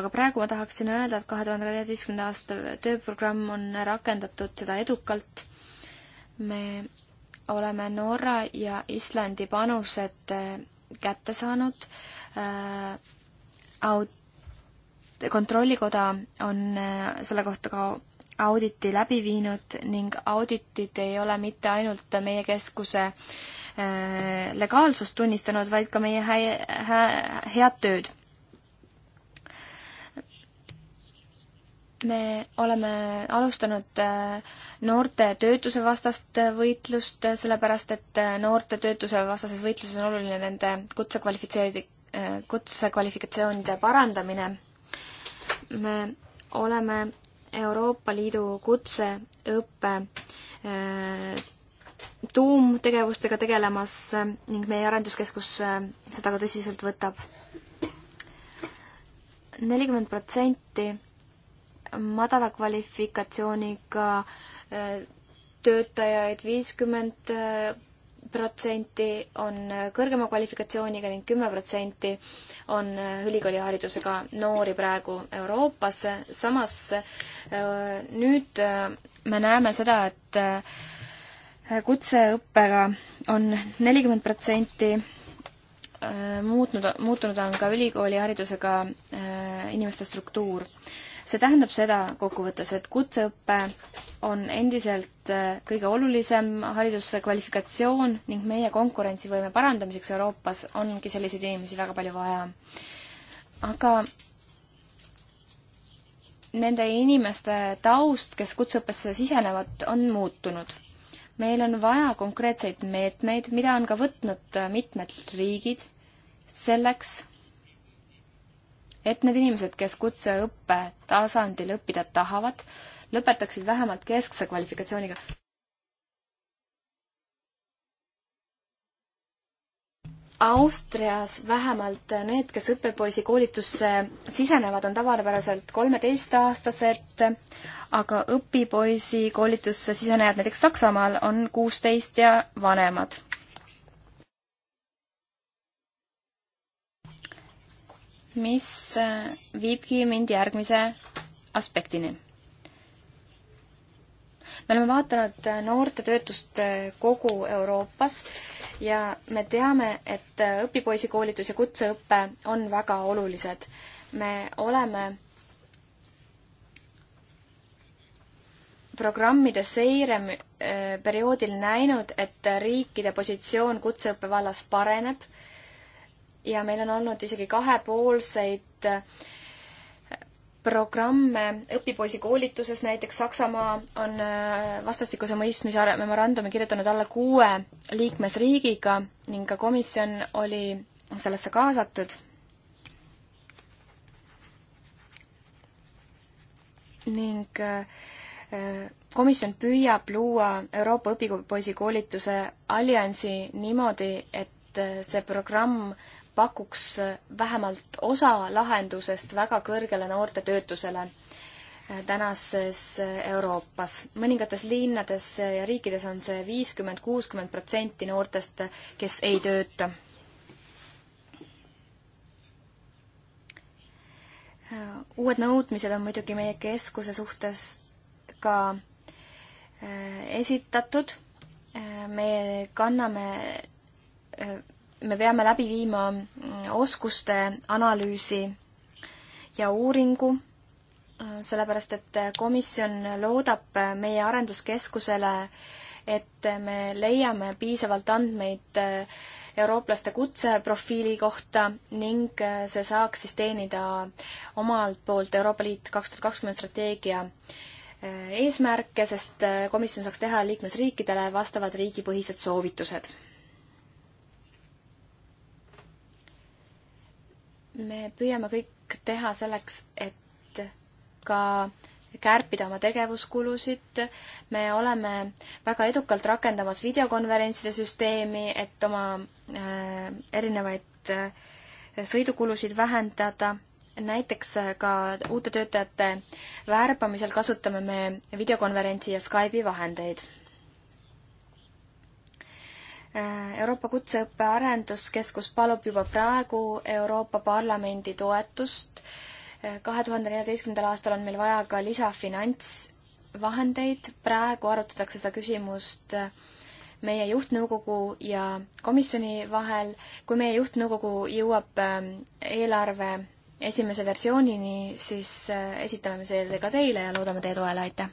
aga praegu ma tahaksin öelda, et kahe tuhande kaheteistkümnenda aasta tööprogramm on rakendatud seda edukalt. me oleme Norra ja Islandi panused eh, kätte saanud. Eh, aut-, kontrollikoda on selle kohta ka auditi läbi viinud ning auditid ei ole mitte ainult meie keskuse äh, legaalsust tunnistanud, vaid ka meie hä-, hä-, head tööd. me oleme alustanud äh, noorte töötuse vastast võitlust, äh, sellepärast et noorte töötuse vastases võitluses on oluline nende kutsekvalifitseeri-, kutsekvalifikatsioonide parandamine. me oleme Euroopa Liidu kutseõppe äh, tuumtegevustega tegelemas äh, ning meie arenduskeskus äh, seda ka tõsiselt võtab. nelikümmend protsenti madala kvalifikatsiooniga töötajaid, viiskümmend protsenti on kõrgema kvalifikatsiooniga ning kümme protsenti on ülikooliharidusega noori praegu Euroopas. samas äh, nüüd äh, me näeme seda, et äh, kutseõppega on nelikümmend protsenti muutnud, muutunud on ka ülikooliharidusega inimeste struktuur see tähendab seda kokkuvõttes, et kutseõpe on endiselt äh, kõige olulisem hariduskvalifikatsioon ning meie konkurentsivõime parandamiseks Euroopas ongi selliseid inimesi väga palju vaja. aga nende inimeste taust, kes kutseõppesse sisenevad, on muutunud. meil on vaja konkreetseid meetmeid, mida on ka võtnud äh, mitmed riigid selleks, et need inimesed, kes kutseõppe tasandil õppida tahavad, lõpetaksid vähemalt keskse kvalifikatsiooniga. Austrias vähemalt need, kes õppepoisi koolitusse sisenevad, on tavapäraselt kolmeteistaastaselt, aga õpipoisi koolitusse sisenejad näiteks Saksamaal on kuusteist ja vanemad mis äh, viibki mind järgmise aspektini. me oleme vaadanud äh, noorte töötust äh, kogu Euroopas ja me teame, et õpipoisikoolitus ja kutseõpe on väga olulised. me oleme programmide seireperioodil näinud, et riikide positsioon kutseõppe vallas pareneb ja meil on olnud isegi kahepoolseid äh, programme õpipoisikoolituses, näiteks Saksamaa on äh, vastastikuse mõistmise memorandumi kirjutanud alla kuue liikmesriigiga ning ka komisjon oli sellesse kaasatud. ning äh, komisjon püüab luua Euroopa õpipoisikoolituse alliansi niimoodi, et see programm pakuks vähemalt osa lahendusest väga kõrgele noorte töötusele eh, tänases Euroopas. mõningates linnades ja riikides on see viiskümmend, kuuskümmend protsenti noortest, kes ei tööta. Eh, uued nõudmised on muidugi meie keskuse suhtes ka eh, esitatud. me kanname me peame läbi viima mm, oskuste analüüsi ja uuringu, äh, sellepärast et äh, komisjon loodab äh, meie arenduskeskusele, et me leiame piisavalt andmeid eurooplaste kutseprofiili kohta ning see saaks siis teenida omalt poolt Euroopa Liit kaks tuhat kakskümmend strateegia eesmärke, sest komisjon saaks teha liikmesriikidele vastavad riigipõhised soovitused me püüame kõik teha selleks, et ka kärpida oma tegevuskulusid, me oleme väga edukalt rakendamas videokonverentside süsteemi, et oma äh, erinevaid äh, sõidukulusid vähendada, näiteks äh, ka uute töötajate värbamisel kasutame me videokonverentsi ja Skype'i vahendeid Äh, Euroopa Kutseõppe Arenduskeskus palub juba praegu Euroopa Parlamendi toetust. Äh, kahe tuhande neljateistkümnendal aastal on meil vaja ka lisafinantsvahendeid, praegu arutatakse seda küsimust äh, meie juhtnõukogu ja komisjoni vahel. kui meie juhtnõukogu jõuab ähm, eelarve esimese versioonini, siis esitame me selle ka teile ja loodame teie toele, aitäh!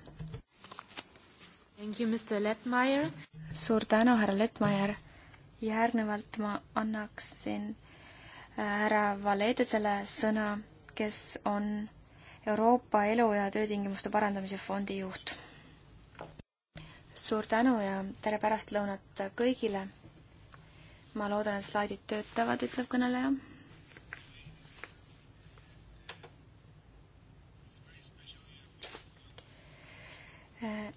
suur tänu, härra Lettmaier. järgnevalt ma annaksin äh, härra Valedesele sõna, kes on Euroopa Elu- ja Töötingimuste Parandamise Fondi juht. suur tänu ja tere pärastlõunat kõigile. ma loodan, et slaidid töötavad, ütleb kõneleja äh,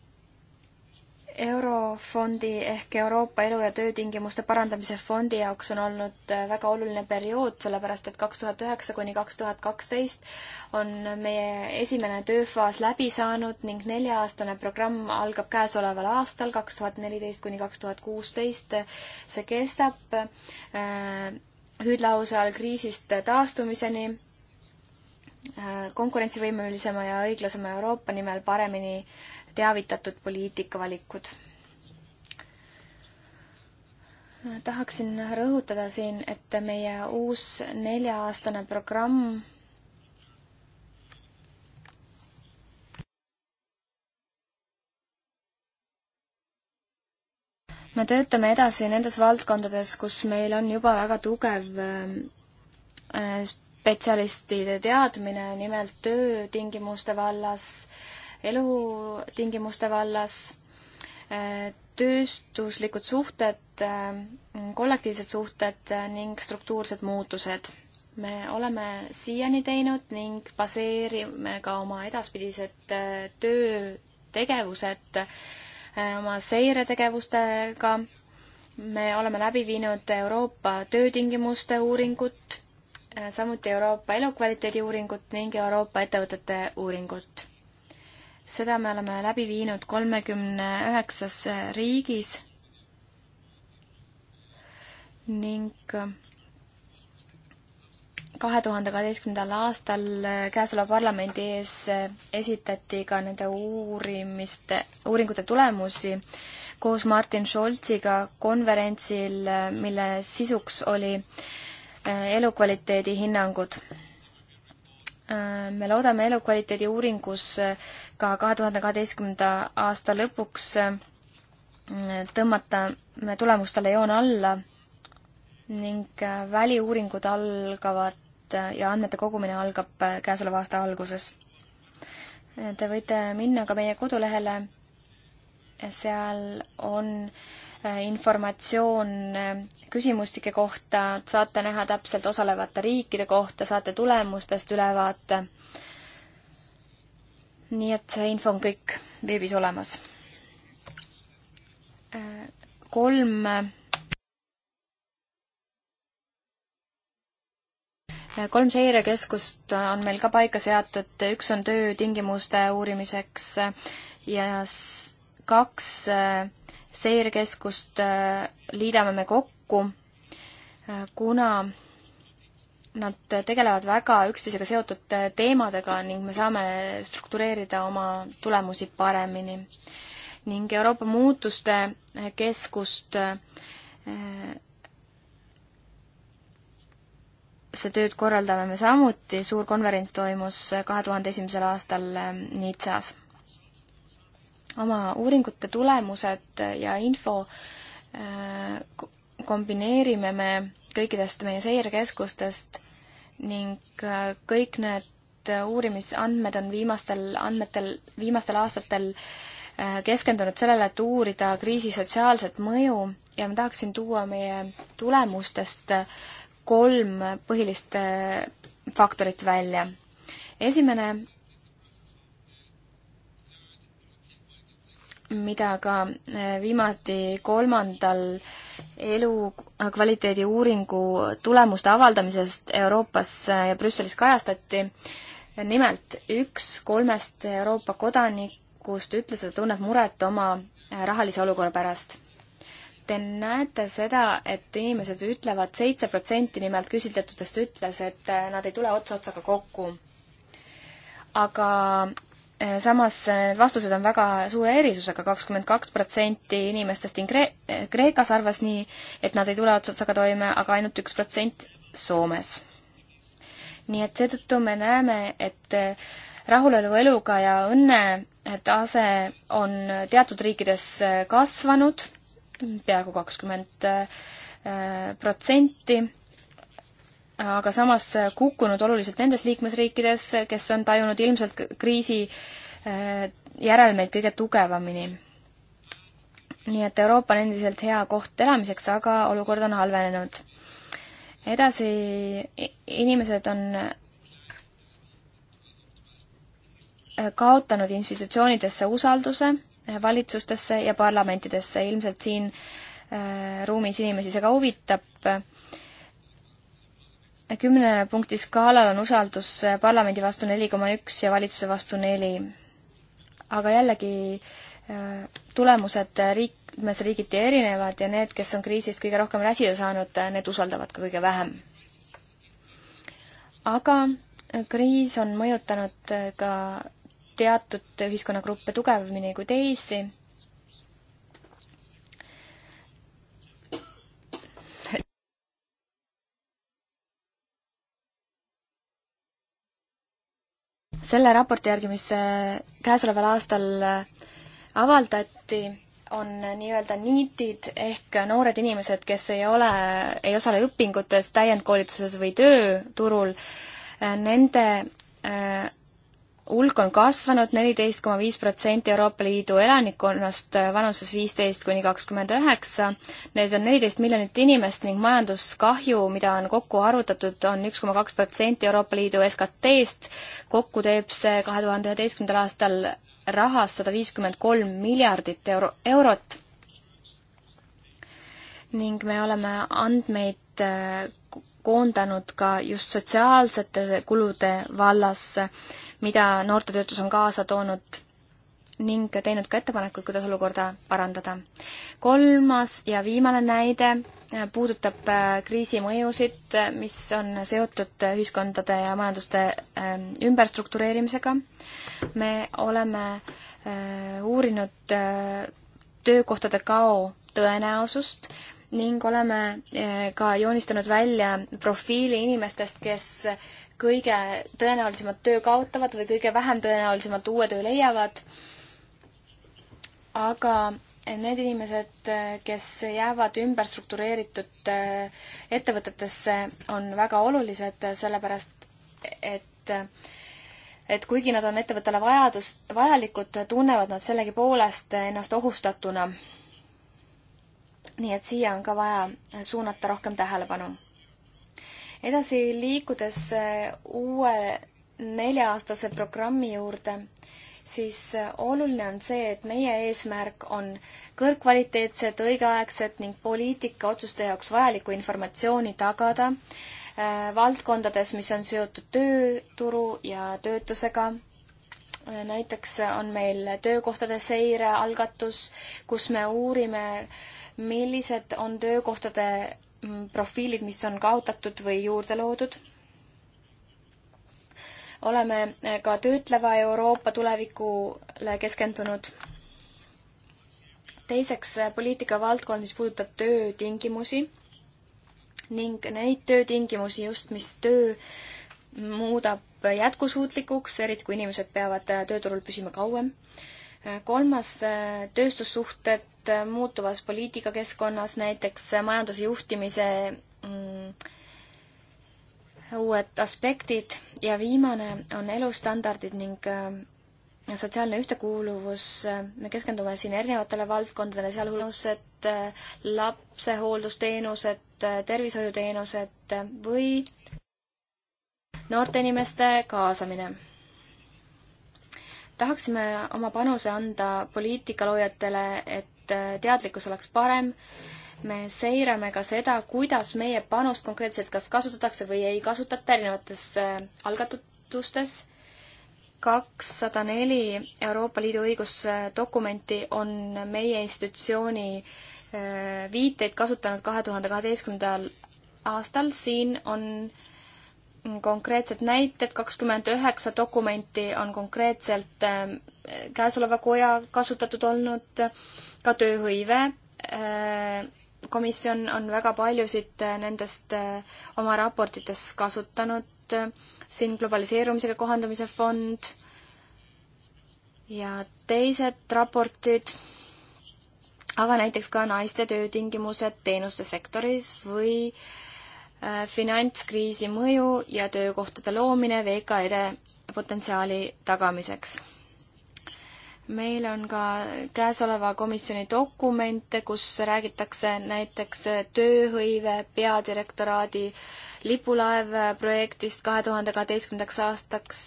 Eurofondi ehk Euroopa Elu- ja Töötingimuste Parandamise Fondi jaoks on olnud äh, väga oluline periood, sellepärast et kaks tuhat üheksa kuni kaks tuhat kaksteist on meie esimene tööfaas läbi saanud ning nelja-aastane programm algab käesoleval aastal, kaks tuhat neliteist kuni kaks tuhat kuusteist. see kestab äh, hüüdlause all kriisist taastumiseni, äh, konkurentsivõimelisema ja õiglasema Euroopa nimel paremini teavitatud poliitikavalikud. tahaksin rõhutada siin, et meie uus nelja-aastane programm me töötame edasi nendes valdkondades, kus meil on juba väga tugev äh, spetsialistide teadmine, nimelt töötingimuste vallas, elutingimuste vallas, äh, tööstuslikud suhted, äh, kollektiivsed suhted äh, ning struktuursed muutused. me oleme siiani teinud ning baseerime ka oma edaspidised töötegevused oma seiretegevustega. me oleme läbi viinud Euroopa töötingimuste uuringut, samuti Euroopa elukvaliteedi uuringut ning Euroopa ettevõtete uuringut seda me oleme läbi viinud kolmekümne üheksas riigis ning kahe tuhande kaheteistkümnendal aastal käesoleva parlamendi ees esitati ka nende uurimiste, uuringute tulemusi koos Martin Scholziga konverentsil, mille sisuks oli äh, elukvaliteedi hinnangud. Äh, me loodame elukvaliteedi uuringus äh, ka kahe tuhande kaheteistkümnenda aasta lõpuks äh, tõmmata me tulemustele joone alla ning äh, väliuuringud algavad äh, ja andmete kogumine algab käesoleva aasta alguses. Te võite minna ka meie kodulehele, seal on informatsioon küsimustike kohta, saate näha täpselt osalevate riikide kohta, saate tulemustest ülevaate nii et see info on kõik veebis olemas. kolm kolm seirekeskust on meil ka paika seatud, üks on töötingimuste uurimiseks ja kaks seirekeskust liidame me kokku, kuna nad tegelevad väga üksteisega seotud äh, teemadega ning me saame struktureerida oma tulemusi paremini. ning Euroopa Muutuste äh, Keskust äh, see tööd korraldame me samuti, suur konverents toimus kahe tuhande esimesel aastal Nizzas. oma uuringute tulemused ja info kombineerime me kõikidest meie seirekeskustest ning äh, kõik need äh, uurimisandmed on viimastel andmetel, viimastel aastatel äh, keskendunud sellele, et uurida kriisi sotsiaalset mõju ja ma tahaksin tuua meie tulemustest kolm põhilist faktorit välja. esimene mida ka äh, viimati kolmandal elukvaliteedi äh, uuringu tulemuste avaldamisest Euroopas äh, ja Brüsselis kajastati. nimelt üks kolmest Euroopa kodanikust ütles, et tunneb muret oma rahalise olukorra pärast. Te näete seda, et inimesed ütlevad, seitse protsenti nimelt küsitletutest ütles, et nad ei tule ots otsaga kokku. aga Eh, samas eh, need vastused on väga suure erisusega, kakskümmend kaks protsenti inimestest in Kre-, eh, Kreekas arvas nii, et nad ei tule otsaga toime, aga ainult üks protsent Soomes. nii et seetõttu me näeme, et rahulolu eluga ja õnne tase on teatud riikides kasvanud peaaegu kakskümmend protsenti aga samas kukkunud oluliselt nendes liikmesriikides, kes on tajunud ilmselt kriisi äh, järelmeid kõige tugevamini. nii et Euroopa on endiselt hea koht elamiseks, aga olukord on halvenenud. edasi, inimesed on äh, kaotanud institutsioonidesse usalduse, äh, valitsustesse ja parlamentidesse, ilmselt siin ruumis inimesi see ka huvitab kümne punkti skaalal on usaldus parlamendi vastu neli koma üks ja valitsuse vastu neli. aga jällegi, äh, tulemused liikmesriigiti erinevad ja need, kes on kriisist kõige rohkem räsida saanud, äh, need usaldavad ka kõige vähem. aga äh, kriis on mõjutanud ka teatud ühiskonnagruppe tugevamini kui teisi selle raporti järgi, mis äh, käesoleval aastal äh, avaldati, on nii-öelda niitid ehk noored inimesed, kes ei ole, ei osale õpingutes, täiendkoolituses või tööturul, äh, nende hulk on kasvanud neliteist koma viis protsenti Euroopa Liidu elanikkonnast vanuses viisteist kuni kakskümmend üheksa. Need on neliteist miljonit inimest ning majanduskahju, mida on kokku arvutatud, on üks koma kaks protsenti Euroopa Liidu SKT-st. kokku teeb see kahe tuhande üheteistkümnendal aastal rahas sada viiskümmend kolm miljardit euro, eurot. ning me oleme andmeid äh, koondanud ka just sotsiaalsete kulude vallas mida noortetöötus on kaasa toonud ning teinud ka ettepanekuid, kuidas olukorda parandada. kolmas ja viimane näide äh, puudutab äh, kriisi mõjusid, äh, mis on seotud ühiskondade ja majanduste ähm, ümberstruktureerimisega. me oleme uurinud töökohtade kao tõenäosust ning oleme ka joonistanud välja profiili inimestest, kes kõige tõenäolisemad töö kaotavad või kõige vähem tõenäolisemad uue töö leiavad. aga need inimesed, kes jäävad ümberstruktureeritud äh, ettevõtetesse, on väga olulised, sellepärast et et kuigi nad on ettevõttele vajadus, vajalikud, tunnevad nad sellegipoolest ennast ohustatuna. nii et siia on ka vaja suunata rohkem tähelepanu edasi liikudes eh, uue nelja-aastase programmi juurde, siis eh, oluline on see, et meie eesmärk on kõrgkvaliteetset, õigeaegset ning poliitika otsuste jaoks vajalikku informatsiooni tagada äh, valdkondades, mis on seotud tööturu ja töötusega näiteks on meil töökohtade seire algatus, kus me uurime, millised on töökohtade profiilid, mis on kaotatud või juurde loodud. oleme ka töötleva Euroopa tulevikule keskendunud. teiseks poliitika valdkond, mis puudutab töötingimusi ning neid töötingimusi just, mis töö muudab jätkusuutlikuks, eriti kui inimesed peavad tööturul püsima kauem kolmas, äh, tööstussuhted muutuvas poliitikakeskkonnas, näiteks majanduse juhtimise mm, uued aspektid ja viimane on elustandardid ning äh, sotsiaalne ühtekuuluvus, me keskendume siin erinevatele valdkondadele, sealhulgas äh, lapsehooldusteenused, tervishoiuteenused või noorte inimeste kaasamine tahaksime oma panuse anda poliitikaloojatele, et äh, teadlikkus oleks parem, me seirame ka seda, kuidas meie panust konkreetselt kas kasutatakse või ei kasutata erinevates äh, algatustes. kakssada neli Euroopa Liidu õigusdokumenti on meie institutsiooni äh, viiteid kasutanud kahe tuhande kaheteistkümnendal aastal, siin on äh, konkreetsed näited, kakskümmend üheksa dokumenti on konkreetselt äh, käesoleva koja kasutatud olnud, ka tööhõive. Äh, komisjon on väga paljusid äh, nendest oma raportites kasutanud, siin globaliseerumisega kohandamise fond ja teised raportid, aga näiteks ka naiste töötingimused teenuste sektoris või äh, Äh, finantskriisi mõju ja töökohtade loomine VKE-de e potentsiaali tagamiseks. meil on ka käesoleva komisjoni dokumente, kus räägitakse näiteks tööhõive peadirektoraadi lipulaev projektist kahe tuhande kaheteistkümnendaks aastaks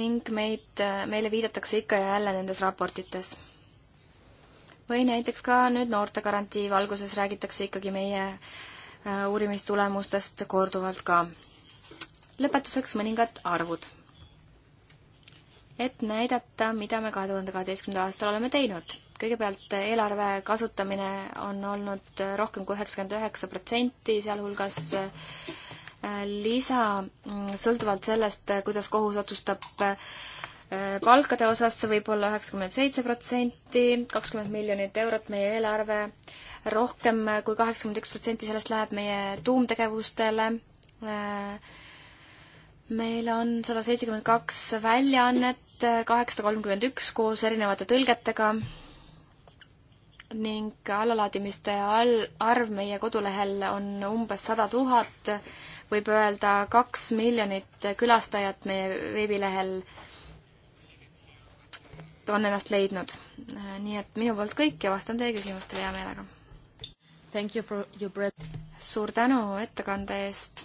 ning meid, meile viidatakse ikka ja jälle nendes raportites või näiteks ka nüüd noortegarantii valguses räägitakse ikkagi meie äh, uurimistulemustest korduvalt ka. lõpetuseks mõningad arvud. et näidata, mida me kahe tuhande kaheteistkümnendal aastal oleme teinud. kõigepealt eelarve kasutamine on olnud rohkem kui üheksakümmend üheksa protsenti, sealhulgas äh, lisa mm, sõltuvalt sellest, kuidas kohus otsustab Äh, palkade osas võib olla üheksakümmend seitse protsenti, kakskümmend miljonit eurot meie eelarve, rohkem kui kaheksakümmend üks protsenti sellest läheb meie tuumtegevustele. Äh, meil on sada seitsekümmend kaks väljaannet, äh, kaheksasada kolmkümmend üks koos erinevate tõlgetega ning allalaadimiste all, arv meie kodulehel on umbes sada tuhat, võib öelda kaks miljonit külastajat meie veebilehel äh, on ennast leidnud. nii et minu poolt kõik ja vastan teie küsimustele hea meelega. You suur tänu ettekande eest.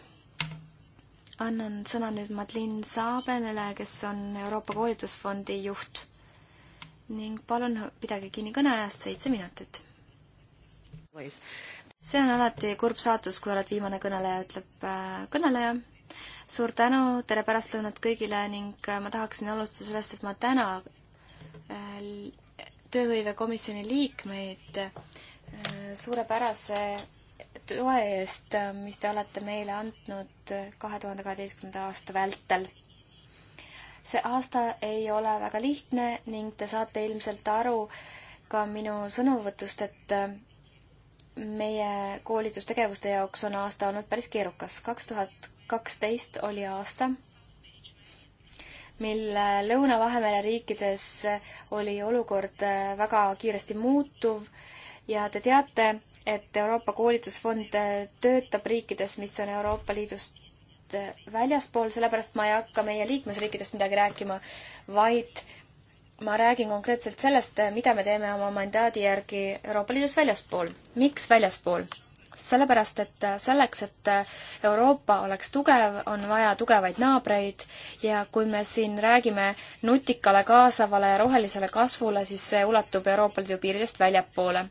annan sõna nüüd Madlin Saabenele, kes on Euroopa Koolitusfondi juht ning palun pidage kinni kõneajast seitse minutit. see on alati kurb saatus, kui oled viimane kõneleja, ütleb äh, kõneleja suur tänu, tere pärastlõunat kõigile ning äh, ma tahaksin alustada sellest, et ma täna tööhõivekomisjoni liikmeid äh, suurepärase toe eest, äh, mis te olete meile andnud äh, kahe tuhande kaheteistkümnenda aasta vältel. see aasta ei ole väga lihtne ning te saate ilmselt aru ka minu sõnavõtust, et meie koolitustegevuste jaoks on aasta olnud päris keerukas. kaks tuhat kaksteist oli aasta, mil äh, Lõuna-Vahemere riikides äh, oli olukord äh, väga kiiresti muutuv ja te teate, et Euroopa koolitusfond töötab riikides, mis on Euroopa Liidust väljaspool, sellepärast ma ei hakka meie liikmesriikidest midagi rääkima, vaid ma räägin konkreetselt sellest, mida me teeme oma mandaadi järgi Euroopa Liidus väljaspool. miks väljaspool? sellepärast, et selleks, et Euroopa oleks tugev, on vaja tugevaid naabreid ja kui me siin räägime nutikale, kaasavale ja rohelisele kasvule, siis see ulatub Euroopa Liidu piiridest väljapoole.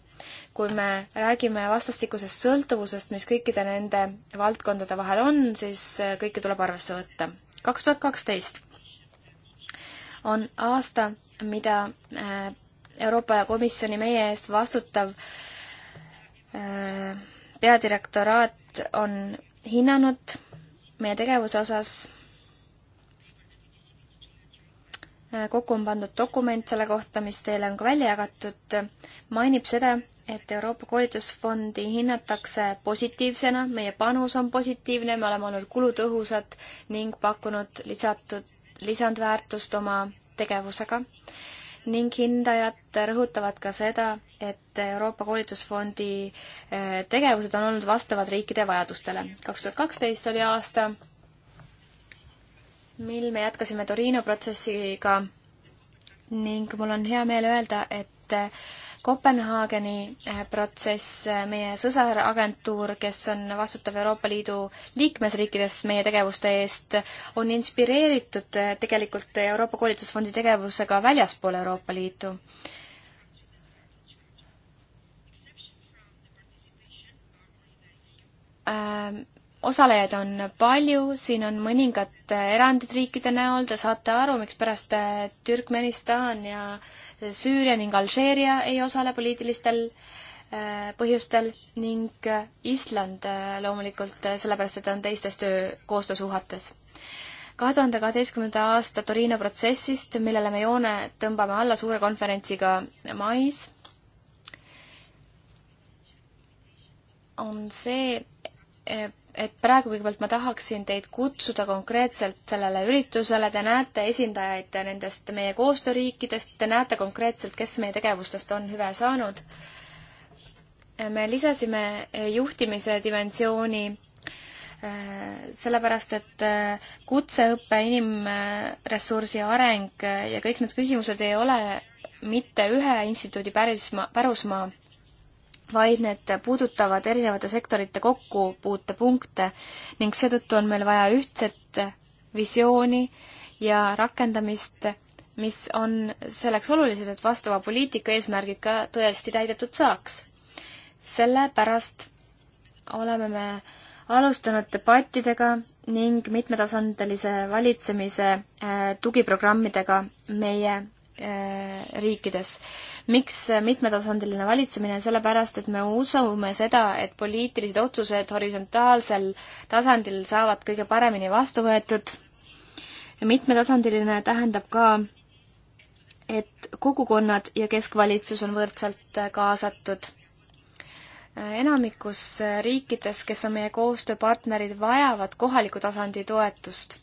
kui me räägime vastastikusest sõltuvusest, mis kõikide nende valdkondade vahel on, siis kõike tuleb arvesse võtta. kaks tuhat kaksteist on aasta, mida äh, Euroopa Komisjoni meie eest vastutav äh, peadirektoraat on hinnanud meie tegevuse osas kokku on pandud dokument selle kohta, mis teile on ka välja jagatud, mainib seda, et Euroopa koolitusfondi hinnatakse positiivsena, meie panus on positiivne, me oleme olnud kulutõhusad ning pakkunud lisatud, lisandväärtust oma tegevusega ning hindajad rõhutavad ka seda, et Euroopa koolitusfondi eh, tegevused on olnud vastavad riikide vajadustele. kaks tuhat kaksteist oli aasta, mil me jätkasime Torino protsessiga ning mul on hea meel öelda, et Kopenhaageni eh, protsess, eh, meie sõsaragentuur, kes on vastutav Euroopa Liidu liikmesriikides meie tegevuste eest, on inspireeritud eh, tegelikult Euroopa Koolitusfondi tegevusega väljaspool Euroopa Liitu. Ähm, osalejaid on palju, siin on mõningad erandid riikide näol, te saate aru, mikspärast äh, Türkmenistan ja Süüria ning Alžeeria ei osale poliitilistel äh, põhjustel ning äh, Island loomulikult sellepärast, et ta on teistes töö koostöösuhates. kahe tuhande kaheteistkümnenda aasta Torino protsessist, millele me joone tõmbame alla suure konverentsiga mais, on see et praegu kõigepealt ma tahaksin teid kutsuda konkreetselt sellele üritusele, te näete esindajaid nendest meie koostööriikidest, te näete konkreetselt, kes meie tegevustest on hüve saanud. me lisasime juhtimise dimensiooni eh, sellepärast, et eh, kutseõpe, inimressursi areng ja kõik need küsimused ei ole mitte ühe instituudi pärismaa, pärusmaa vaid need puudutavad erinevate sektorite kokkupuutepunkte ning seetõttu on meil vaja ühtset visiooni ja rakendamist, mis on selleks olulised, et vastava poliitika eesmärgid ka tõesti täidetud saaks. sellepärast oleme me alustanud debattidega ning mitmetasandilise valitsemise äh, tugiprogrammidega meie Äh, riikides. miks äh, mitmetasandiline valitsemine, sellepärast et me usume seda, et poliitilised otsused horisontaalsel tasandil saavad kõige paremini vastu võetud. mitmetasandiline tähendab ka, et kogukonnad ja keskvalitsus on võrdselt äh, kaasatud enamikus riikides, kes on meie koostööpartnerid, vajavad kohaliku tasandi toetust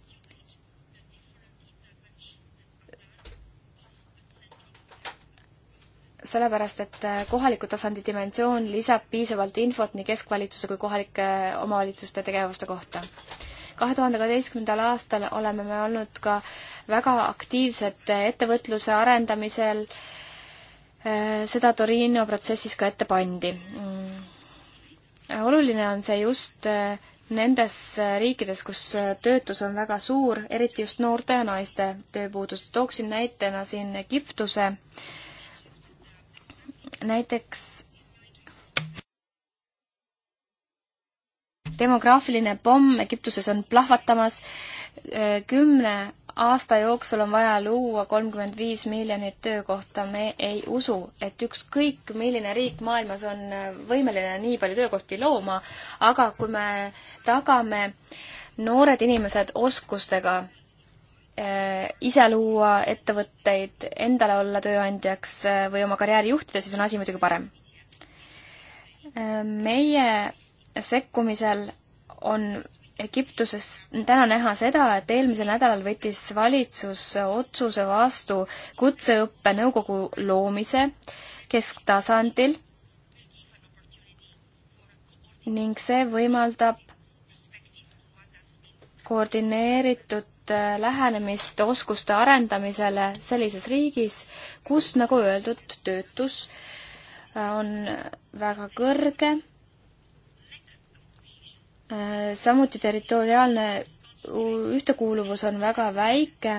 sellepärast, et äh, kohaliku tasandi dimensioon lisab piisavalt infot nii keskvalitsuse kui kohalike äh, omavalitsuste tegevuste kohta. kahe tuhande kaheteistkümnendal aastal oleme me olnud ka väga aktiivsed äh, ettevõtluse arendamisel, seda Torino protsessis ka ette pandi. Mm. oluline on see just nendes riikides, kus töötus on väga suur, eriti just noorte ja naiste tööpuudus. tooksin näitena siin Egiptuse, näiteks demograafiline pomm Egiptuses on plahvatamas, äh, kümne aasta jooksul on vaja luua kolmkümmend viis miljonit töökohta, me ei usu, et ükskõik milline riik maailmas on äh, võimeline nii palju töökohti looma, aga kui me tagame noored inimesed oskustega, Äh, ise luua ettevõtteid, endale olla tööandjaks äh, või oma karjääri juhtida, siis on asi muidugi parem. Äh, meie sekkumisel on Egiptuses täna näha seda, et eelmisel nädalal võttis valitsus otsuse vastu kutseõppenõukogu loomise kesktasandil ning see võimaldab koordineeritud Äh, lähenemist oskuste arendamisele sellises riigis, kus, nagu öeldud, töötus äh, on väga kõrge. Äh, samuti territoriaalne ühtekuuluvus on väga väike,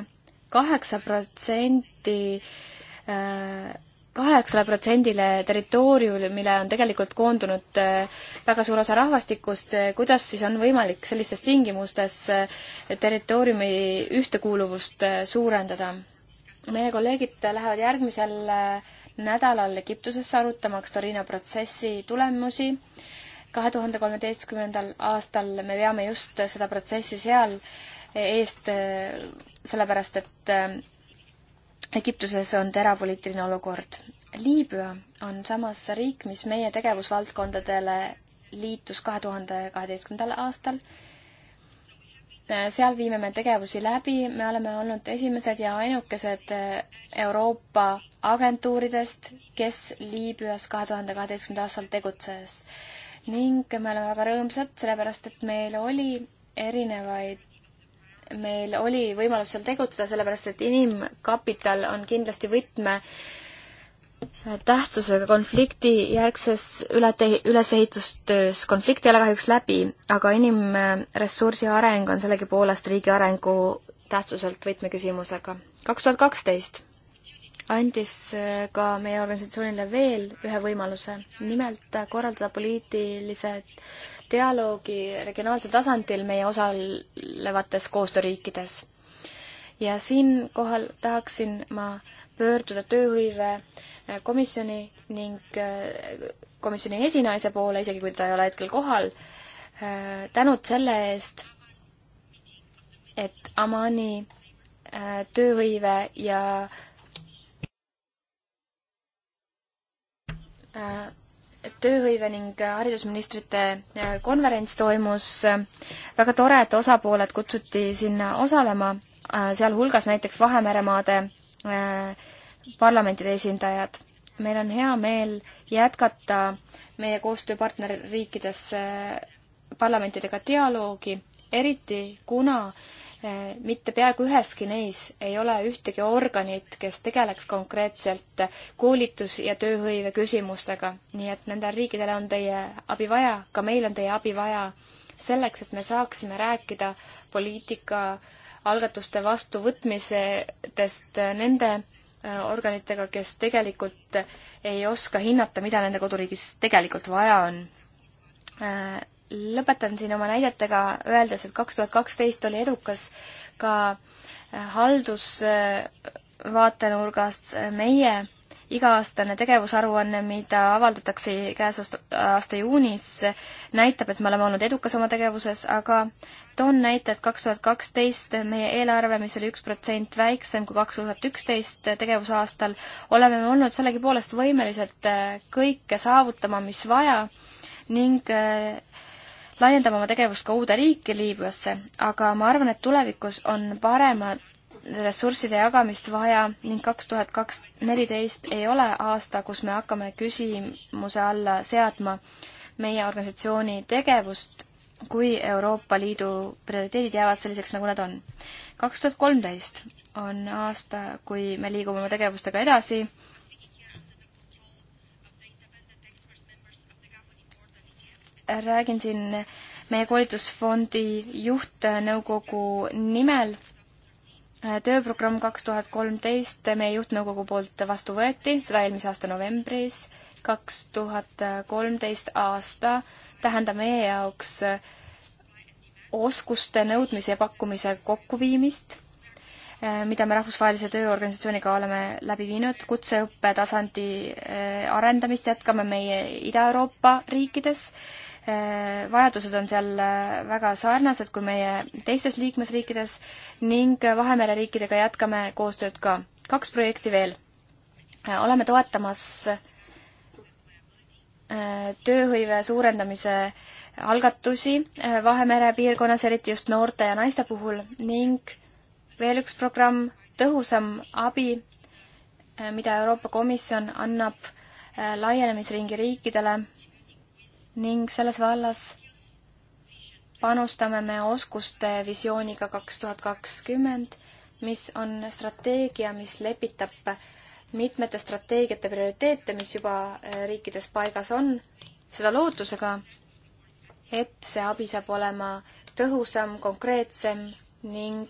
kaheksa protsenti kaheksale protsendile territooriumile on tegelikult koondunud äh, väga suur osa rahvastikust, äh, kuidas siis on võimalik sellistes tingimustes äh, territooriumi ühtekuuluvust suurendada? meie kolleegid lähevad järgmisel nädalal Egiptusesse arutamaks Torino protsessi tulemusi. kahe tuhande kolmeteistkümnendal aastal me veame just seda protsessi seal eest, sellepärast et Egiptuses on terav poliitiline olukord. Liibüa on samas riik, mis meie tegevusvaldkondadele liitus kahe tuhande kaheteistkümnendal aastal. seal viime me tegevusi läbi, me oleme olnud esimesed ja ainukesed Euroopa agentuuridest, kes Liibüas kahe tuhande kaheteistkümnendal aastal tegutses. ning me oleme väga rõõmsad, sellepärast et meil oli erinevaid meil oli võimalus seal tegutseda, sellepärast et inimkapital on kindlasti võtme tähtsusega konflikti järgses ülete-, ülesehitustöös. konflikt ei ole kahjuks läbi, aga inimressursi areng on sellegipoolest riigi arengu tähtsuselt võtmeküsimusega. kaks tuhat kaksteist andis äh, ka meie organisatsioonile veel ühe võimaluse, nimelt korraldada poliitilised dialoogi regionaalsel tasandil meie osalevates koostööriikides. ja siinkohal tahaksin ma pöörduda tööhõive äh, komisjoni ning äh, komisjoni esinaise poole, isegi kui ta ei ole hetkel kohal, äh, tänud selle eest, et Amani tööhõive ja tööhõive ning haridusministrite äh, konverents toimus. väga tore, et osapooled kutsuti sinna osalema, äh, sealhulgas näiteks Vahemeremaade äh, parlamentide esindajad. meil on hea meel jätkata meie koostööpartnerriikides parlamentidega dialoogi, eriti kuna äh, Äh, mitte peaaegu üheski neis ei ole ühtegi organit, kes tegeleks konkreetselt koolitus- ja tööhõive küsimustega. nii et nendel riikidel on teie abi vaja, ka meil on teie abi vaja selleks, et me saaksime rääkida poliitika algatuste vastuvõtmisest nende äh, organitega, kes tegelikult ei oska hinnata, mida nende koduriigis tegelikult vaja on äh, lõpetan siin oma näidetega, öeldes, et kaks tuhat kaksteist oli edukas ka äh, haldusvaatenurgast äh, äh, meie iga-aastane tegevusaruanne, mida avaldatakse käesoleva aasta juunis, näitab, et me oleme olnud edukas oma tegevuses, aga toon näite, et kaks tuhat kaksteist meie eelarve, mis oli üks protsent väiksem kui kaks tuhat üksteist tegevusaastal, oleme me olnud sellegipoolest võimelised kõike saavutama, mis vaja ning äh, laiendama oma tegevust ka uude riiki Liibüasse, aga ma arvan, et tulevikus on paremat ressursside jagamist vaja ning kaks tuhat kaks, neliteist ei ole aasta, kus me hakkame küsimuse alla seadma meie organisatsiooni tegevust, kui Euroopa Liidu prioriteedid jäävad selliseks, nagu nad on. kaks tuhat kolmteist on aasta, kui me liigume oma tegevustega edasi räägin siin meie koolitusfondi juhtnõukogu nimel. tööprogramm kaks tuhat kolmteist meie juhtnõukogu poolt vastu võeti, seda eelmise aasta novembris. kaks tuhat kolmteist aasta tähendab meie jaoks oskuste nõudmise ja pakkumise kokkuviimist, mida me Rahvusvahelise Tööorganisatsiooniga oleme läbi viinud, kutseõppe tasandi eh, arendamist jätkame meie Ida-Euroopa riikides Äh, vajadused on seal äh, väga sarnased kui meie teistes liikmesriikides ning äh, Vahemere riikidega jätkame koostööd ka. kaks projekti veel. oleme toetamas tööhõive suurendamise algatusi Vahemere piirkonnas, eriti just noorte ja naiste puhul ning veel üks programm, tõhusam abi, mida Euroopa Komisjon annab laienemisringi riikidele ning selles vallas panustame me oskuste visiooniga kaks tuhat kakskümmend, mis on strateegia, mis lepitab mitmete strateegiate prioriteete, mis juba äh, riikides paigas on, seda lootusega, et see abi saab olema tõhusam, konkreetsem ning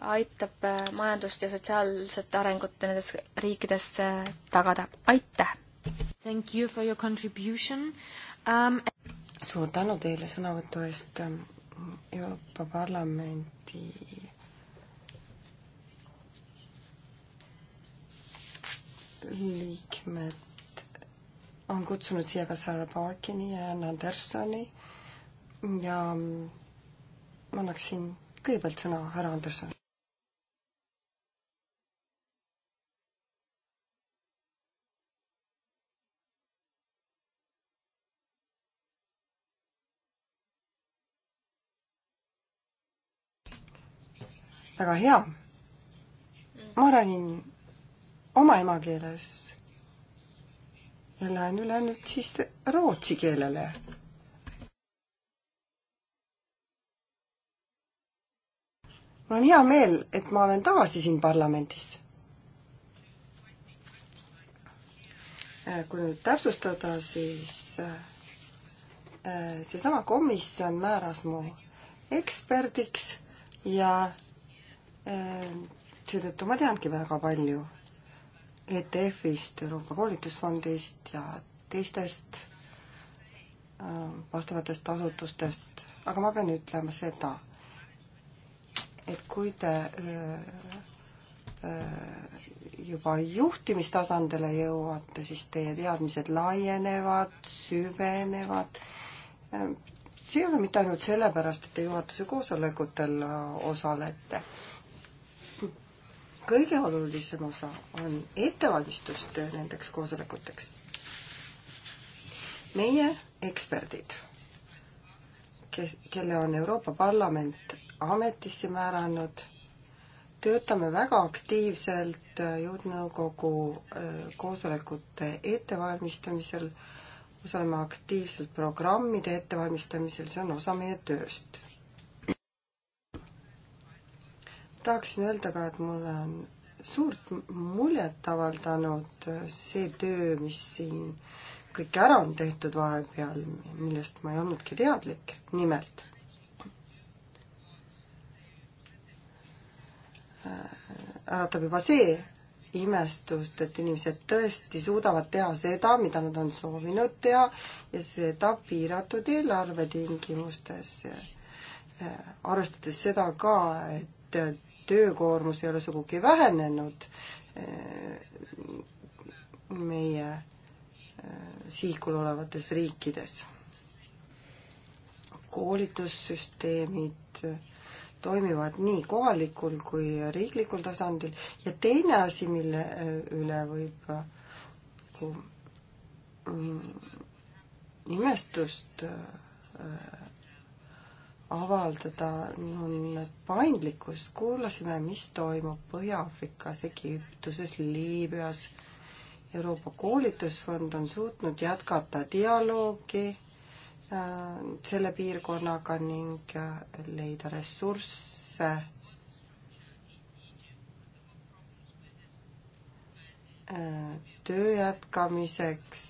aitab äh, majandust ja sotsiaalset arengut nendes riikides äh, tagada. aitäh! Thank you for your contribution uh, um.... suur tänu teile sõnavõtu eest ähm, Euroopa Parlamendi liikmed on kutsunud siia ka Sarah Parkini ja Anna Andersoni ja ma ähm, annaksin kõigepealt sõna härra Andersonile. väga hea. ma räägin oma emakeeles ja lähen üle nüüd siis rootsi keelele. mul on hea meel, et ma olen tagasi siin parlamendis. kui nüüd täpsustada, siis eh, seesama komisjon määras mu eksperdiks ja Ehm, seetõttu ma teangi väga palju ETF-ist, Euroopa Koolitusfondist ja teistest ehm, vastavatest asutustest, aga ma pean ütlema seda, et kui te ehm, juba juhtimistasandile jõuate, siis teie teadmised laienevad, süvenevad. see ei ole mitte ainult sellepärast, et te juhatuse koosolekutel äh, osalete kõige olulisem osa on ettevalmistustöö nendeks koosolekuteks. meie eksperdid, kes, kelle on Euroopa Parlament ametisse määranud, töötame väga aktiivselt äh, juhtnõukogu äh, koosolekute ettevalmistamisel, osaleme aktiivselt programmide ettevalmistamisel, see on osa meie tööst tahaksin öelda ka, et mulle on suurt muljet avaldanud see töö, mis siin kõik ära on tehtud vahepeal, millest ma ei olnudki teadlik, nimelt äratab äh, juba see imestust, et inimesed tõesti suudavad teha seda, mida nad on soovinud teha ja seda piiratud eelarve tingimustes. Äh, arvestades seda ka, et töökoormus ei ole sugugi vähenenud eh, meie eh, sihikul olevates riikides. koolitussüsteemid eh, toimivad nii kohalikul kui riiklikul tasandil ja teine asi, mille üle võib nagu imestust äh, avaldada on paindlikkust, kuulasime, mis toimub Põhja-Aafrikas, Egiptuses, Liibüas. Euroopa koolitusfond on suutnud jätkata dialoogi äh, selle piirkonnaga ning äh, leida ressursse äh, töö jätkamiseks.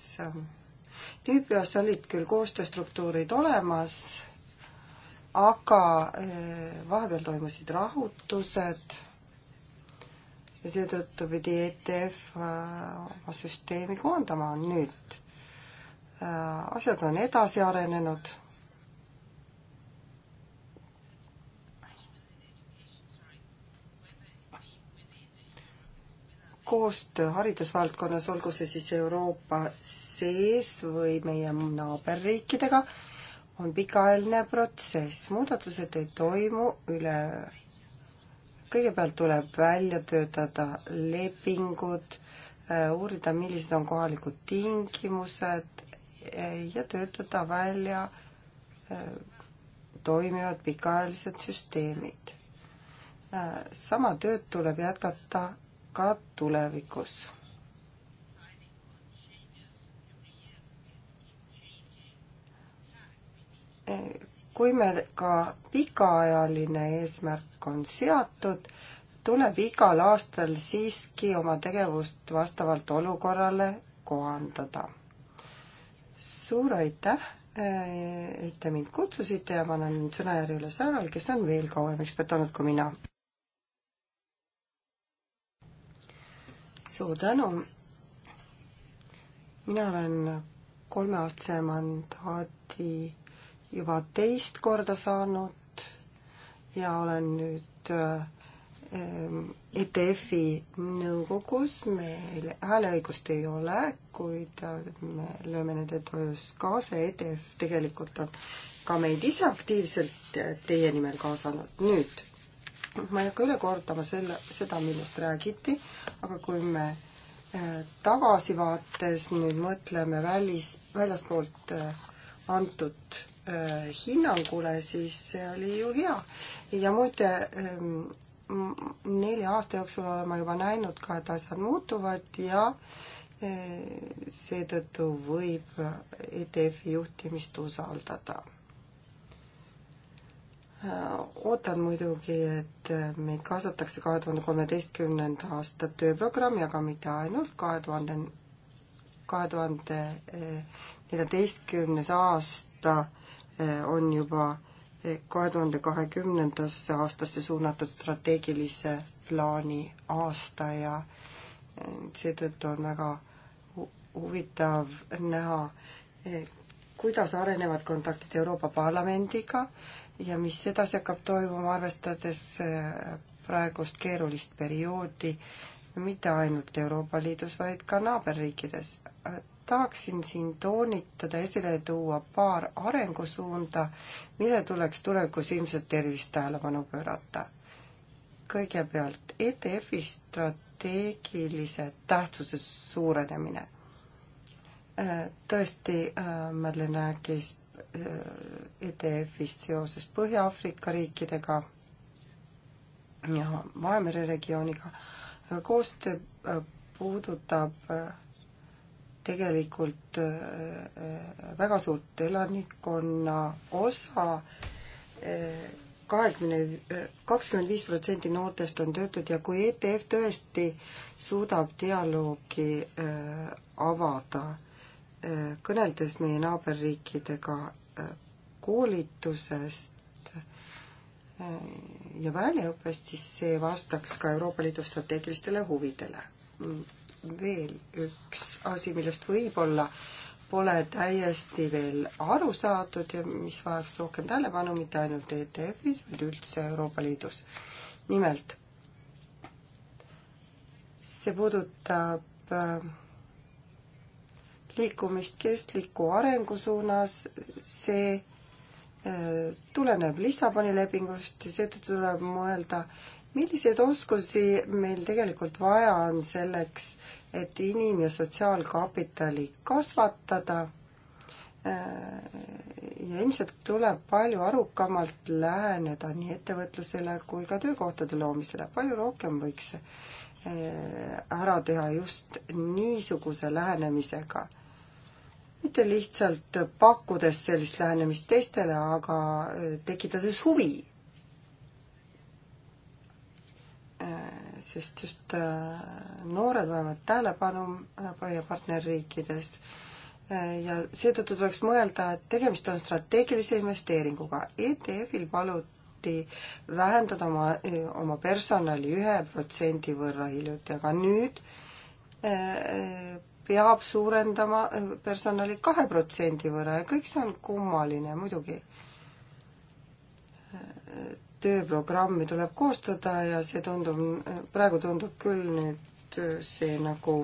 Liibüas olid küll koostööstruktuurid olemas aga eh, vahepeal toimusid rahutused ja seetõttu pidi ETF eh, oma süsteemi koondama. nüüd eh, asjad on edasi arenenud. koostöö haridusvaldkonnas, olgu see siis Euroopa sees või meie naaberriikidega, on pikaajaline protsess, muudatused ei toimu üleöö. kõigepealt tuleb välja töötada lepingud, äh, uurida, millised on kohalikud tingimused äh, ja töötada välja äh, toimivad pikaajalised süsteemid. sama tööd tuleb jätkata ka tulevikus kui me ka pikaajaline eesmärk on seatud, tuleb igal aastal siiski oma tegevust vastavalt olukorrale kohandada. suur aitäh, et te mind kutsusite ja ma annan nüüd sõna Järvile Saarale, kes on veel kauem ekspert olnud kui mina. suur tänu. mina olen kolmeaastase mandaadi juba teist korda saanud ja olen nüüd äh, ETF-i nõukogus, meil hääleõigust ei ole, kuid äh, me lööme nende töös kaasa, ETF tegelikult on ka meid ise aktiivselt äh, teie nimel kaasanud. nüüd, ma ei hakka üle kordama selle, seda, millest räägiti, aga kui me tagasivaates nüüd mõtleme välis, väljaspoolt antud Äh, hinnangule, siis see oli ju hea. ja muide, ähm, nelja aasta jooksul olen ma juba näinud ka, et asjad muutuvad ja äh, seetõttu võib ETF-i juhtimist usaldada. Äh, ootan muidugi, et meid kaasatakse kahe tuhande kolmeteistkümnenda aasta tööprogrammi, aga mitte ainult kahe tuhande, kahe tuhande neljateistkümnes aasta on juba eh, kahe tuhande kahekümnendasse aastasse suunatud strateegilise plaani aasta ja eh, seetõttu on väga huvitav näha, eh, kuidas arenevad kontaktid Euroopa Parlamendiga ja mis edasi hakkab toimuma, arvestades praegust keerulist perioodi, mitte ainult Euroopa Liidus, vaid ka naaberriikides tahaksin siin toonitada, esile tuua paar arengusuunda, mille tuleks tulevikus ilmselt tervist tähelepanu pöörata. kõigepealt ETF-i strateegilise tähtsuse suurenemine. Äh, tõesti, äh, Madlen rääkis äh, ETF-ist seoses Põhja-Aafrika riikidega ja Vahemere regiooniga. koostöö puudutab tegelikult äh, äh, väga suurt elanikkonna osa. Äh, kahekümne, kakskümmend viis protsenti noortest on töötud ja kui ETF tõesti suudab dialoogi avada, kõneldes meie naaberriikidega koolitusest ja väljaõppest, siis see vastaks ka Euroopa Liidu strateegilistele huvidele veel üks asi, millest võib-olla pole täiesti veel aru saadud ja mis vajaks rohkem tähelepanu mitte ainult ETF-is, vaid üldse Euroopa Liidus. nimelt, see puudutab äh, liikumist kestliku arengu suunas, see äh, tuleneb Lissaboni lepingust ja seetõttu tuleb mõelda milliseid oskusi meil tegelikult vaja on selleks, et inim- ja sotsiaalkapitali kasvatada? Äh, ja ilmselt tuleb palju arukamalt läheneda nii ettevõtlusele kui ka töökohtade loomisele, palju rohkem võiks äh, ära teha just niisuguse lähenemisega. mitte lihtsalt pakkudes sellist lähenemist teistele, aga äh, tekitades huvi sest just äh, noored vajavad tähelepanu Põhja äh, partnerriikides äh, ja seetõttu tuleks mõelda, et tegemist on strateegilise investeeringuga. ETF-il paluti vähendada oma, oma personali ühe protsendi võrra hiljuti, aga nüüd peab suurendama personali kahe protsendi võrra ja kõik see on kummaline muidugi tööprogrammi tuleb koostada ja see tundub, praegu tundub küll nüüd see nagu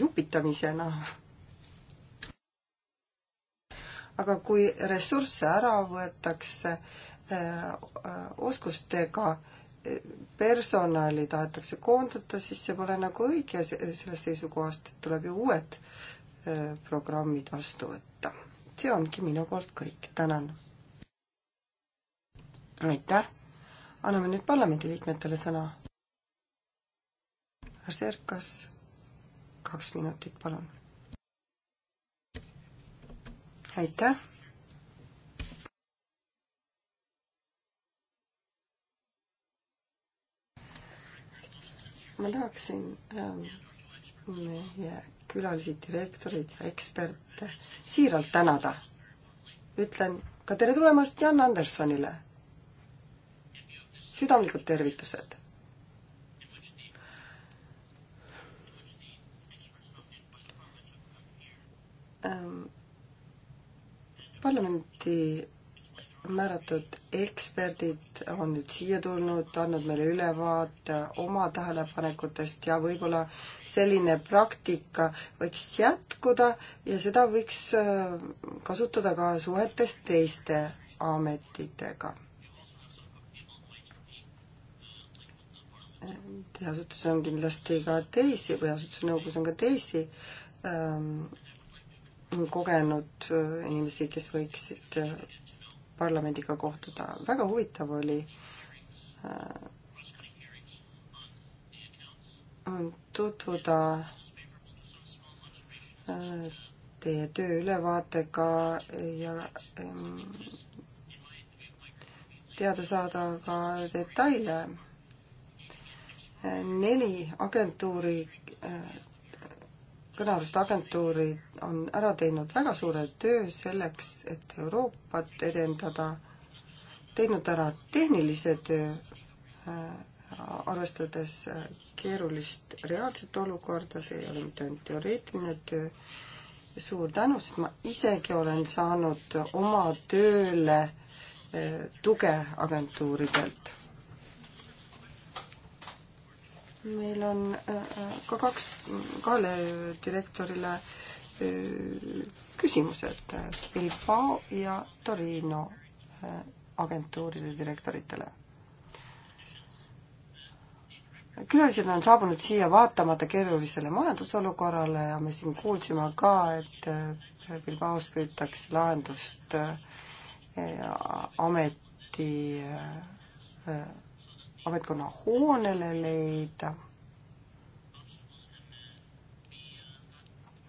jupitamisena. aga kui ressursse ära võetakse, äh, oskustega äh, personali tahetakse koondada, siis see pole nagu õige sellest seisukohast, et tuleb ju uued äh, programmid vastu võtta. see ongi minu poolt kõik, tänan aitäh! anname nüüd parlamendiliikmetele sõna. Serkas, kaks minutit, palun. aitäh! ma tahaksin ähm, meie külalisi, direktoreid ja eksperte siiralt tänada. ütlen ka tere tulemast Jan Andersonile südamlikud tervitused. Ehm, parlamenti määratud eksperdid on nüüd siia tulnud, andnud meile ülevaate oma tähelepanekutest ja võib-olla selline praktika võiks jätkuda ja seda võiks ehm, kasutada ka suhetes teiste ametitega. teadusasutuses on kindlasti ka teisi või asutuse nõukogus on ka teisi ähm, kogenud äh, inimesi, kes võiksid äh, parlamendiga kohtuda. väga huvitav oli äh, tutvuda äh, teie töö ülevaatega ja ähm, teada saada ka detaile neli agentuuri, äh, kõnealust agentuuri on ära teinud väga suure töö selleks, et Euroopat edendada, teinud ära tehnilise töö, äh, arvestades äh, keerulist reaalset olukorda, see ei ole mitte ainult teoreetiline töö, suur tänu, sest ma isegi olen saanud oma tööle tuge agentuuridelt meil on äh, äh, ka kaks, kahele direktorile äh, küsimused Bilbao ja Torino agentuuride direktoritele. külalised on saabunud siia vaatamata keerulisele majandusolukorrale ja me siin kuulsime ka, et Bilbaos püütakse lahendust ameti ametkonna hoonele leida.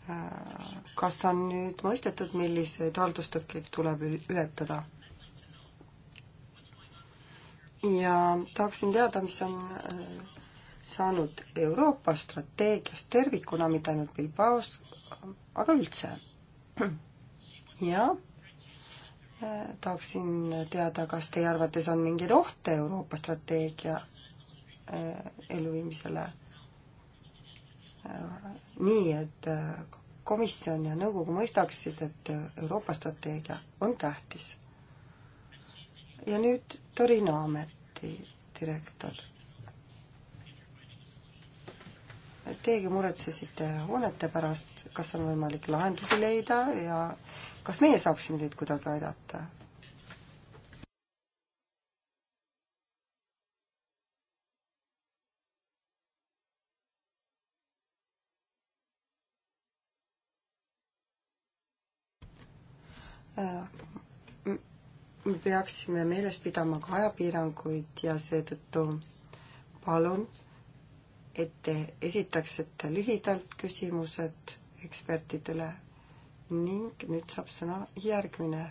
Äh, kas on nüüd mõistetud, milliseid haldustõkkeid tuleb ületada? ja tahaksin teada, mis on äh, saanud Euroopa strateegiast tervikuna, mitte ainult Bilbaos, aga üldse. ja tahaksin teada, kas teie arvates on mingeid ohte Euroopa strateegia eh, elluviimisele eh, nii, et eh, komisjon ja nõukogu mõistaksid, et Euroopa strateegia on tähtis. ja nüüd Torino ameti direktor. Teiegi muretsesite hoonete pärast, kas on võimalik lahendusi leida ja kas meie saaksime teid kuidagi aidata? Äh, me peaksime meeles pidama ka ajapiiranguid ja seetõttu palun, et te esitaksite lühidalt küsimused ekspertidele ning nüüd saab sõna järgmine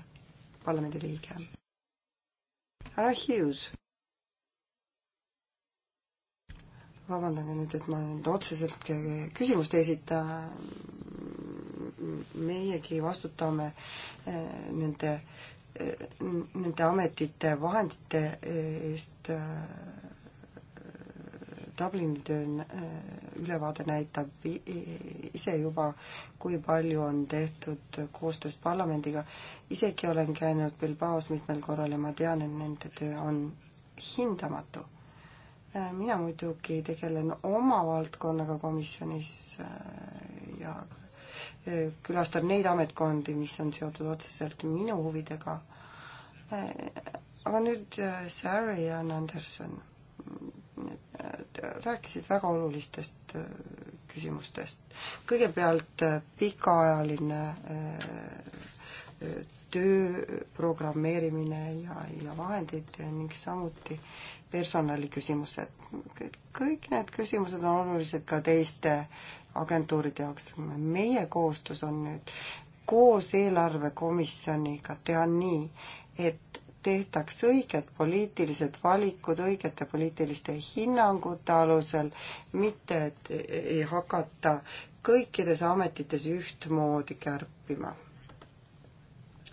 parlamendiliige. härra Hughes. vabandage nüüd, et ma nüüd otseselt küsimust ei esita. meiegi vastutame eh, nende, eh, nende ametite vahendite eest eh, Dublini töö äh, ülevaade näitab ise juba, kui palju on tehtud koostöös parlamendiga. isegi olen käinud Bilbaos mitmel korral ja ma tean, et nende töö on hindamatu. Äh, mina muidugi tegelen oma valdkonnaga komisjonis äh, ja külastan neid ametkondi, mis on seotud otseselt minu huvidega. aga nüüd Sarah Jan Anderson rääkisid väga olulistest äh, küsimustest. kõigepealt äh, pikaajaline äh, töö programmeerimine ja, ja vahendid ning samuti personaliküsimused. kõik need küsimused on olulised ka teiste agentuuride jaoks. meie koostöös on nüüd koos eelarvekomisjoniga teha nii, et tehtaks õiged poliitilised valikud õigete poliitiliste hinnangute alusel, mitte et ei hakata kõikides ametites ühtmoodi kärpima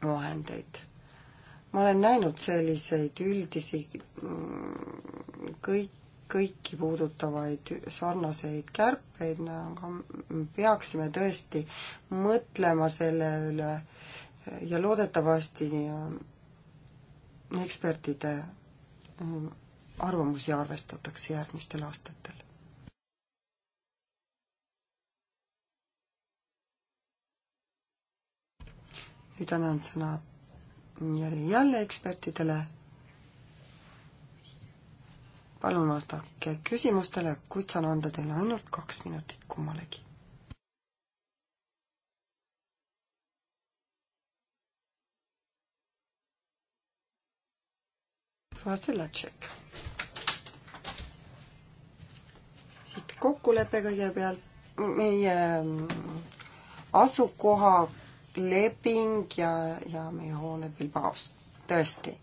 vahendeid. ma olen näinud selliseid üldisi mm, kõik, kõiki puudutavaid sarnaseid kärpeid, aga peaksime tõesti mõtlema selle üle ja loodetavasti ekspertide mm, arvamusi arvestatakse järgmistel aastatel. nüüd annan sõna jälle ekspertidele. palun vastake küsimustele, kuid saan anda teile ainult kaks minutit kummalegi. Vastelatšek. siit kokkulepe kõigepealt meie mm, asukoha leping ja, ja meie hooned Bilbaos, tõesti.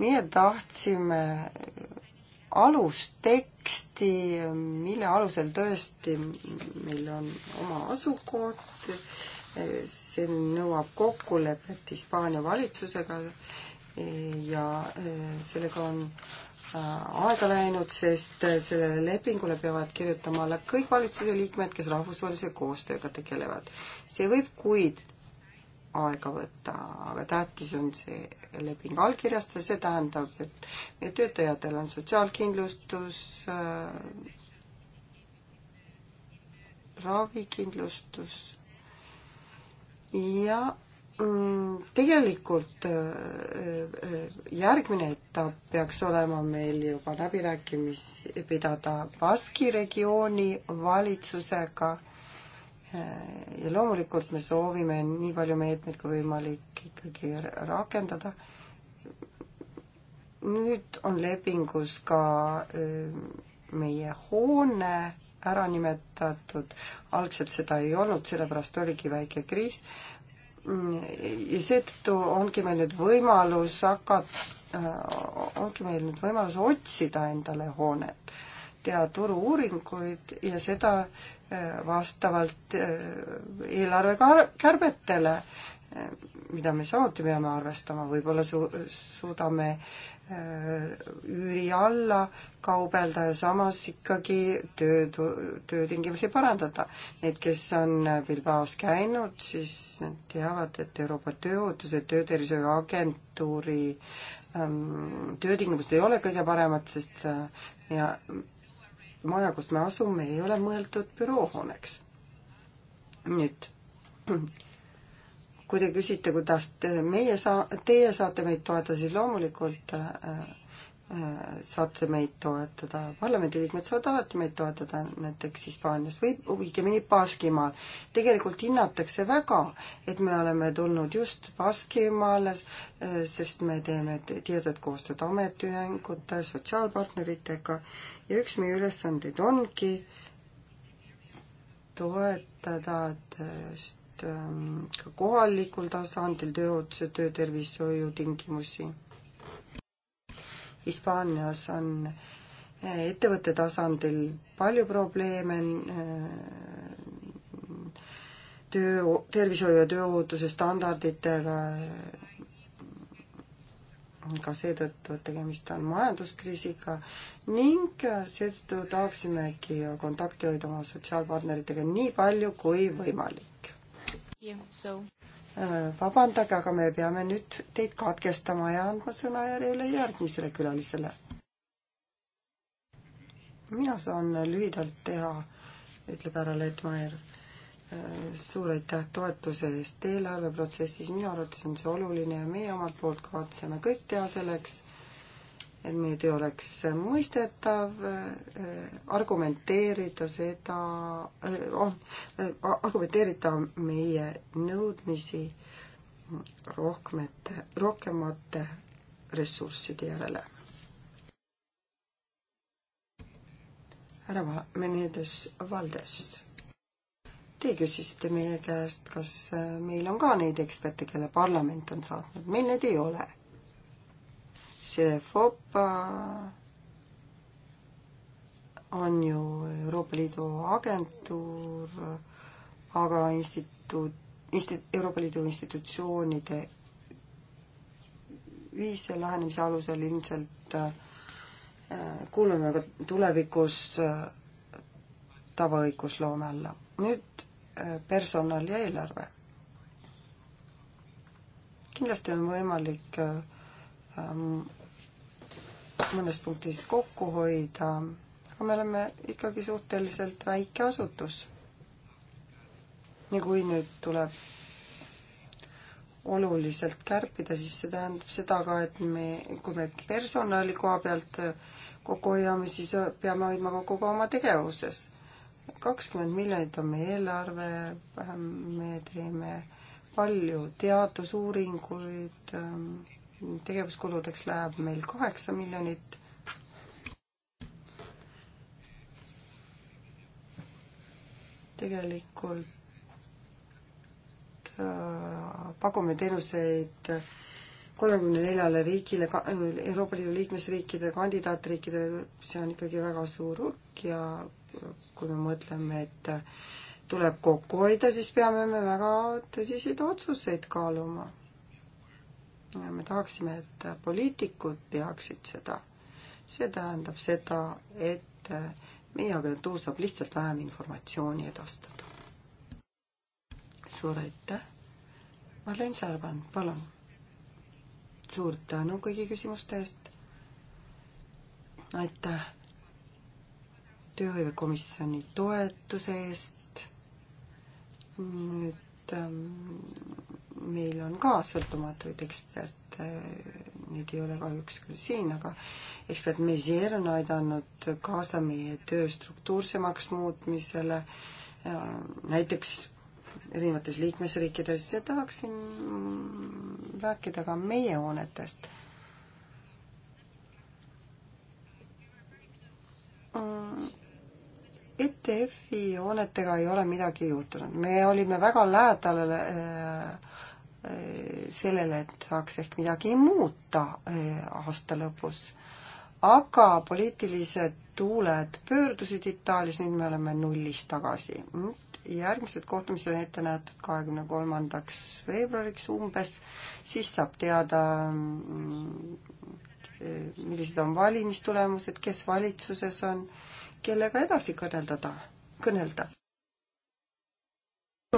meie tahtsime alusteksti, mille alusel tõesti meil on oma asukoht, see nõuab kokkulepet Hispaania valitsusega, ja eh, sellega on eh, aega läinud, sest eh, sellele lepingule peavad kirjutama alla kõik valitsuse liikmed, kes rahvusvahelise koostööga tegelevad. see võib kuid aega võtta, aga tähtis on see leping allkirjastada, see tähendab, et meie töötajatel on sotsiaalkindlustus äh,, ravikindlustus ja Mm, tegelikult äh, äh, järgmine etapp peaks olema meil juba läbirääkimisi pidada Baski regiooni valitsusega äh, ja loomulikult me soovime nii palju meetmeid kui võimalik ikkagi rakendada. nüüd on lepingus ka meie hoone ära nimetatud, algselt seda ei olnud, sellepärast oligi väike kriis Mm, ja seetõttu ongi meil nüüd võimalus hakata, äh, ongi meil nüüd võimalus otsida endale hoonet, teha turu-uuringuid ja seda äh, vastavalt äh, eelarve kärbetele, mida me samuti peame arvestama, võib-olla su-, suudame Äh, üüri alla kaubelda ja samas ikkagi töö, töötingimusi parandada. Need, kes on Bilbaos käinud, siis nad teavad, et Euroopa Tööohutuse Töötervishoiuagentuuri ähm, töötingimused ei ole kõige paremad, sest äh, ja maja, kus me asume, ei ole mõeldud büroohooneks. nüüd kui te küsite, kuidas te, meie saa-, teie saate meid toetada, siis loomulikult äh, äh saate meid toetada, parlamendiliikmed saavad alati meid toetada, näiteks Hispaanias või õigemini Baskimaal. tegelikult hinnatakse väga, et me oleme tulnud just Baskimaale, äh, sest me teeme tihedat koostööd ametiühingute, sotsiaalpartneritega ja üks meie ülesandeid ongi toetada Ähm, ka kohalikul tasandil tööohutuse, töötervishoiu tingimusi. Hispaanias on äh, ettevõtte tasandil palju probleeme äh, töö, tervishoiu ja tööohutuse standarditega, äh, ka seetõttu, et tegemist on majanduskriisiga ning seetõttu tahaksimegi kontakti hoida oma sotsiaalpartneritega nii palju kui võimalik. Äh, vabandage, aga me peame nüüd teid katkestama ja andma sõna järjele järgmisele külalisele. mina saan lühidalt teha, ütleb härra Lettmaier. Äh, suur aitäh toetuse eest eelarveprotsessis, minu arvates on see oluline ja meie omalt poolt kavatseme kõik teha selleks, et meie töö oleks mõistetav, eh, argumenteerida seda, eh, oh, eh, argumenteerida meie nõudmisi rohkemate, rohkemate ressursside järele. härra Menedes Valdes, te küsisite meie käest, kas meil on ka neid eksperte, kelle parlament on saatnud, meil neid ei ole see FOPA on ju Euroopa Liidu agentuur, aga instituut, insti-, Euroopa Liidu institutsioonide ühise lähenemise alusel ilmselt äh, kuulume ka tulevikus äh, tavaõigusloome alla. nüüd äh, personal ja eelarve. kindlasti on võimalik äh, Ähm, mõnes punktis kokku hoida, aga me oleme ikkagi suhteliselt väike asutus. ja kui nüüd tuleb oluliselt kärpida, siis see tähendab seda ka, et me, kui me personali koha pealt kokku hoiame, siis peame hoidma kokku ka oma tegevuses. kakskümmend miljonit on meie eelarve, me teeme palju teadusuuringuid ähm,, tegevuskuludeks läheb meil kaheksa miljonit. tegelikult äh, pakume teenuseid kolmekümne neljale riigile, Euroopa Liidu liikmesriikidele, kandidaatriikidele, see on ikkagi väga suur hulk ja kui me mõtleme, et tuleb kokku hoida, siis peame me väga tõsiseid otsuseid kaaluma me tahaksime, et poliitikud peaksid seda. see tähendab seda, et meie agentuur saab lihtsalt vähem informatsiooni edastada. suur aitäh. Marlen Särban, palun. suur tänu kõigi küsimuste eest. aitäh tööhõivekomisjoni toetuse eest. nüüd ähm, meil on ka sõltumatuid eksperte, neid ei ole kahjuks küll siin, aga ekspert Mesier on aidanud kaasa meie töö struktuursemaks muutmisele, näiteks erinevates liikmesriikides ja tahaksin rääkida ka meie hoonetest. ETF-i hoonetega ei ole midagi juhtunud, me olime väga lähedal äh, Eh, sellele, et saaks ehk midagi muuta eh, aasta lõpus. aga poliitilised tuuled pöördusid Itaalias, nüüd me oleme nullis tagasi. järgmised kohtumised on ette nähtud kahekümne kolmandaks veebruariks umbes, siis saab teada, mm, eh, millised on valimistulemused, kes valitsuses on, kellega edasi kõneldada, kõnelda.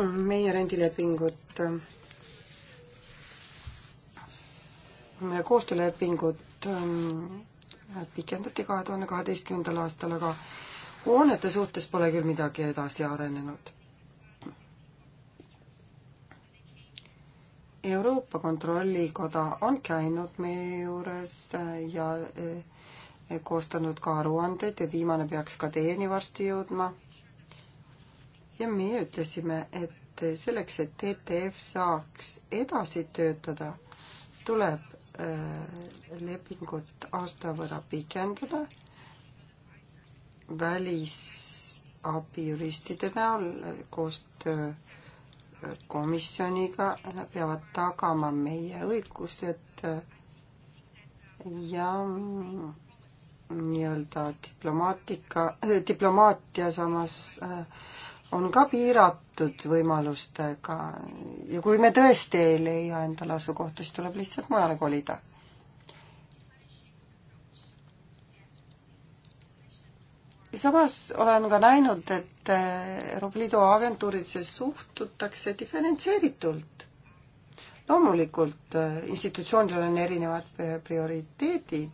meie rendilepingut koostöölepingut ähm, pikendati kahe tuhande kaheteistkümnendal aastal, aga hoonete suhtes pole küll midagi edasi arenenud. Euroopa Kontrollikoda on käinud meie juures äh, ja äh, koostanud ka aruandeid ja viimane peaks ka teieni varsti jõudma. ja meie ütlesime, et selleks, et ETF saaks edasi töötada, tuleb Äh, lepingut aasta võrra pikendada välisabijuristide näol koostöö komisjoniga peavad tagama meie õigused ja nii-öelda diplomaatika, diplomaatia samas äh, on ka piiratud võimalustega ja kui me tõesti ei leia endale asukohta, siis tuleb lihtsalt mujale kolida. samas olen ka näinud, et Euroopa Liidu agentuuridesse suhtutakse diferentseeritult. loomulikult institutsioonidel on erinevad prioriteedid,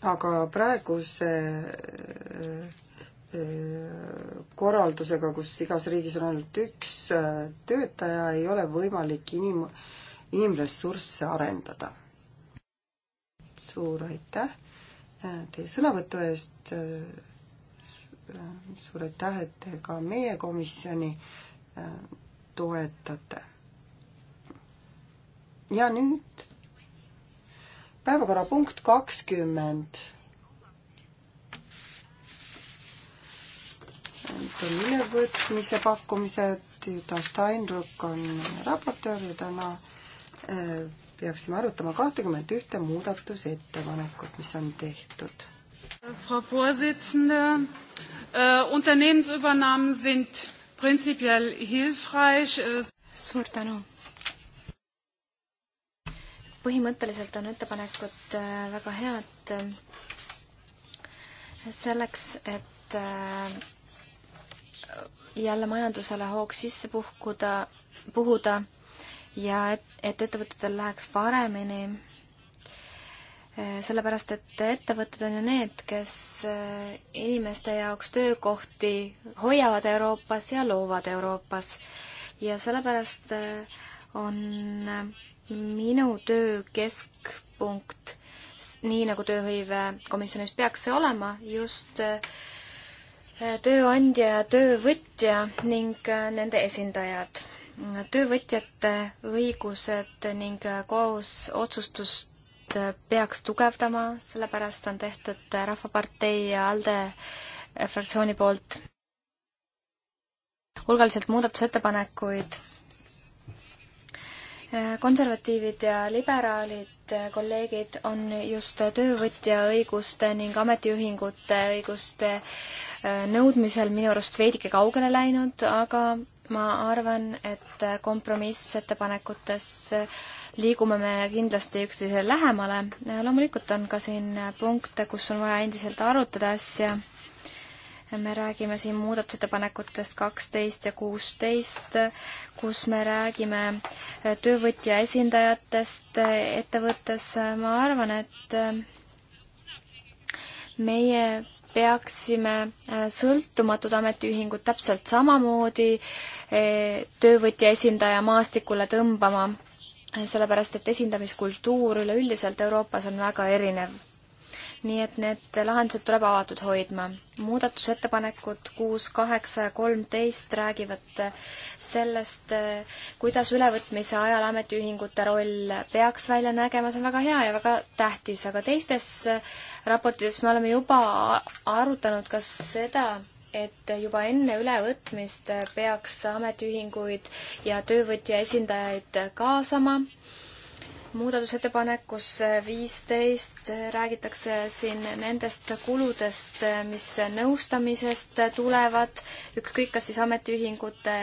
aga praeguse äh, äh, korraldusega, kus igas riigis on ainult üks äh, töötaja, ei ole võimalik inim, inimressursse arendada. suur aitäh teie sõnavõtu eest. suur aitäh, et te ka meie komisjoni toetate. ja nüüd päevakorrapunkt kakskümmend. Need on ülevõtmise pakkumised, Juta Steinruck on raportöör ja täna äh, peaksime arutama kahtekümmet ühte muudatusettepanekut, mis on tehtud. Frau Vorsitzende, äh, Unternehmensübernahmen sind prinzipiell hilfreich. suur tänu põhimõtteliselt on ettepanekud äh, väga head selleks, et äh, jälle majandusele hoog sisse puhkuda, puhuda ja et, et ettevõtetel läheks paremini äh, sellepärast, et ettevõtted on ju need, kes inimeste jaoks töökohti hoiavad Euroopas ja loovad Euroopas. ja sellepärast on minu töö keskpunkt, nii nagu tööhõive komisjonis peaks see olema, just äh, tööandja ja töövõtja ning äh, nende esindajad. töövõtjate õigused ning äh, koos otsustust peaks tugevdama, sellepärast on tehtud Rahvapartei ja ALDE fraktsiooni poolt hulgaliselt muudatusettepanekuid konservatiivid ja liberaalid eh, kolleegid on just töövõtja õiguste ning ametiühingute õiguste eh, nõudmisel minu arust veidike kaugele läinud, aga ma arvan, et kompromissettepanekutes liigume me kindlasti üksteisele lähemale. loomulikult on ka siin punkte, kus on vaja endiselt arutada asja me räägime siin muudatusettepanekutest kaksteist ja kuusteist, kus me räägime töövõtja esindajatest ettevõttes. ma arvan, et meie peaksime sõltumatud ametiühingud täpselt samamoodi töövõtja esindaja maastikule tõmbama, sellepärast et esindamiskultuur üleüldiselt Euroopas on väga erinev nii et need lahendused tuleb avatud hoidma. muudatusettepanekud kuus, kaheksa ja kolmteist räägivad sellest, kuidas ülevõtmise ajal ametiühingute roll peaks välja nägema, see on väga hea ja väga tähtis, aga teistes raportides me oleme juba arutanud ka seda, et juba enne ülevõtmist peaks ametiühinguid ja töövõtja esindajaid kaasama muudatusettepanekus äh, viisteist äh, räägitakse siin nendest kuludest, äh, mis nõustamisest tulevad, ükskõik, kas siis ametiühingute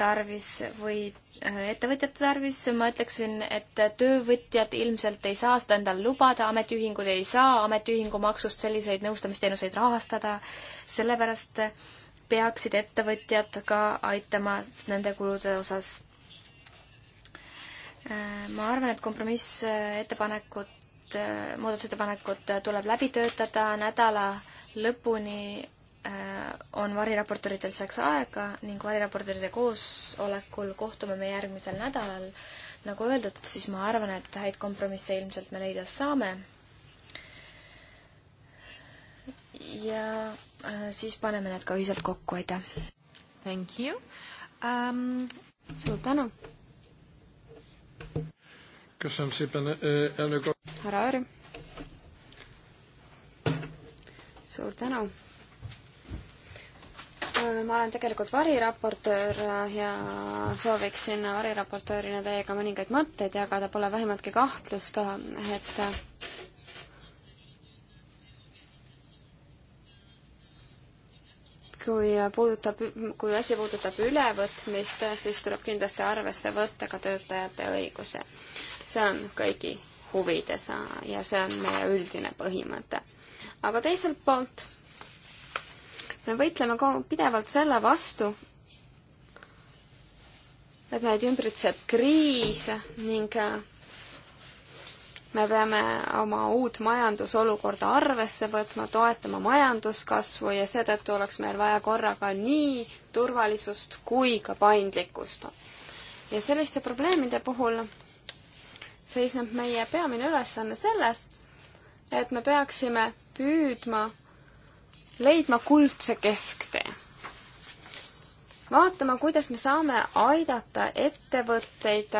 tarvis või ettevõtjate tarvis, ma ütleksin, et töövõtjad ilmselt ei saa seda endale lubada, ametiühingud ei saa ametiühingu maksust selliseid nõustamisteenuseid rahastada, sellepärast peaksid ettevõtjad ka aitama nende kulude osas Äh, ma arvan, et kompromissettepanekut, äh, muudatusettepanekut tuleb läbi töötada nädala lõpuni äh, on variraportoritel selleks aega ning variraportoride koosolekul kohtume me järgmisel nädalal. nagu öeldud, siis ma arvan, et häid kompromisse ilmselt me leida saame. ja siis paneme need ka ühiselt kokku, aitäh! Thank you um...! suur tänu! härra eh, Ööri. suur tänu. Äh, ma olen tegelikult variraportöör ja sooviksin variraportöörina teiega mõningaid mõtteid jagada, pole vähimatki kahtlust, et kui puudutab, kui asi puudutab ülevõtmist, siis tuleb kindlasti arvesse võtta ka töötajate õiguse see on kõigi huvides ja see on meie üldine põhimõte. aga teiselt poolt me võitleme pidevalt selle vastu, et meid ümbritseb kriis ning äh, me peame oma uut majandusolukorda arvesse võtma, toetama majanduskasvu ja seetõttu oleks meil vaja korraga nii turvalisust kui ka paindlikkust. ja selliste probleemide puhul seisneb meie peamine ülesanne selles, et me peaksime püüdma leidma kuldse kesktee. vaatama, kuidas me saame aidata ettevõtteid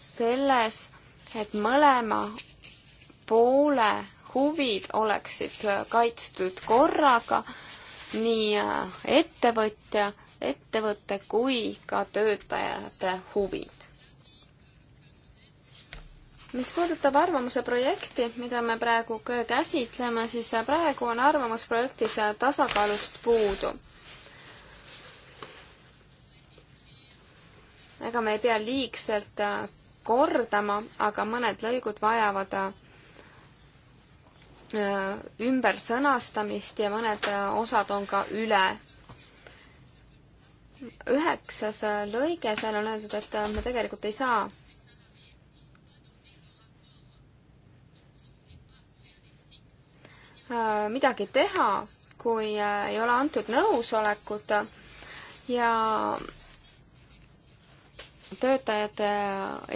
selles, et mõlema poole huvid oleksid kaitstud korraga, nii ettevõtja, ettevõtte kui ka töötajate huvid mis puudutab arvamuse projekti, mida me praegu käsitleme, siis praegu on arvamusprojektis tasakaalust puudu. ega me ei pea liigselt äh, kordama, aga mõned lõigud vajavad äh, ümbersõnastamist ja mõned äh, osad on ka üle. üheksas lõige, seal on öeldud, et me tegelikult ei saa Äh, midagi teha, kui äh, ei ole antud nõusolekut ja töötajate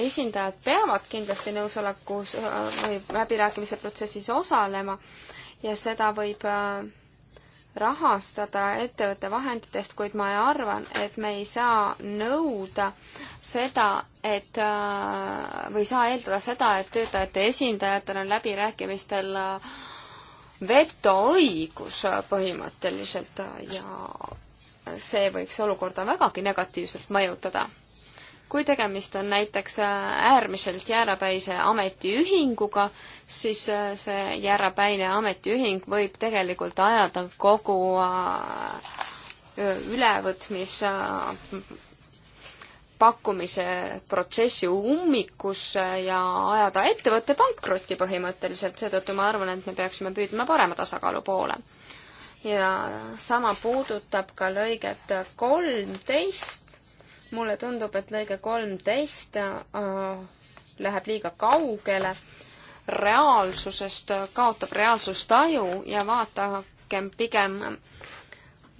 esindajad peavad kindlasti nõusolekus äh, või läbirääkimise protsessis osalema ja seda võib rahastada ettevõtte vahenditest, kuid ma arvan, et me ei saa nõuda seda, et või ei saa eeldada seda, et töötajate esindajatel on läbirääkimistel äh, vetoõigus põhimõtteliselt ja see võiks olukorda vägagi negatiivselt mõjutada. kui tegemist on näiteks äärmiselt jäärapäise ametiühinguga, siis see jäärapäine ametiühing võib tegelikult ajada kogu äh, ülevõtmis äh, pakkumise protsessi ummikusse ja ajada ettevõtte pankrotti põhimõtteliselt, seetõttu ma arvan, et me peaksime püüdma parema tasakaalu poole. ja sama puudutab ka lõiget kolmteist. mulle tundub, et lõige kolmteist äh, läheb liiga kaugele reaalsusest, kaotab reaalsustaju ja vaadakem pigem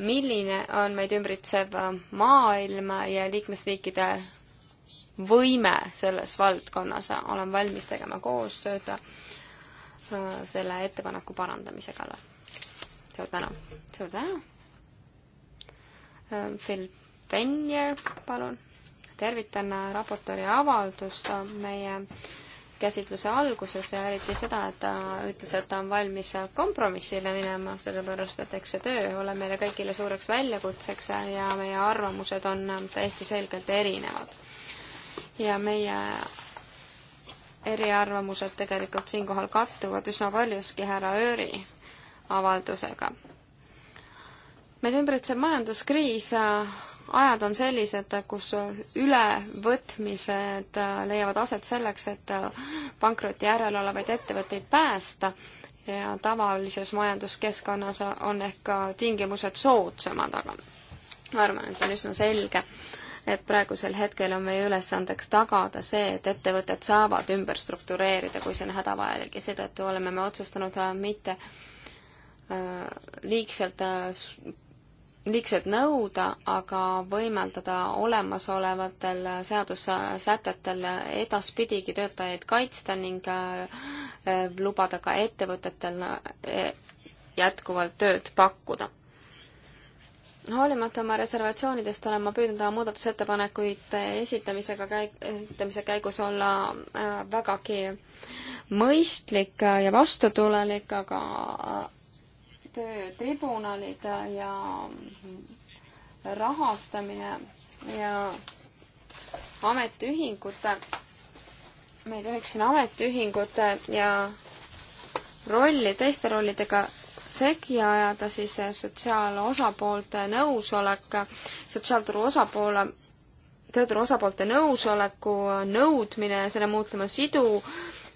milline on meid ümbritsev maailm ja liikmesriikide võime selles valdkonnas, olen valmis tegema koostööd äh, selle ettepaneku parandamise kallal. suur tänu! suur tänu! Äh, Phil Benjer, palun! tervitan äh, raportööri avaldust meie käsitluse alguses ja eriti seda, et ta ütles, et ta on valmis kompromissile minema, sellepärast et eks see töö ole meile kõigile suureks väljakutseks ja meie arvamused on täiesti selgelt erinevad. ja meie eriarvamused tegelikult siinkohal kattuvad üsna paljuski härra Ööri avaldusega meid ümbritsev majanduskriis ajad on sellised, kus ülevõtmised äh, leiavad aset selleks, et äh, pankroti järel olevaid ettevõtteid päästa ja tavalises majanduskeskkonnas on ehk ka tingimused soodsamad, aga ma arvan, et on üsna selge, et praegusel hetkel on meie ülesandeks tagada see, et ettevõtted saavad ümber struktureerida, kui see on hädavajalik ja seetõttu oleme me otsustanud äh, mitte liigselt liigselt nõuda, aga võimaldada olemasolevatel seadussätetel edaspidigi töötajaid kaitsta ning äh, lubada ka ettevõtetel äh, jätkuvalt tööd pakkuda. hoolimata oma reservatsioonidest olen ma püüdnud oma muudatusettepanekuid esitamisega käig-, esitamise käigus olla äh, vägagi mõistlik ja vastutulelik, aga töö tribunalid ja rahastamine ja ametiühingute, ma ei tohiks siin ametiühingute ja rolli teiste rollidega segi ajada, siis sotsiaalosapoolte nõusolek, sotsiaalturu osapoole, tööturu osapoolte nõusoleku nõudmine ja selle muutuma sidu,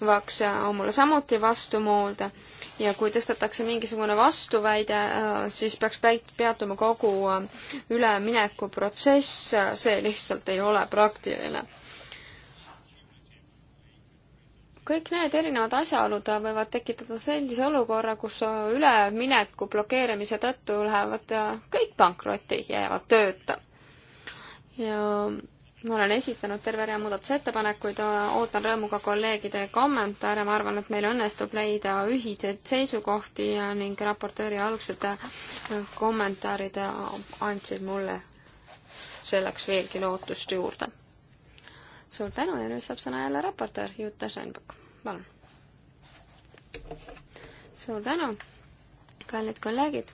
vaks, äh, on mulle samuti vastumoolde ja kui tõstetakse mingisugune vastuväide, äh, siis peaks peatuma kogu äh, üleminekuprotsess, see lihtsalt ei ole praktiline. kõik need erinevad asjaolud võivad tekitada sellise olukorra, kus ülemineku blokeerimise tõttu lähevad kõik pankrotti, jäävad tööta. ja ma olen esitanud terve rea muudatusettepanekuid, ootan rõõmuga kolleegide kommentaare, ma arvan, et meil õnnestub leida ühiseid seisukohti ja ning raportööri algsed kommentaarid andsid mulle selleks veelgi lootust juurde. suur tänu ja nüüd saab sõna jälle raportöör Jutta Steinbock, palun. suur tänu, kallid kolleegid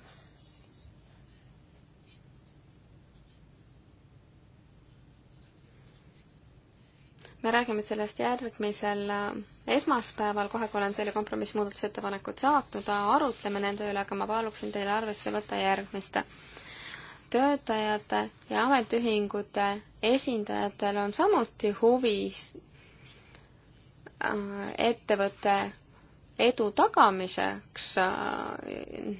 me räägime sellest järgmisel äh, esmaspäeval, kohe kui olen teile kompromissmuudatusettepanekud saatnud, äh, arutleme nende üle, aga ma paluksin teile arvesse võtta järgmist. töötajate ja ametiühingute esindajatel on samuti huvi äh, ettevõtte edu tagamiseks, äh,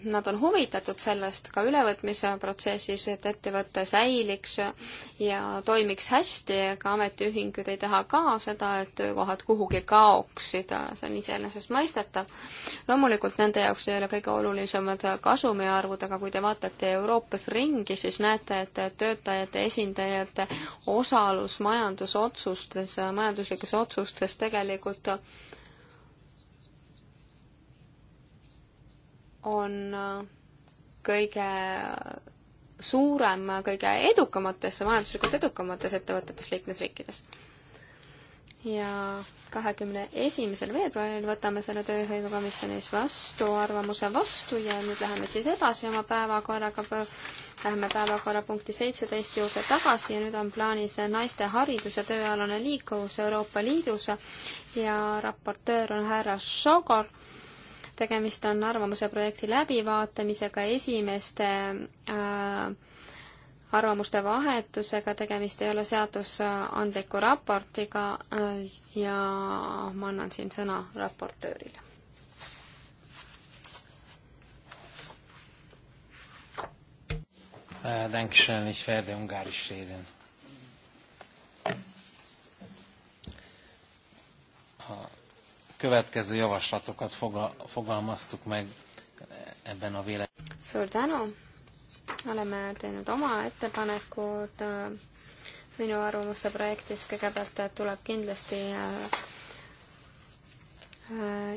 nad on huvitatud sellest ka ülevõtmise protsessis, et ettevõte säiliks ja toimiks hästi, ega ametiühingud ei taha ka seda, et töökohad kuhugi kaoksid, see on iseenesestmõistetav. loomulikult nende jaoks ei ole kõige olulisemad kasumiarvud, aga kui te vaatate Euroopas ringi, siis näete, et töötajate esindajate osalus majandusotsustes, majanduslikes otsustes tegelikult on äh, kõige suurem kõige edukamates, majanduslikult edukamates ettevõtetes liikmesriikides. ja kahekümne esimesel veebruaril võtame selle tööhõivekomisjonis vastu arvamuse vastu ja nüüd läheme siis edasi oma päevakorraga. Läheme päevakorrapunkti seitseteist juurde tagasi ja nüüd on plaanis naiste haridus ja tööalane liikuvus Euroopa Liidus ja raportöör on härra Šogor tegemist on arvamuse projekti läbivaatamisega, esimeste äh, arvamuste vahetusega, tegemist ei ole seadusandliku raportiga äh, ja ma annan siin sõna raportöörile. Äh, Dankeschön, ich werde Ungarisch reden. következő javaslatokat fogal fogalmaztuk meg ebben a véleményben. Suur tänu! oleme teinud oma ettepanekud minu arvamuste projektis. kõigepealt tuleb kindlasti äh,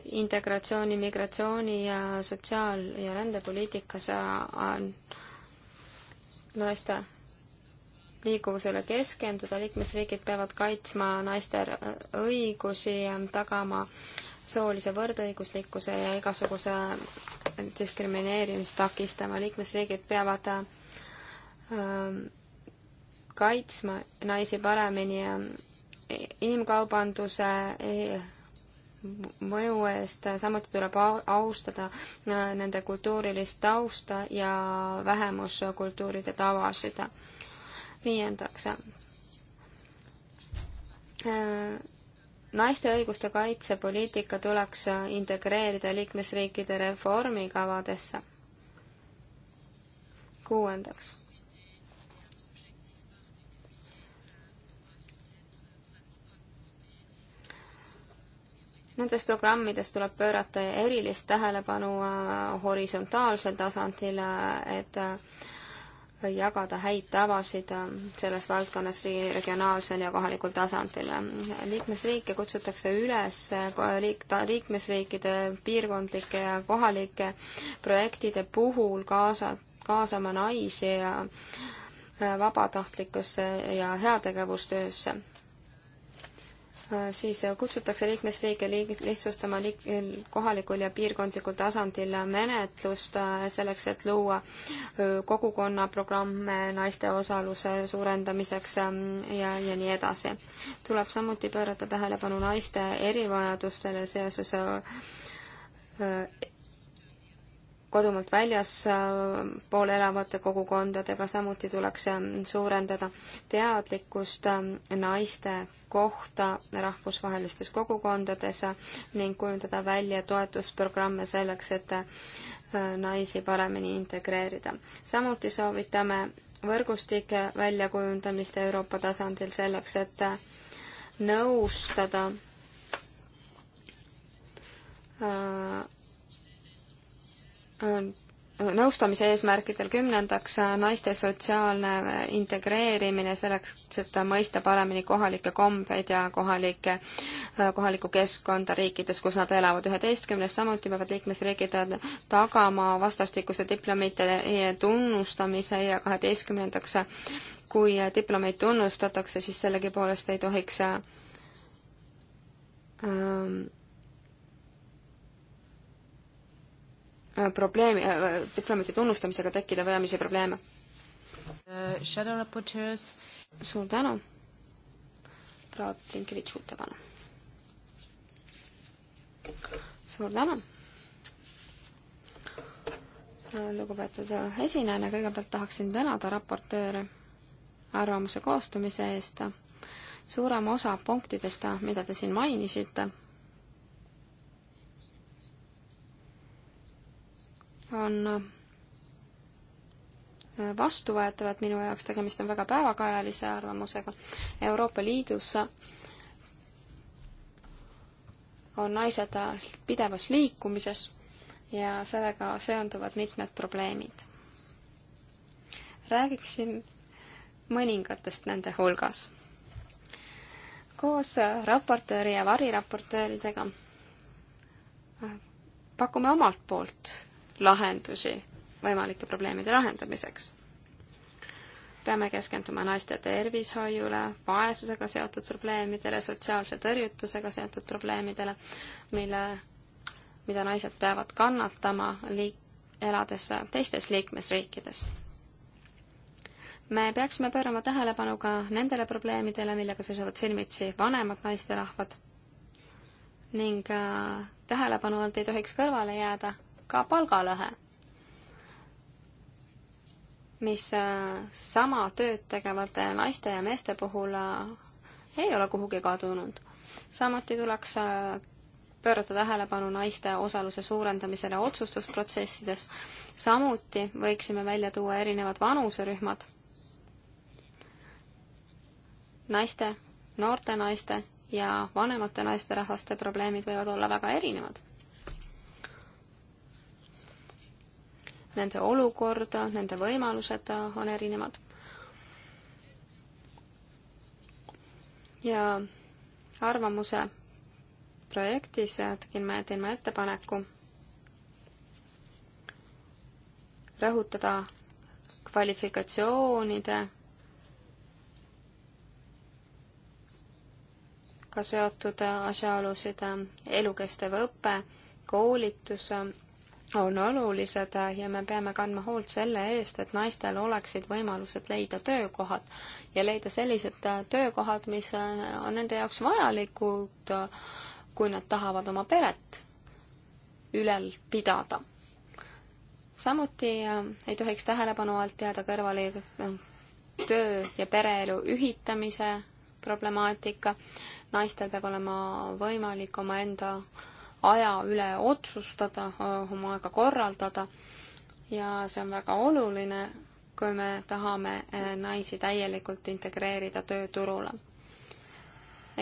integratsiooni, migratsiooni ja sotsiaal- ja rändepoliitikas äh, naiste liikuvusele keskenduda, liikmesriigid peavad kaitsma naiste õigusi, tagama soolise võrdõiguslikkuse ja igasuguse diskrimineerimist takistama, liikmesriigid peavad ähm, kaitsma naisi paremini inimkaubanduse eh, mõju eest, samuti tuleb austada äh, nende kultuurilist tausta ja vähemuskultuuride tavasid viiendaks, äh, naiste õiguste kaitsepoliitika tuleks integreerida liikmesriikide reformikavadesse. kuuendaks. Nendes programmides tuleb pöörata erilist tähelepanu äh, horisontaalsel tasandil, äh, et jagada häid tavasid äh, selles valdkonnas regionaalsel ja kohalikul tasandil. liikmesriike kutsutakse üles liik-, liikmesriikide piirkondlike ja kohalike projektide puhul kaasa, kaasama naisi ja äh, vabatahtlikusse ja heategevustöösse Äh, siis äh, kutsutakse liikmesriike lihtsustama liik äh, kohalikul ja piirkondlikul tasandil menetlust selleks, et luua kogukonnaprogramme naiste osaluse suurendamiseks ähm, ja, ja nii edasi. tuleb samuti pöörata tähelepanu naiste erivajadustele seoses kodumaalt väljaspool elavate kogukondadega, samuti tuleks ähm, suurendada teadlikkust ähm, naiste kohta rahvusvahelistes kogukondades äh, ning kujundada välja toetusprogramme selleks, et äh, naisi paremini integreerida. samuti soovitame võrgustike väljakujundamist Euroopa tasandil selleks, et äh, nõustada nõustamise eesmärkidel kümnendaks naiste sotsiaalne integreerimine selleks, et mõista paremini kohalikke kombeid ja kohalike, kohalikku keskkonda riikides, kus nad elavad. üheteistkümnes samuti peavad liikmesriigid tagama vastastikuse diplomite tunnustamise ja kaheteistkümnendaks, kui diplomeid tunnustatakse, siis sellegipoolest ei tohiks ähm, Äh, probleemi äh,, diplomite tunnustamisega tekkida peamisi probleeme uh,? Shadow raportöörs. suur tänu. proua Plinkevitš-Uute, palun. suur tänu äh, lugupeetud äh, esinejana, kõigepealt tahaksin tänada raportööre arvamuse koostamise eest. suurem osa punktidest, mida te siin mainisite, on äh, vastuvõetavad minu jaoks, tegemist on väga päevakajalise arvamusega. Euroopa Liidus on naised pidevas liikumises ja sellega seonduvad mitmed probleemid. räägiksin mõningatest nende hulgas. koos raportööri ja variraportööridega äh, pakume omalt poolt lahendusi võimalike probleemide lahendamiseks. peame keskenduma naiste tervishoiule, vaesusega seotud probleemidele, sotsiaalse tõrjutusega seotud probleemidele, mille, mida naised peavad kannatama liik-, elades teistes liikmesriikides. me peaksime pöörama tähelepanu ka nendele probleemidele, millega seisavad silmitsi vanemad naisterahvad ning äh, tähelepanu alt ei tohiks kõrvale jääda ka palgalõhe, mis äh, sama tööd tegevate naiste ja meeste puhul äh, ei ole kuhugi kadunud. samuti tuleks äh, pöörata tähelepanu naiste osaluse suurendamisele otsustusprotsessides. samuti võiksime välja tuua erinevad vanuserühmad. naiste, noorte naiste ja vanemate naisterahvaste probleemid võivad olla väga erinevad. nende olukord, nende võimalused on erinevad. ja arvamuse projektis tegin ma, teen ma ettepaneku rõhutada kvalifikatsioonide ka seotud asjaolusid, elukestev õpe, koolitus on olulised äh, ja me peame kandma hoolt selle eest, et naistel oleksid võimalused leida töökohad ja leida sellised äh, töökohad, mis äh, on nende jaoks vajalikud, kui nad tahavad oma peret ülal pidada. samuti ei tohiks tähelepanu alt jääda kõrvale töö ja pereelu ühitamise problemaatika. naistel peab olema võimalik omaenda aja üle otsustada, oma aega korraldada ja see on väga oluline, kui me tahame naisi täielikult integreerida tööturule.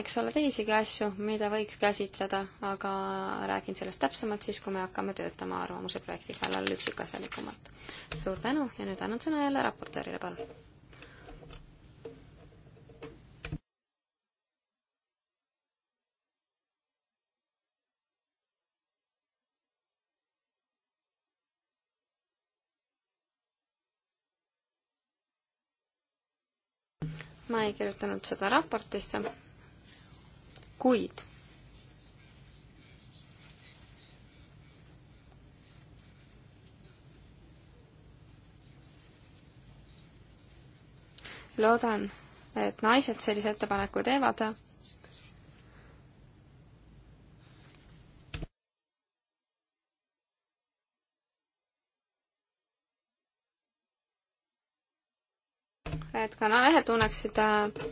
eks ole teisigi asju, mida võiks käsitleda, aga räägin sellest täpsemalt siis, kui me hakkame töötama arvamuse projekti kallal üksikasjalikumalt. suur tänu ja nüüd annan sõna jälle raportöörile, palun ma ei kirjutanud seda raportisse, kuid loodan, et naised sellise ettepaneku teevad ka mehed tunneksid äh,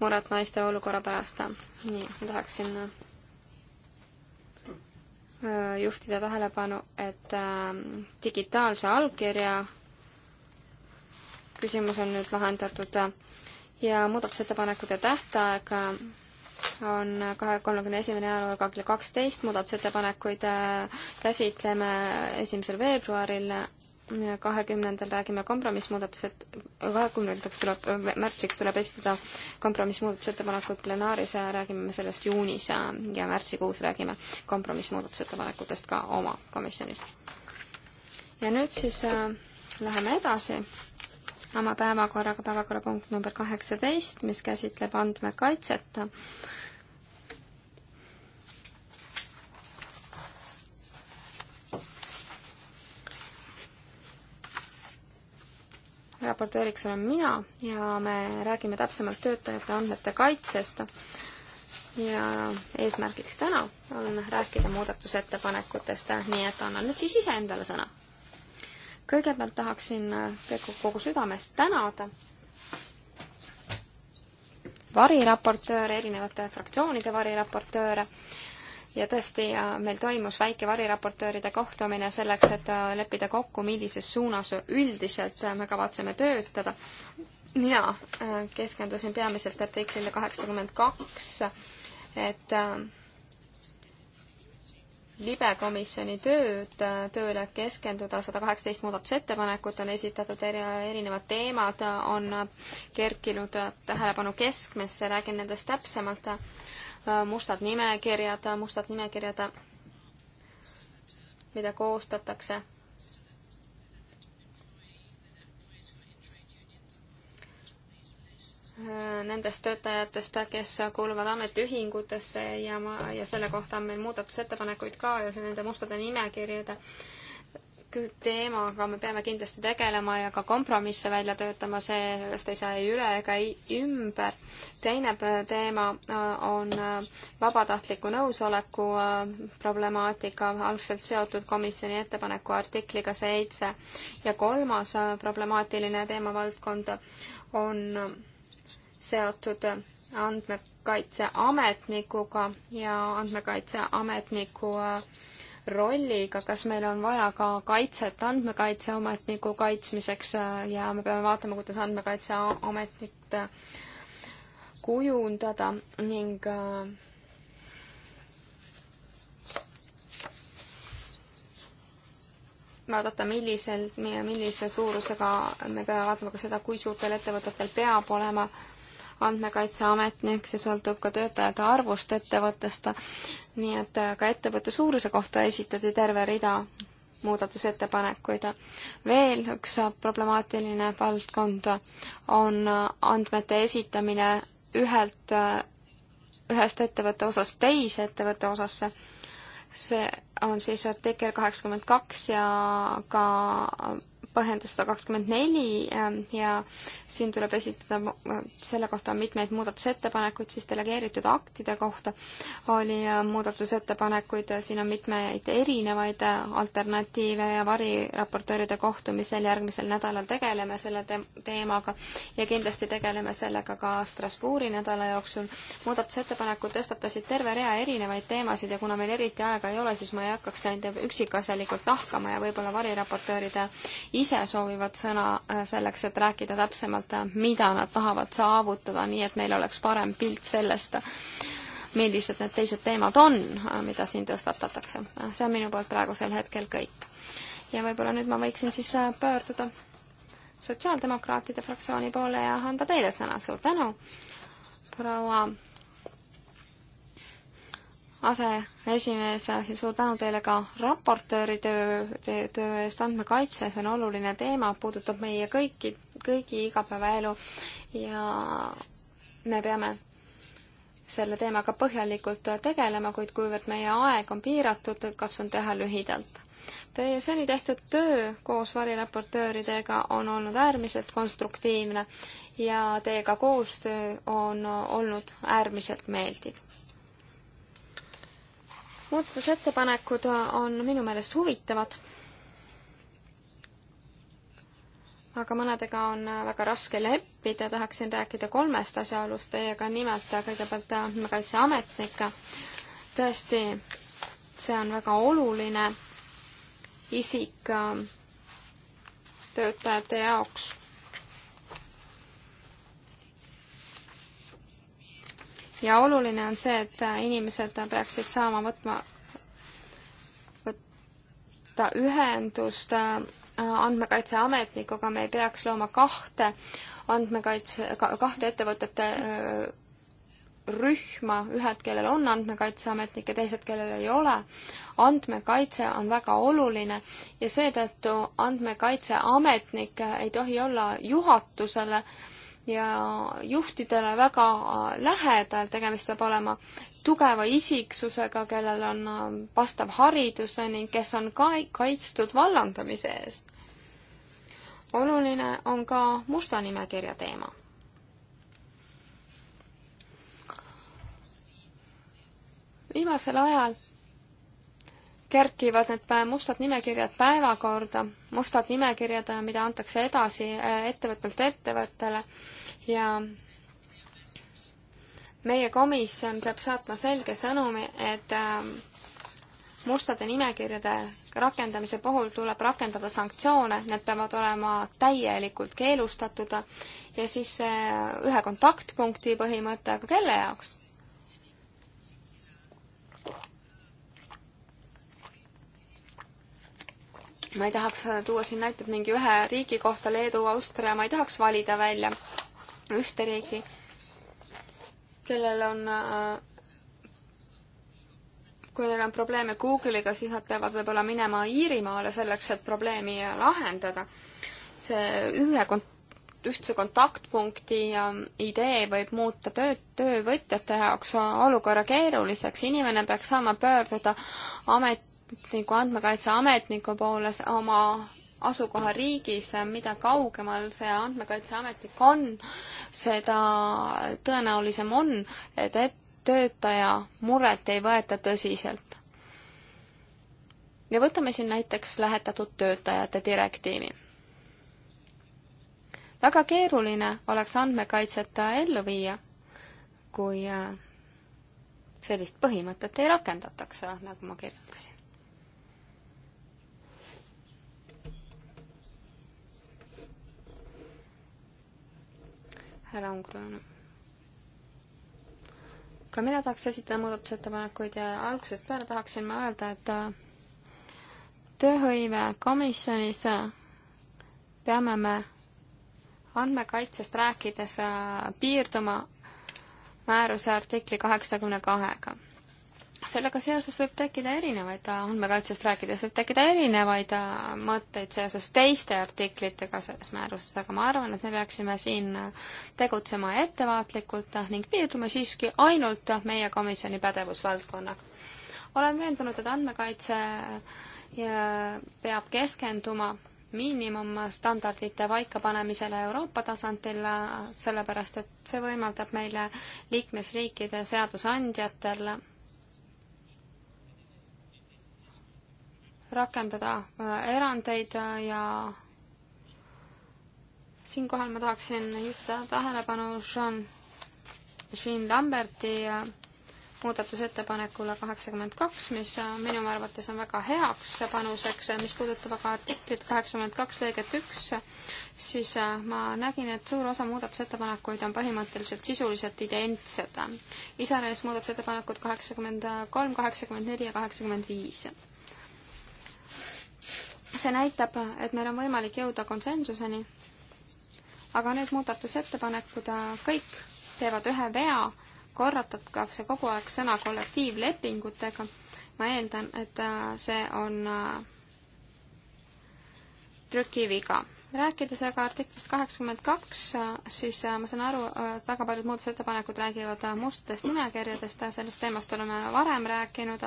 muret naiste olukorra pärast. nii, ma tahaksin äh, juhtida tähelepanu, et äh, digitaalse allkirja küsimus on nüüd lahendatud ja muudatusettepanekute tähtaeg on kahe, kolmekümne esimene jaanuar kakskümmend kaksteist, muudatusettepanekuid käsitleme esimesel veebruaril kahekümnendal räägime kompromissmuudatused, kahekümnendaks tuleb, märtsiks tuleb esitada kompromissmuudatusettepanekud plenaaris ja räägime me sellest juunis ja, ja märtsikuus räägime kompromissmuudatusettepanekutest ka oma komisjonis. ja nüüd siis äh, läheme edasi oma päevakorraga, päevakorrapunkt number kaheksateist, mis käsitleb andmekaitset raportööriks olen mina ja me räägime täpsemalt töötajate andmete kaitsest ja eesmärgiks täna on rääkida muudatusettepanekutest, nii et annan nüüd siis iseendale sõna. kõigepealt tahaksin kogu südamest tänada variraportööre, erinevate fraktsioonide variraportööre ja tõesti, meil toimus väike variraportööride kohtumine selleks, et äh, leppida kokku, millises suunas üldiselt me kavatseme töötada. mina äh, keskendusin peamiselt artiklile kaheksakümmend kaks, et äh, libekomisjoni tööd, tööle keskenduda, sada kaheksateist muudatusettepanekut on esitatud, eri, erinevad teemad on kerkinud tähelepanu keskmesse, räägin nendest täpsemalt mustad nimekirjad, mustad nimekirjad, mida koostatakse. Nendest töötajatest, kes kuuluvad ametiühingutesse ja ma, ja selle kohta on meil muudatusettepanekuid ka ja see nende mustade nimekirjade teemaga me peame kindlasti tegelema ja ka kompromisse välja töötama, sellest ei saa ei üle ega ei ümber. teine teema äh, on äh, vabatahtliku nõusoleku äh, problemaatika, algselt seotud komisjoni ettepaneku artikliga seitse. ja kolmas problemaatiline teemavaldkond on seotud andmekaitseametnikuga ja andmekaitseametniku äh, rolliga, kas meil on vaja ka kaitset andmekaitseametniku kaitsmiseks äh, ja me peame vaatama, kuidas andmekaitseametit äh, kujundada ning äh, vaadata, millisel, millise suurusega me peame vaatama ka seda, kui suurtel ettevõtetel peab olema äh, andmekaitseametnik, see sõltub ka töötajate arvust ettevõttest. nii et äh, ka ettevõtte suuruse kohta esitati terve rida muudatusettepanekuid. veel üks problemaatiline valdkond on äh, andmete esitamine ühelt, äh, ühest ettevõtte osast teise ettevõtte osasse. see on siis artikkel kaheksakümmend kaks ja ka põhjendus sada kakskümmend neli ähm, ja siin tuleb esitada, äh, selle kohta on mitmeid muudatusettepanekuid, siis delegeeritud aktide kohta oli äh, muudatusettepanekuid, äh, siin on mitmeid erinevaid alternatiive ja variraportööride kohtumisel järgmisel nädalal tegeleme selle te teemaga ja kindlasti tegeleme sellega ka Strasbourgi nädala jooksul. muudatusettepanekud tõstatasid terve rea erinevaid teemasid ja kuna meil eriti aega ei ole, siis ma ei hakkaks neid üksikasjalikult lahkama ja võib-olla variraportööride ise soovivad sõna äh, selleks, et rääkida täpsemalt, äh, mida nad tahavad saavutada, nii et meil oleks parem pilt sellest, millised need teised teemad on, äh, mida siin tõstatatakse. see on minu poolt praegusel hetkel kõik. ja võib-olla nüüd ma võiksin siis pöörduda sotsiaaldemokraatide fraktsiooni poole ja anda teile sõna. suur tänu, proua aseesimees ja suur tänu teile ka raportööri töö, töö eest, andmekaitse, see on oluline teema, puudutab meie kõiki, kõigi igapäevaelu ja me peame selle teemaga põhjalikult tegelema, kuid kuivõrd meie aeg on piiratud, katsun teha lühidalt. Teie seni tehtud töö koos variraportööridega on olnud äärmiselt konstruktiivne ja teiega koostöö on olnud äärmiselt meeldiv muudatusettepanekud on minu meelest huvitavad, aga mõnedega on väga raske leppida, tahaksin rääkida kolmest asjaolust teiega, nimelt kõigepealt andmekaitseametnik. tõesti, see on väga oluline isik töötajate jaoks ja oluline on see, et inimesed peaksid saama võtma, võtta ühendust äh, andmekaitseametnikuga, me ei peaks looma kahte andmekaitse, kahte ettevõtete äh, rühma, ühed, kellel on andmekaitseametnik ja teised, kellel ei ole. andmekaitse on väga oluline ja seetõttu andmekaitseametnik ei tohi olla juhatusele äh, ja juhtidele väga äh, lähedal, tegemist peab olema tugeva isiksusega, kellel on äh, vastav haridus ning kes on ka kaitstud vallandamise eest. oluline on ka musta nimekirja teema viimasel ajal kerkivad need mustad nimekirjad päevakorda, mustad nimekirjad, äh, mida antakse edasi äh, ettevõttelt ettevõttele ja meie komisjon peab saatma selge sõnumi, et äh, mustade nimekirjade rakendamise puhul tuleb rakendada sanktsioone, need peavad olema täielikult keelustatud ja siis see ühe kontaktpunkti põhimõte, aga kelle jaoks? ma ei tahaks äh, tuua siin näiteid mingi ühe riigi kohta, Leedu, Austria, ma ei tahaks valida välja ühte riiki, kellel on äh, kui neil on probleeme Google'iga, siis nad peavad võib-olla minema Iirimaale selleks, et probleemi lahendada. see ühe kont-, ühtse kontaktpunkti idee võib muuta töö, töövõtjate jaoks olukorra keeruliseks, inimene peaks saama pöörduda amet, nagu andmekaitseametniku poole oma asukohariigis, mida kaugemal see andmekaitseametnik on, seda tõenäolisem on, et töötaja muret ei võeta tõsiselt. ja võtame siin näiteks lähetatud töötajate direktiivi väga keeruline oleks andmekaitset ellu viia, kui sellist põhimõtet ei rakendataks, nagu ma kirjeldasin. härra Ungrune. ka mina tahaks esitada muudatusettepanekuid ja algusest peale tahaksin ma öelda, et äh, tööhõive komisjonis äh, peame me andmekaitsest rääkides äh, piirduma määruse artikli kaheksakümne kahega sellega seoses võib tekkida erinevaid, äh, andmekaitsest rääkides võib tekkida erinevaid äh, mõtteid seoses teiste artiklitega selles määruses, aga ma arvan, et me peaksime siin äh, tegutsema ettevaatlikult ning piirduma siiski ainult meie komisjoni pädevusvaldkonnaga. olen veendunud, et andmekaitse peab keskenduma miinimumstandardite paikapanemisele Euroopa tasandil, sellepärast et see võimaldab meile liikmesriikide seadusandjatel rakendada äh, erandeid äh, ja siinkohal ma tahaksin juhtida tähelepanu Jean, Jean Lamberti äh, muudatusettepanekule kaheksakümmend kaks, mis minu arvates on väga heaks panuseks, mis puudutab aga artiklit kaheksakümmend kaks lõiget üks, siis ma nägin, et suur osa muudatusettepanekuid on põhimõtteliselt sisuliselt identsed. iseäranis muudatusettepanekud kaheksakümmend kolm, kaheksakümmend neli ja kaheksakümmend viis see näitab, et meil on võimalik jõuda konsensuseni, aga need muudatusettepanekud äh, kõik teevad ühe vea, korratatakse kogu aeg sõna kollektiivlepingutega. ma eeldan, et äh, see on äh, trükiviga. rääkides aga artiklist kaheksakümmend kaks, siis ma saan aru, et väga paljud muudatusettepanekud räägivad mustadest nimekirjadest, sellest teemast oleme varem rääkinud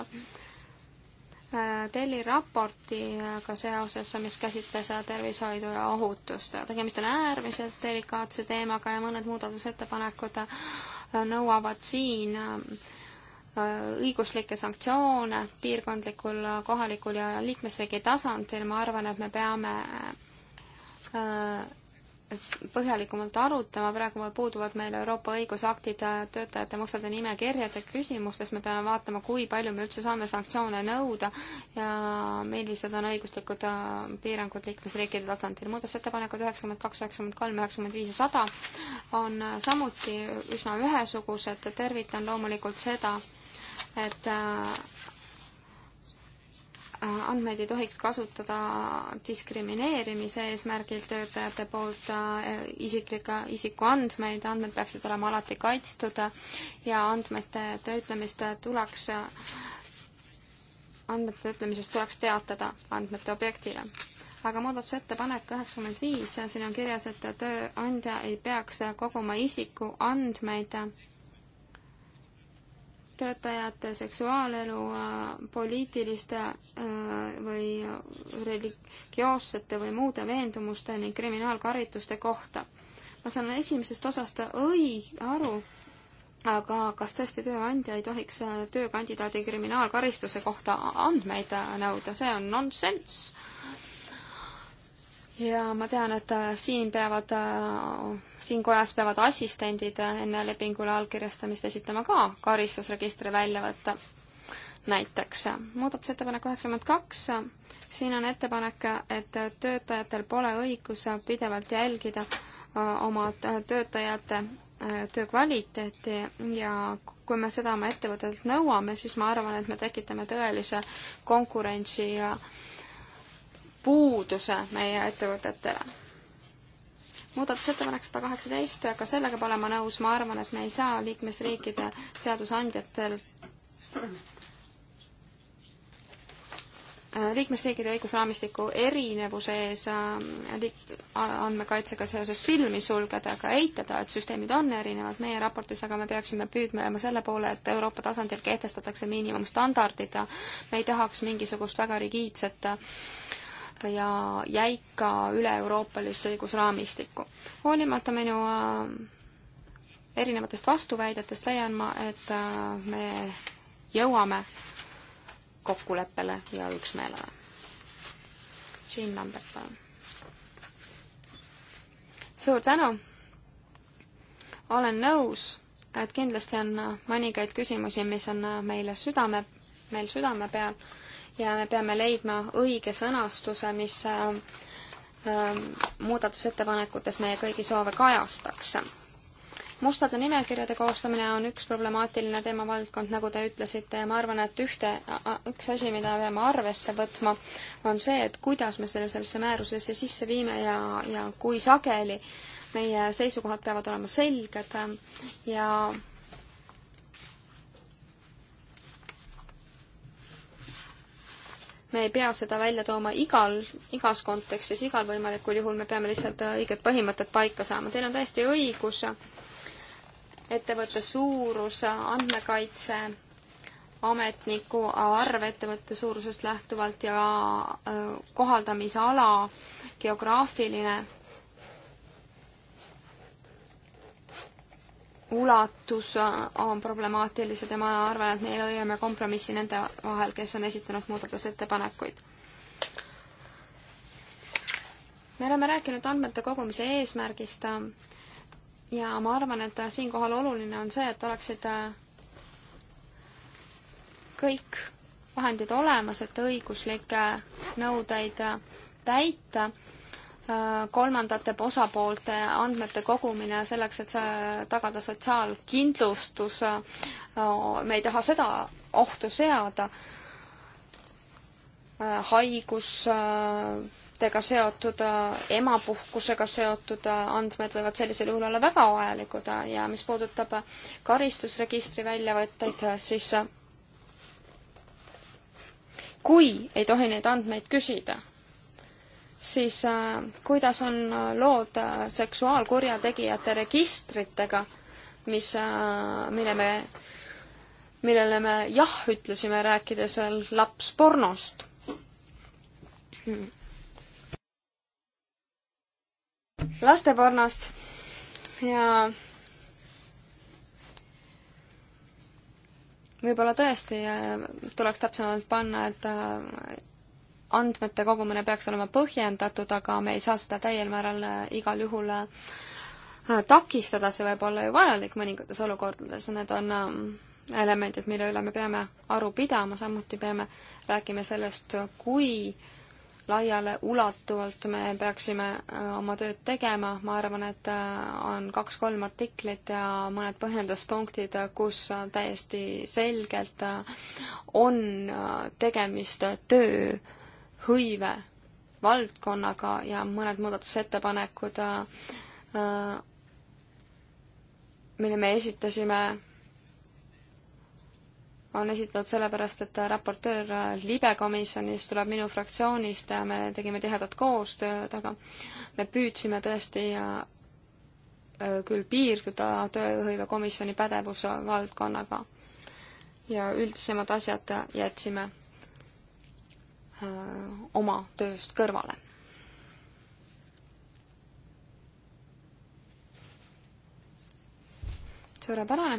Äh, telli raportiga äh, seoses, mis käsitles äh, tervishoidu ja ohutust. tegemist on äärmiselt delikaatse teemaga ja mõned muudatusettepanekud nõuavad siin õiguslikke sanktsioone piirkondlikul, kohalikul ja liikmesriigi tasandil. ma arvan, et me peame põhjalikumalt arutama, praegu puuduvad meil Euroopa õigusaktid töötajate mustade nimekirjade küsimustes, me peame vaatama, kui palju me üldse saame sanktsioone nõuda ja millised on õiguslikud äh, piirangud liikmesriikide tasandil. muudatusettepanekud üheksakümmend kaks, üheksakümmend kolm, üheksakümmend viis ja sada on samuti üsna ühesugused, tervitan loomulikult seda, et äh, andmeid ei tohiks kasutada diskrimineerimise eesmärgil töötajate poolt äh, isiklikke, isikuandmeid, andmed peaksid olema alati kaitstud ja andmete töötlemist tuleks, andmete töötlemisest tuleks teatada andmete objektile aga muudatusettepanek üheksakümmend viis, siin on kirjas, et tööandja ei peaks koguma isiku andmeid töötajate seksuaalelu äh, poliitiliste äh, või religioossete või muude veendumuste ning kriminaalkarituste kohta. ma saan esimesest osast õi-, aru, aga kas tõesti tööandja ei tohiks äh, töökandidaadi kriminaalkaristuse kohta andmeid nõuda, see on nonsenss ja ma tean, et äh, siin peavad, äh, siin kojas peavad assistendid äh, enne lepingule allkirjastamist esitama ka karistusregistri väljavõtte. näiteks muudatusettepanek üheksakümmend kaks, siin on ettepanek, et töötajatel pole õigus pidevalt jälgida oma töötajate töö kvaliteeti ja kui me seda oma ettevõtetelt nõuame, siis ma arvan, et me tekitame tõelise konkurentsi ja äh, puuduse meie ettevõtetele. muudatusettepanek sada kaheksateist, ka sellega pole ma nõus, ma arvan, et me ei saa liikmesriikide seadusandjatel äh, liikmesriikide õigusraamistiku erinevuse ees äh, andmekaitsega seoses silmi sulgeda ega eitada, et süsteemid on erinevad meie raportis, aga me peaksime püüdma selle poole, et Euroopa tasandil kehtestatakse miinimumstandardid ja me ei tahaks mingisugust väga rigiidset äh, ja jäika üle-euroopalist õigusraamistikku. hoolimata minu äh, erinevatest vastuväidetest leian ma, et äh, me jõuame kokkuleppele ja üksmeelele. Jean Lambert, palun. suur tänu. olen nõus, et kindlasti on äh, mõningaid küsimusi, mis on meile südame, meil südame peal ja me peame leidma õige sõnastuse, mis äh, äh, muudatusettepanekutes meie kõigi soove kajastaks mustade nimekirjade koostamine on üks problemaatiline teemavaldkond, nagu te ütlesite, ja ma arvan, et ühte, üks asi, mida peame arvesse võtma, on see, et kuidas me selle sellesse määrusesse sisse viime ja, ja kui sageli meie seisukohad peavad olema selged ja me ei pea seda välja tooma igal, igas kontekstis, igal võimalikul juhul, me peame lihtsalt äh, õiged põhimõtted paika saama. Teil on täiesti õigus, ettevõtte suurus, andmekaitse, ametniku arv ettevõtte suurusest lähtuvalt ja äh, kohaldamisala, geograafiline ulatus äh, on problemaatilised ja ma arvan, et me leiame kompromissi nende vahel, kes on esitanud muudatusettepanekuid. me oleme rääkinud andmete kogumise eesmärgist äh, ja ma arvan, et äh, siinkohal oluline on see, et oleksid kõik vahendid olemas, et õiguslikke nõudeid täita Äh, kolmandate osapoolte andmete kogumine selleks, et tagada sotsiaalkindlustus. Äh, me ei taha seda ohtu seada. Äh, haigustega seotud, emapuhkusega seotud andmed võivad sellisel juhul olla väga vajalikud ja mis puudutab karistusregistri väljavõtteid, siis kui ei tohi neid andmeid küsida siis äh, kuidas on äh, lood äh, seksuaalkurjategijate registritega, mis, mille me, millele me jah ütlesime, rääkides lapspornost hmm.? lastepornost ja võib-olla tõesti tuleks täpsemalt panna, et andmete kogumine peaks olema põhjendatud, aga me ei saa seda täiel määral äh, igal juhul äh, takistada, see võib olla ju vajalik mõningates olukordades, need on ähm, elemendid, mille üle me peame aru pidama, samuti peame rääkima sellest, kui laiale ulatuvalt me peaksime äh, oma tööd tegema, ma arvan, et on kaks-kolm artiklit ja mõned põhjenduspunktid, kus täiesti selgelt on tegemist töö hõive valdkonnaga ja mõned muudatusettepanekud, äh, äh, mille me esitasime, on esitatud sellepärast, et raportöör libekomisjonis tuleb minu fraktsioonist ja me tegime tihedat koostööd, aga me püüdsime tõesti äh, küll piirduda tööhõivekomisjoni pädevuse valdkonnaga ja üldisemad asjad jätsime Äh, oma tööst kõrvale. suurepärane.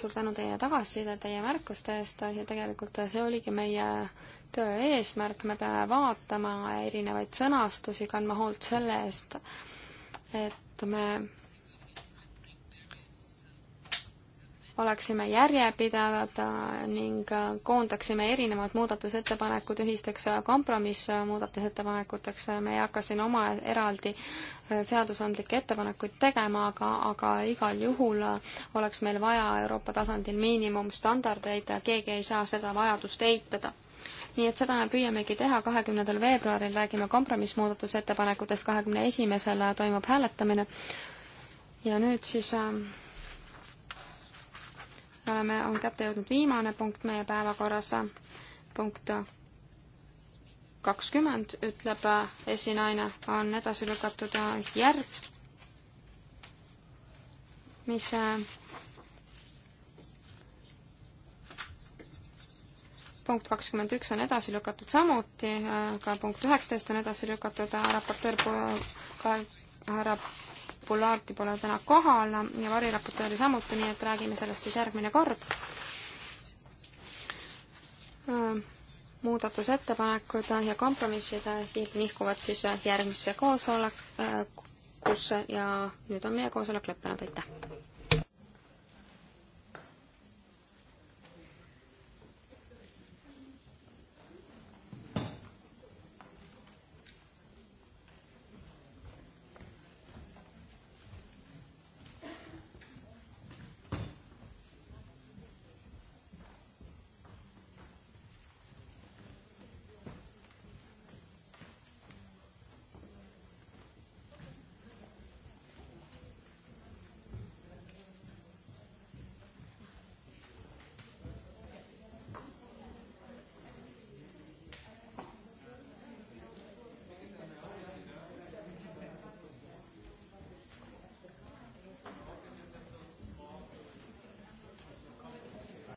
suur tänu teie tagasiside, teie märkuste eest ja tegelikult see oligi meie töö eesmärk, me peame vaatama erinevaid sõnastusi, kandma hoolt selle eest, et me oleksime järjepidevad äh, ning äh, koondaksime erinevad muudatusettepanekud ühisteks äh, kompromissmuudatusettepanekuteks. me ei hakka siin oma eraldi seadusandlikke ettepanekuid tegema, aga, aga igal juhul oleks meil vaja Euroopa tasandil miinimumstandardeid ja keegi ei saa seda vajadust eitada nii et seda me püüamegi teha, kahekümnendal veebruaril räägime kompromissmuudatusettepanekutest, kahekümne esimesel toimub hääletamine ja nüüd siis äh, me oleme, on kätte jõudnud viimane punkt meie päevakorras, punkt kakskümmend, ütleb esinaine, on edasi lükatud järg, mis punkt kakskümmend üks on edasi lükatud samuti, ka punkt üheksateist on edasi lükatud, raportöör härra Populaarti pole täna kohal ja variraportööri samuti, nii et räägime sellest siis järgmine kord. muudatusettepanekud ja kompromissid nihkuvad siis järgmisse koosolekusse ja nüüd on meie koosolek lõppenud, aitäh!